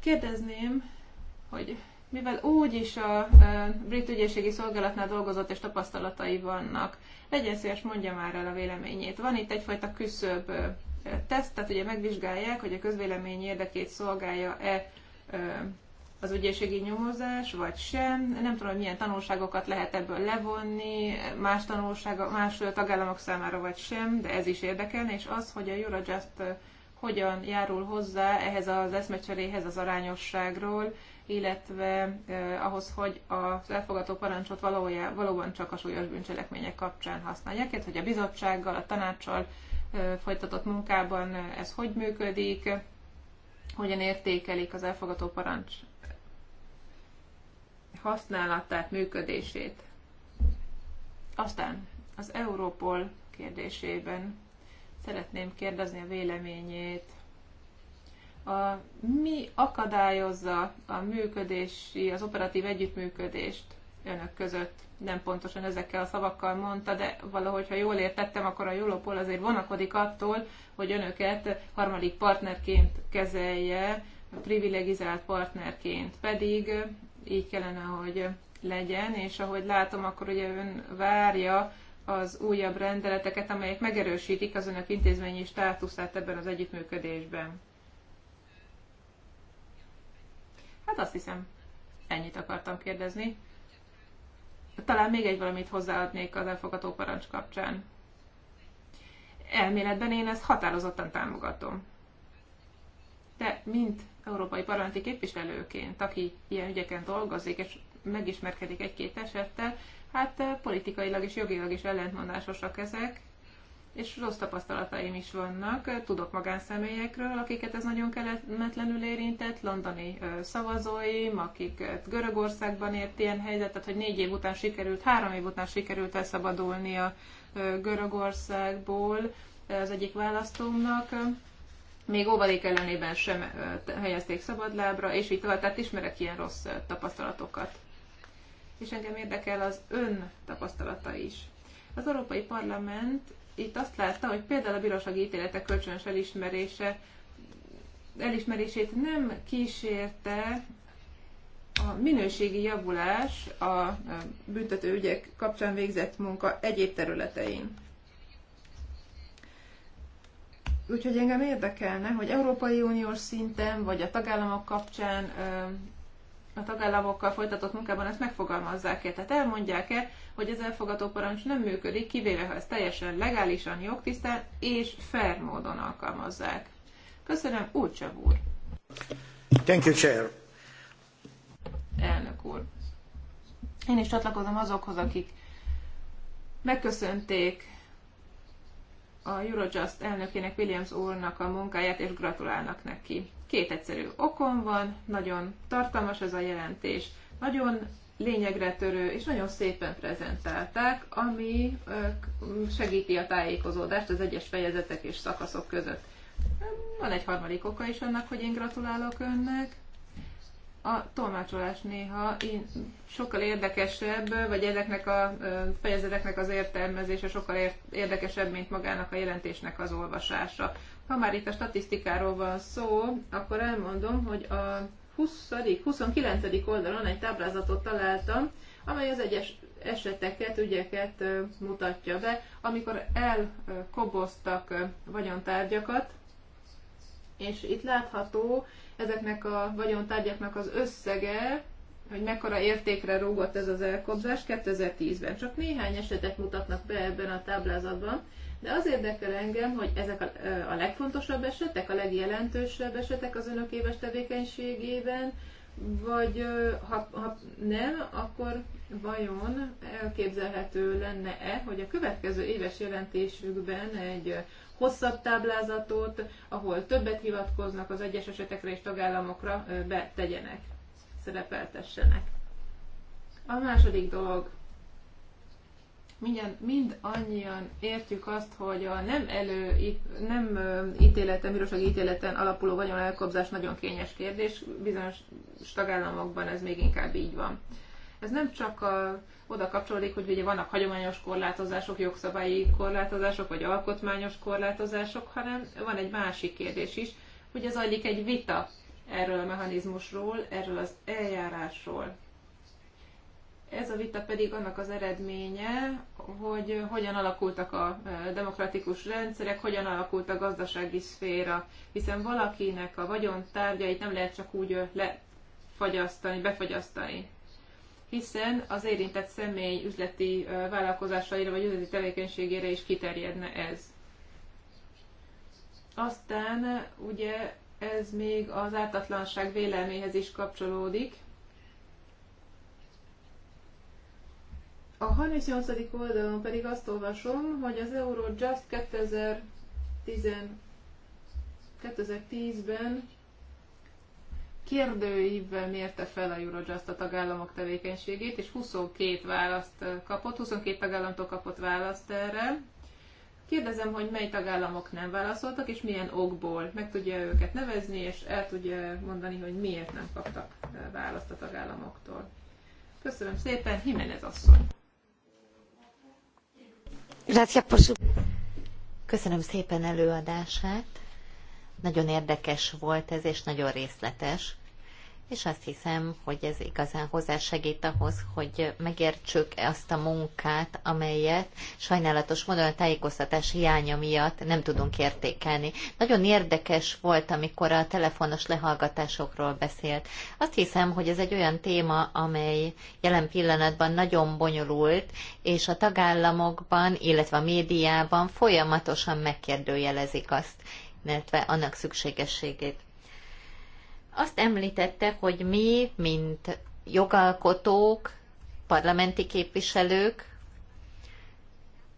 Kérdezném, hogy mivel úgy is a brit ügyészségi szolgálatnál dolgozott és tapasztalatai vannak, legyen szíves, mondja már el a véleményét. Van itt egyfajta küszöbb teszt, tehát ugye megvizsgálják, hogy a közvélemény érdekét szolgálja-e az ügyészségi nyomozás, vagy sem. Nem tudom, hogy milyen tanulságokat lehet ebből levonni, más, tanulsága, más tagállamok számára, vagy sem, de ez is érdekelne, és az, hogy a Eurojust hogyan járul hozzá ehhez az eszmecseréhez az arányosságról, illetve eh, ahhoz, hogy az elfogadó parancsot valójá, valóban csak a súlyos bűncselekmények kapcsán használják, illetve hogy a bizottsággal, a tanácssal eh, folytatott munkában ez hogy működik, hogyan értékelik az elfogadó parancs használatát, működését. Aztán az Európol kérdésében szeretném kérdezni a véleményét. A, mi akadályozza a működési, az operatív együttműködést önök között? Nem pontosan ezekkel a szavakkal mondta, de valahogy, ha jól értettem, akkor a Europol azért vonakodik attól, hogy önöket harmadik partnerként kezelje, privilegizált partnerként. Pedig így kellene, hogy legyen, és ahogy látom, akkor ugye ön várja az újabb rendeleteket, amelyek megerősítik az önök intézményi státuszát ebben az együttműködésben. Hát azt hiszem, ennyit akartam kérdezni. Talán még egy valamit hozzáadnék az elfogadó parancs kapcsán. Elméletben én ezt határozottan támogatom. De mint európai parlamenti képviselőként, aki ilyen ügyeken dolgozik, és megismerkedik egy-két esettel, hát eh, politikailag és jogilag is ellentmondásosak ezek, és rossz tapasztalataim is vannak. Tudok magánszemélyekről, akiket ez nagyon kellemetlenül érintett, londoni eh, szavazóim, akik eh, Görögországban ért ilyen helyzetet, hogy négy év után sikerült, három év után sikerült elszabadulni a Görögországból az egyik választómnak, még óvadék ellenében sem helyezték szabadlábra, és így tovább. Tehát ismerek ilyen rossz tapasztalatokat. És engem érdekel az ön tapasztalata is. Az Európai Parlament itt azt látta, hogy például a bírósági ítéletek kölcsönös elismerése, elismerését nem kísérte a minőségi javulás a büntetőügyek kapcsán végzett munka egyéb területein. Úgyhogy engem érdekelne, hogy Európai Uniós szinten, vagy a tagállamok kapcsán, a tagállamokkal folytatott munkában ezt megfogalmazzák-e? Tehát elmondják-e, hogy az elfogadó parancs nem működik, kivéve ha ezt teljesen legálisan, jogtisztán és fair módon alkalmazzák. Köszönöm, Úrcsav úr! Thank you, Chair. Elnök úr! Én is csatlakozom azokhoz, akik megköszönték a Eurojust elnökének, Williams úrnak a munkáját, és gratulálnak neki. Két egyszerű okom van, nagyon tartalmas ez a jelentés, nagyon lényegre törő, és nagyon szépen prezentálták, ami segíti a tájékozódást az egyes fejezetek és szakaszok között. Van egy harmadik oka is annak, hogy én gratulálok önnek a tolmácsolás néha sokkal érdekesebb, vagy ezeknek a fejezeteknek az értelmezése sokkal érdekesebb, mint magának a jelentésnek az olvasása. Ha már itt a statisztikáról van szó, akkor elmondom, hogy a 20. 29. oldalon egy táblázatot találtam, amely az egyes eseteket, ügyeket mutatja be, amikor elkoboztak vagyontárgyakat, és itt látható ezeknek a vagyontárgyaknak az összege, hogy mekkora értékre rúgott ez az elkobzás 2010-ben. Csak néhány esetet mutatnak be ebben a táblázatban, de az érdekel engem, hogy ezek a, a legfontosabb esetek, a legjelentősebb esetek az önök éves tevékenységében, vagy ha, ha nem, akkor vajon elképzelhető lenne-e, hogy a következő éves jelentésükben egy hosszabb táblázatot, ahol többet hivatkoznak az egyes esetekre és tagállamokra betegyenek, szerepeltessenek. A második dolog, mindjárt, mind annyian értjük azt, hogy a nem elő, nem ítéleten, bírósági ítéleten alapuló vagyon elkobzás nagyon kényes kérdés, bizonyos tagállamokban ez még inkább így van. Ez nem csak a, oda kapcsolódik, hogy ugye vannak hagyományos korlátozások, jogszabályi korlátozások, vagy alkotmányos korlátozások, hanem van egy másik kérdés is, hogy az adik egy vita erről a mechanizmusról, erről az eljárásról. Ez a vita pedig annak az eredménye, hogy hogyan alakultak a e, demokratikus rendszerek, hogyan alakult a gazdasági szféra, hiszen valakinek a vagyontárgyait nem lehet csak úgy lefagyasztani, befagyasztani hiszen az érintett személy üzleti vállalkozásaira vagy üzleti tevékenységére is kiterjedne ez. Aztán ugye ez még az ártatlanság véleméhez is kapcsolódik. A 38. oldalon pedig azt olvasom, hogy az Eurojust 2010-ben kérdőívvel mérte fel a Eurojust a tagállamok tevékenységét, és 22 választ eh, kapott, 22 tagállamtól kapott választ erre. Kérdezem, hogy mely tagállamok nem válaszoltak, és milyen okból. Meg tudja őket nevezni, és el tudja mondani, hogy miért nem kaptak eh, választ a tagállamoktól. Köszönöm szépen, Jimenez asszony. Köszönöm szépen előadását. Nagyon érdekes volt ez, és nagyon részletes, és azt hiszem, hogy ez igazán hozzásegít ahhoz, hogy megértsük azt a munkát, amelyet sajnálatos módon a tájékoztatás hiánya miatt nem tudunk értékelni. Nagyon érdekes volt, amikor a telefonos lehallgatásokról beszélt. Azt hiszem, hogy ez egy olyan téma, amely jelen pillanatban nagyon bonyolult, és a tagállamokban, illetve a médiában folyamatosan megkérdőjelezik azt illetve annak szükségességét. Azt említette, hogy mi, mint jogalkotók, parlamenti képviselők,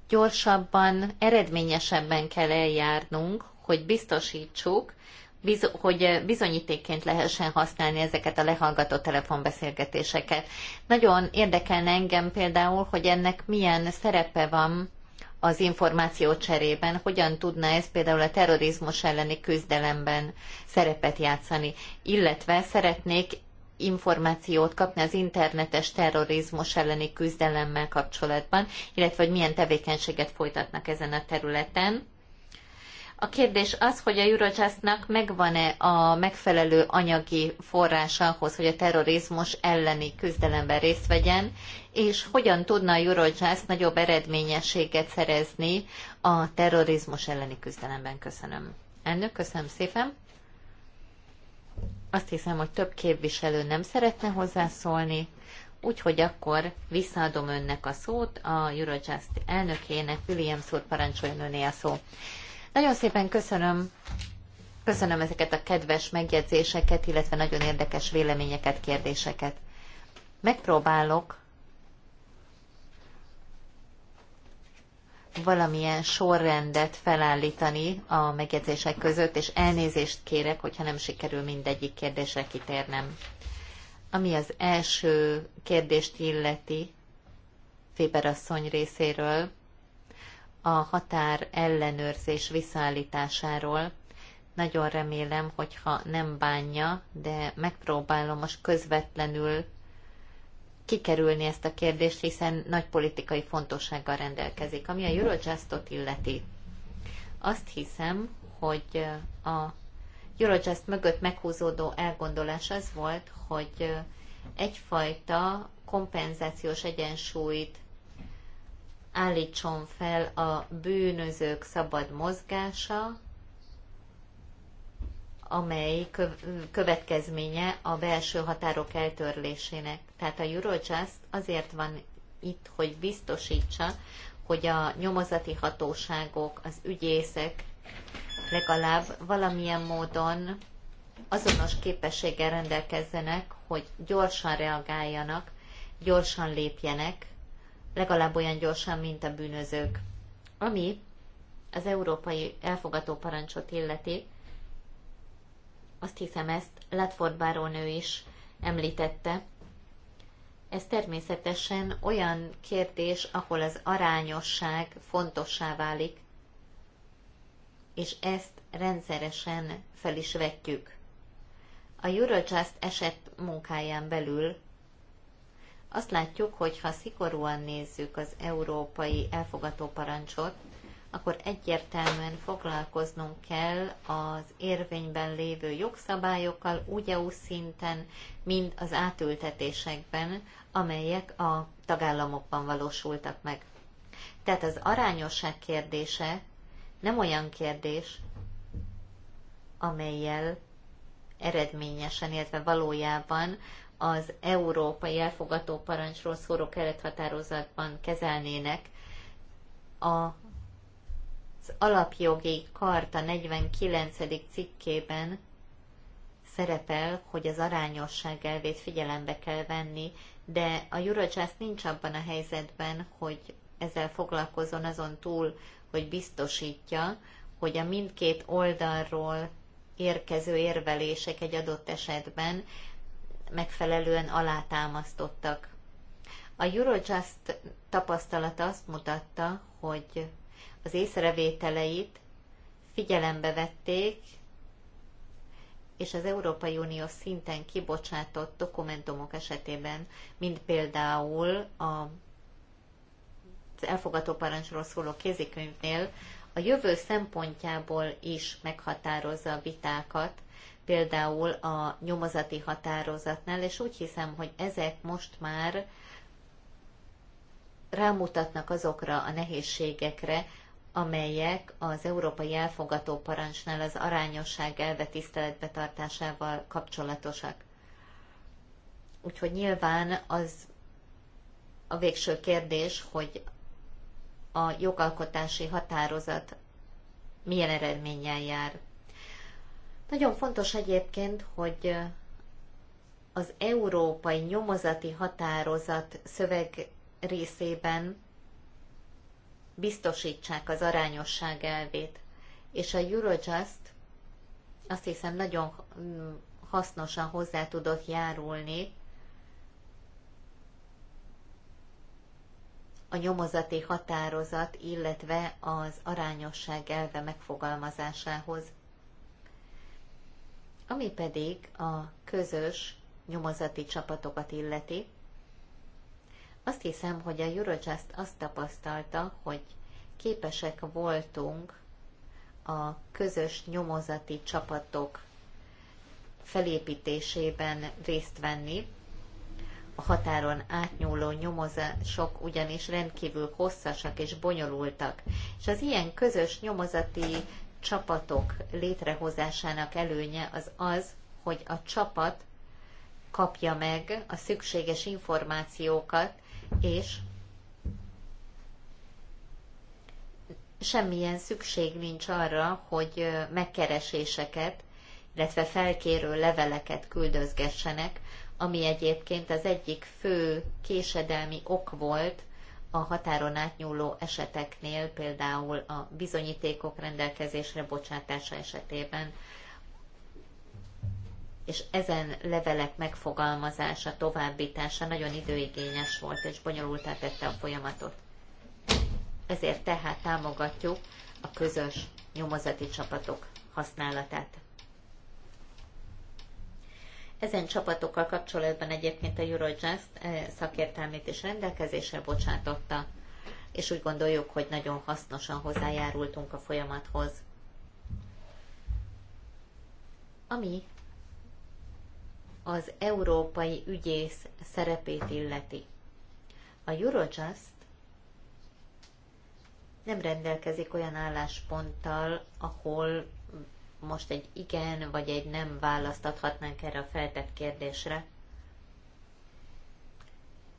gyorsabban, eredményesebben kell eljárnunk, hogy biztosítsuk, biz- hogy bizonyítékként lehessen használni ezeket a lehallgató telefonbeszélgetéseket. Nagyon érdekelne engem például, hogy ennek milyen szerepe van az információ cserében, hogyan tudna ez például a terrorizmus elleni küzdelemben szerepet játszani, illetve szeretnék információt kapni az internetes terrorizmus elleni küzdelemmel kapcsolatban, illetve hogy milyen tevékenységet folytatnak ezen a területen. A kérdés az, hogy a Eurojustnak megvan-e a megfelelő anyagi forrás ahhoz, hogy a terrorizmus elleni küzdelemben részt vegyen, és hogyan tudna a Eurojust nagyobb eredményességet szerezni a terrorizmus elleni küzdelemben. Köszönöm. Elnök, köszönöm szépen. Azt hiszem, hogy több képviselő nem szeretne hozzászólni, úgyhogy akkor visszaadom önnek a szót, a Eurojust elnökének, William úr parancsoljon öné a szó. Nagyon szépen köszönöm. Köszönöm ezeket a kedves megjegyzéseket, illetve nagyon érdekes véleményeket, kérdéseket. Megpróbálok valamilyen sorrendet felállítani a megjegyzések között, és elnézést kérek, hogyha nem sikerül mindegyik kérdésre kitérnem. Ami az első kérdést illeti Féber asszony részéről, a határ ellenőrzés visszaállításáról. Nagyon remélem, hogyha nem bánja, de megpróbálom most közvetlenül kikerülni ezt a kérdést, hiszen nagy politikai fontossággal rendelkezik. Ami a Eurojustot illeti, azt hiszem, hogy a Eurojust mögött meghúzódó elgondolás az volt, hogy egyfajta kompenzációs egyensúlyt állítson fel a bűnözők szabad mozgása, amely következménye a belső határok eltörlésének. Tehát a Eurojust azért van itt, hogy biztosítsa, hogy a nyomozati hatóságok, az ügyészek legalább valamilyen módon azonos képességgel rendelkezzenek, hogy gyorsan reagáljanak, gyorsan lépjenek legalább olyan gyorsan, mint a bűnözők. Ami az európai elfogató parancsot illeti, azt hiszem ezt Latford bárónő is említette. Ez természetesen olyan kérdés, ahol az arányosság fontossá válik, és ezt rendszeresen fel is vetjük. A Eurojust eset munkáján belül azt látjuk, hogy ha szigorúan nézzük az európai elfogató parancsot, akkor egyértelműen foglalkoznunk kell az érvényben lévő jogszabályokkal, úgy EU szinten, mind az átültetésekben, amelyek a tagállamokban valósultak meg. Tehát az arányosság kérdése nem olyan kérdés, amelyel eredményesen, illetve valójában az európai elfogató parancsról szóró kerethatározatban kezelnének a az alapjogi karta 49. cikkében szerepel, hogy az arányosság elvét figyelembe kell venni, de a Eurojust nincs abban a helyzetben, hogy ezzel foglalkozon azon túl, hogy biztosítja, hogy a mindkét oldalról érkező érvelések egy adott esetben megfelelően alátámasztottak. A Eurojust tapasztalata azt mutatta, hogy az észrevételeit figyelembe vették, és az Európai Unió szinten kibocsátott dokumentumok esetében, mint például a, az elfogató parancsról szóló kézikönyvnél, a jövő szempontjából is meghatározza a vitákat, például a nyomozati határozatnál, és úgy hiszem, hogy ezek most már rámutatnak azokra a nehézségekre, amelyek az európai elfogató parancsnál az arányosság elve tiszteletbetartásával kapcsolatosak. Úgyhogy nyilván az a végső kérdés, hogy a jogalkotási határozat milyen eredménnyel jár. Nagyon fontos egyébként, hogy az európai nyomozati határozat szöveg részében biztosítsák az arányosság elvét. És a Eurojust azt hiszem nagyon mm, hasznosan hozzá tudott járulni a nyomozati határozat, illetve az arányosság elve megfogalmazásához. Ami pedig a közös nyomozati csapatokat illeti, azt hiszem, hogy a Eurojust azt tapasztalta, hogy képesek voltunk a közös nyomozati csapatok felépítésében részt venni. A határon átnyúló nyomozások ugyanis rendkívül hosszasak és bonyolultak, és az ilyen közös nyomozati csapatok létrehozásának előnye az az, hogy a csapat kapja meg a szükséges információkat, és semmilyen szükség nincs arra, hogy megkereséseket, illetve felkérő leveleket küldözgessenek, ami egyébként az egyik fő késedelmi ok volt a határon átnyúló eseteknél, például a bizonyítékok rendelkezésre bocsátása esetében, és ezen levelek megfogalmazása, továbbítása nagyon időigényes volt, és bonyolultá tette a folyamatot. Ezért tehát támogatjuk a közös nyomozati csapatok használatát. Ezen csapatokkal kapcsolatban egyébként a Eurojust eh, szakértelmét és rendelkezésre bocsátotta, és úgy gondoljuk, hogy nagyon hasznosan hozzájárultunk a folyamathoz. Ami az európai ügyész szerepét illeti. A Eurojust nem rendelkezik olyan állásponttal, ahol most egy igen vagy egy nem választathatnánk erre a feltett kérdésre.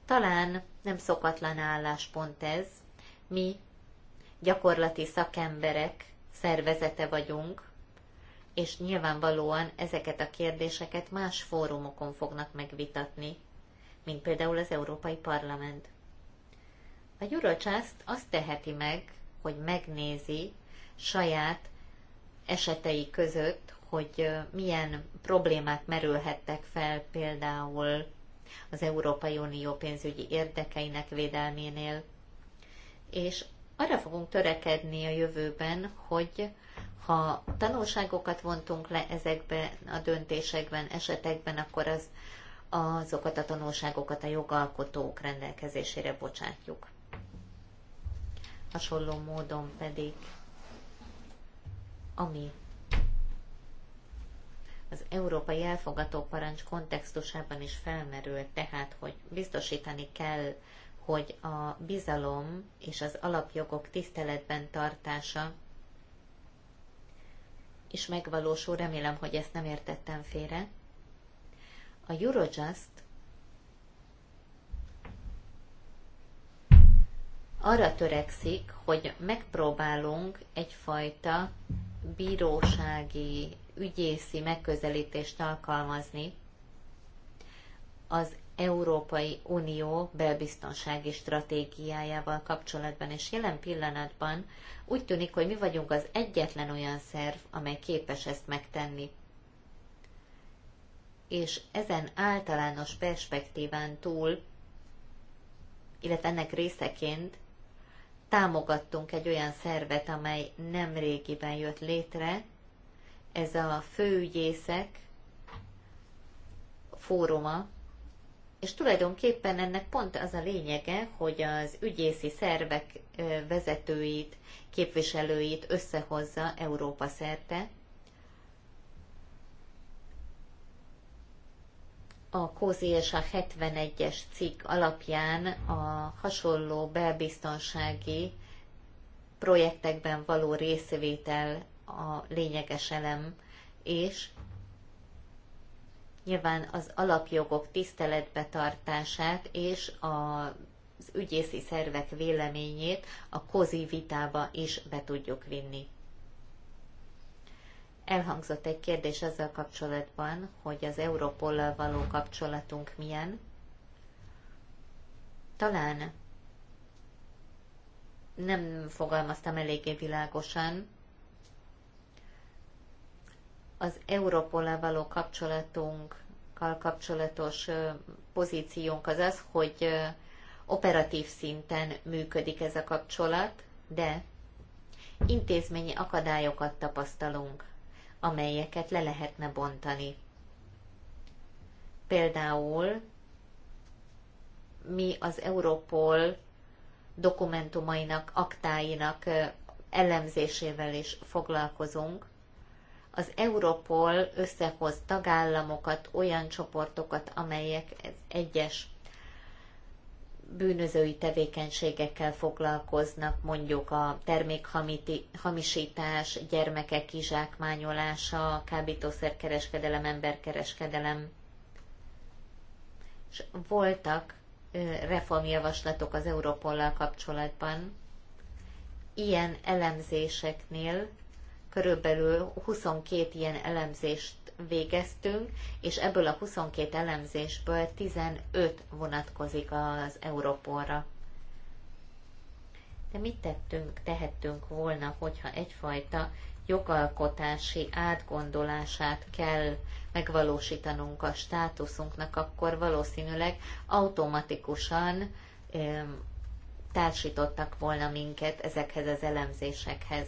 Talán nem szokatlan álláspont ez. Mi gyakorlati szakemberek szervezete vagyunk, és nyilvánvalóan ezeket a kérdéseket más fórumokon fognak megvitatni, mint például az Európai Parlament. A gyurocsászt azt teheti meg, hogy megnézi saját esetei között, hogy milyen problémák merülhettek fel például az Európai Unió pénzügyi érdekeinek védelménél. És arra fogunk törekedni a jövőben, hogy ha tanulságokat vontunk le ezekben a döntésekben, esetekben, akkor az, azokat a tanulságokat a jogalkotók rendelkezésére bocsátjuk. Hasonló módon pedig ami az európai elfogató parancs kontextusában is felmerül, tehát, hogy biztosítani kell, hogy a bizalom és az alapjogok tiszteletben tartása is megvalósul, remélem, hogy ezt nem értettem félre. A Eurojust arra törekszik, hogy megpróbálunk egyfajta bírósági, ügyészi megközelítést alkalmazni az Európai Unió belbiztonsági stratégiájával kapcsolatban, és jelen pillanatban úgy tűnik, hogy mi vagyunk az egyetlen olyan szerv, amely képes ezt megtenni. És ezen általános perspektíván túl, illetve ennek részeként támogattunk egy olyan szervet, amely nem régiben jött létre, ez a főügyészek fóruma, és tulajdonképpen ennek pont az a lényege, hogy az ügyészi szervek vezetőit, képviselőit összehozza Európa szerte, a COSI és a 71-es cikk alapján a hasonló belbiztonsági projektekben való részvétel a lényeges elem, és nyilván az alapjogok tiszteletbe tartását és az ügyészi szervek véleményét a kozi vitába is be tudjuk vinni. Elhangzott egy kérdés azzal kapcsolatban, hogy az Európollal való kapcsolatunk milyen. Talán nem fogalmaztam eléggé világosan. Az Európollal való kapcsolatunkkal kapcsolatos pozíciónk az az, hogy operatív szinten működik ez a kapcsolat, de intézményi akadályokat tapasztalunk amelyeket le lehetne bontani. Például mi az Europol dokumentumainak, aktáinak elemzésével is foglalkozunk. Az Europol összehoz tagállamokat, olyan csoportokat, amelyek egyes bűnözői tevékenységekkel foglalkoznak, mondjuk a termékhamisítás, gyermekek kizsákmányolása, kábítószerkereskedelem, emberkereskedelem. És voltak reformjavaslatok az Európollal kapcsolatban. Ilyen elemzéseknél körülbelül 22 ilyen elemzést végeztünk, és ebből a 22 elemzésből 15 vonatkozik az Európóra. De mit tettünk, tehettünk volna, hogyha egyfajta jogalkotási átgondolását kell megvalósítanunk a státuszunknak, akkor valószínűleg automatikusan társítottak volna minket ezekhez az elemzésekhez.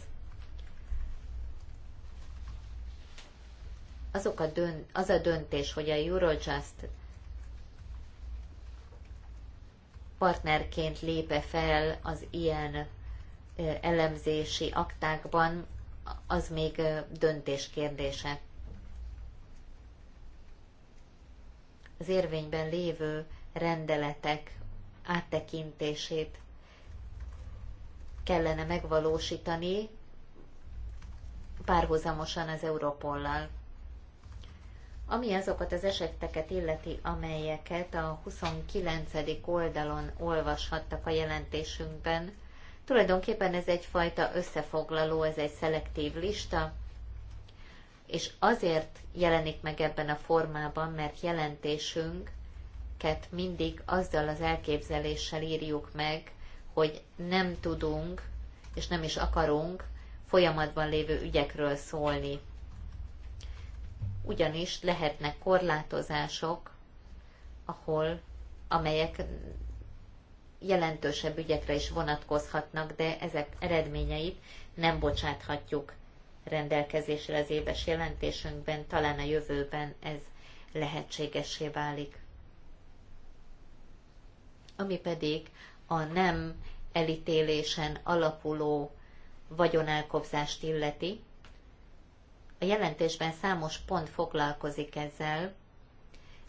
azok a dönt, az a döntés, hogy a Eurojust partnerként lépe fel az ilyen elemzési aktákban, az még döntés kérdése. Az érvényben lévő rendeletek áttekintését kellene megvalósítani párhuzamosan az Europollal. Ami azokat az eseteket illeti, amelyeket a 29. oldalon olvashattak a jelentésünkben, tulajdonképpen ez egyfajta összefoglaló, ez egy szelektív lista, és azért jelenik meg ebben a formában, mert jelentésünket mindig azzal az elképzeléssel írjuk meg, hogy nem tudunk és nem is akarunk folyamatban lévő ügyekről szólni ugyanis lehetnek korlátozások, ahol, amelyek jelentősebb ügyekre is vonatkozhatnak, de ezek eredményeit nem bocsáthatjuk rendelkezésre az éves jelentésünkben, talán a jövőben ez lehetségessé válik. Ami pedig a nem elítélésen alapuló vagyonelkobzást illeti, a jelentésben számos pont foglalkozik ezzel,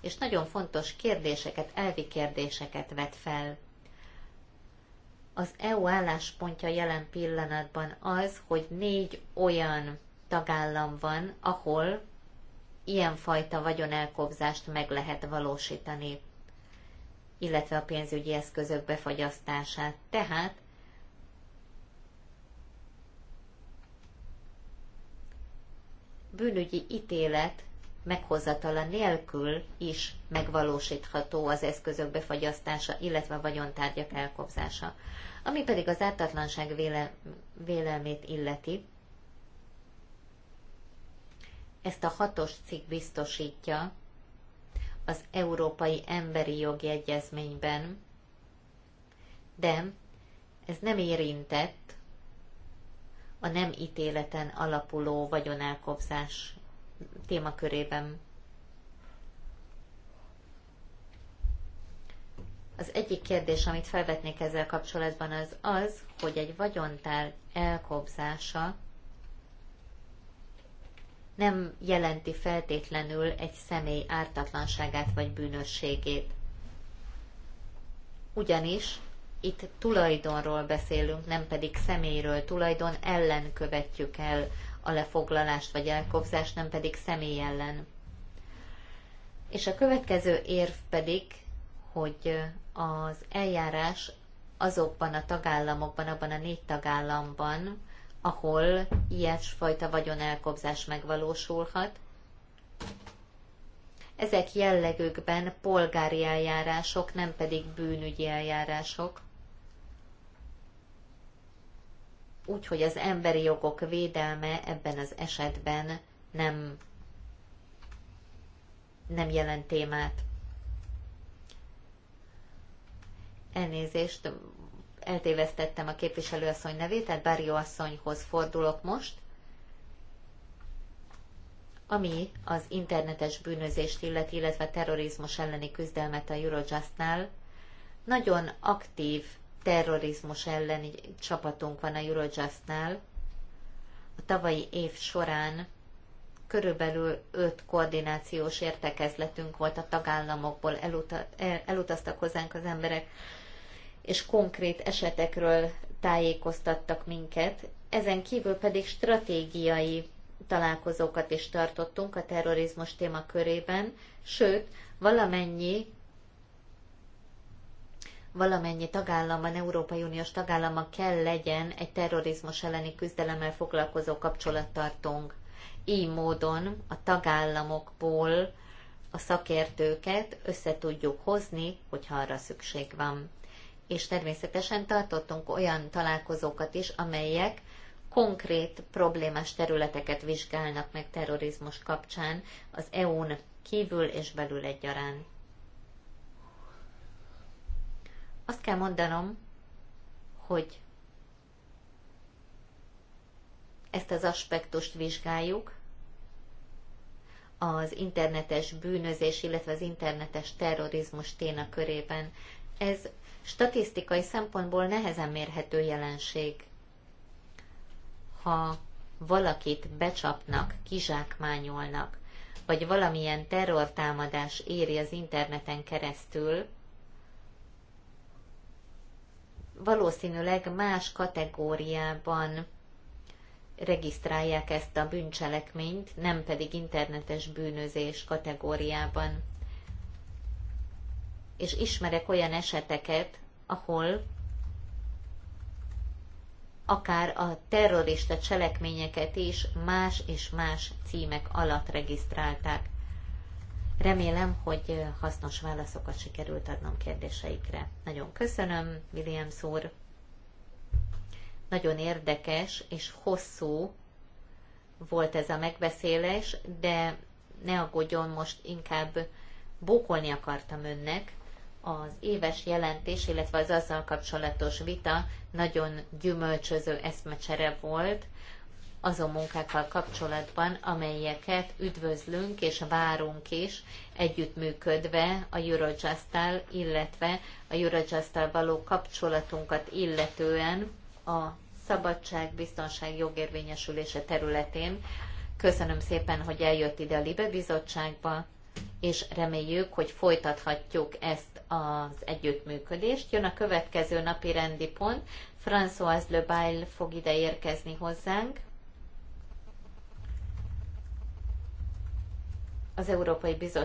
és nagyon fontos kérdéseket, elvi kérdéseket vet fel. Az EU álláspontja jelen pillanatban az, hogy négy olyan tagállam van, ahol ilyenfajta vagyonelkobzást meg lehet valósítani, illetve a pénzügyi eszközök befagyasztását. Tehát bűnügyi ítélet meghozatala nélkül is megvalósítható az eszközök befagyasztása, illetve a vagyontárgyak elkobzása. Ami pedig az ártatlanság véle, vélelmét illeti, ezt a hatos cikk biztosítja az Európai Emberi Jogi Egyezményben, de ez nem érintett a nem ítéleten alapuló vagyonelkobzás témakörében. Az egyik kérdés, amit felvetnék ezzel kapcsolatban, az az, hogy egy vagyontár elkobzása nem jelenti feltétlenül egy személy ártatlanságát vagy bűnösségét. Ugyanis itt tulajdonról beszélünk, nem pedig személyről. Tulajdon ellen követjük el a lefoglalást vagy elkobzást, nem pedig személy ellen. És a következő érv pedig, hogy az eljárás azokban a tagállamokban, abban a négy tagállamban, ahol ilyesfajta vagyonelkobzás megvalósulhat, ezek jellegükben polgári eljárások, nem pedig bűnügyi eljárások. úgyhogy az emberi jogok védelme ebben az esetben nem, nem jelent témát. Elnézést, eltévesztettem a képviselőasszony nevét, tehát Bárió asszonyhoz fordulok most, ami az internetes bűnözést illeti, illetve terrorizmus elleni küzdelmet a Eurojustnál, nagyon aktív terrorizmus elleni csapatunk van a Eurojustnál. A tavalyi év során körülbelül öt koordinációs értekezletünk volt a tagállamokból, eluta, el, elutaztak hozzánk az emberek, és konkrét esetekről tájékoztattak minket. Ezen kívül pedig stratégiai találkozókat is tartottunk a terrorizmus témakörében, sőt, valamennyi valamennyi tagállamban, Európai Uniós tagállama kell legyen egy terrorizmus elleni küzdelemmel foglalkozó kapcsolattartónk. Így módon a tagállamokból a szakértőket össze tudjuk hozni, hogyha arra szükség van. És természetesen tartottunk olyan találkozókat is, amelyek konkrét problémás területeket vizsgálnak meg terrorizmus kapcsán az EU-n kívül és belül egyaránt. Azt kell mondanom, hogy ezt az aspektust vizsgáljuk, az internetes bűnözés, illetve az internetes terrorizmus körében. Ez statisztikai szempontból nehezen mérhető jelenség. Ha valakit becsapnak, kizsákmányolnak, vagy valamilyen terrortámadás éri az interneten keresztül, valószínűleg más kategóriában regisztrálják ezt a bűncselekményt, nem pedig internetes bűnözés kategóriában. És ismerek olyan eseteket, ahol akár a terrorista cselekményeket is más és más címek alatt regisztrálták. Remélem, hogy hasznos válaszokat sikerült adnom kérdéseikre. Nagyon köszönöm, William úr. Nagyon érdekes és hosszú volt ez a megbeszélés, de ne aggódjon, most inkább bókolni akartam önnek. Az éves jelentés, illetve az azzal kapcsolatos vita nagyon gyümölcsöző eszmecsere volt, azon munkákkal kapcsolatban, amelyeket üdvözlünk és várunk is, együttműködve a eurojust illetve a eurojust való kapcsolatunkat illetően a szabadság, biztonság, jogérvényesülése területén. Köszönöm szépen, hogy eljött ide a Libe Bizottságba, és reméljük, hogy folytathatjuk ezt az együttműködést. Jön a következő napi rendi pont, François Le Bail fog ide érkezni hozzánk. az Európai Bizottság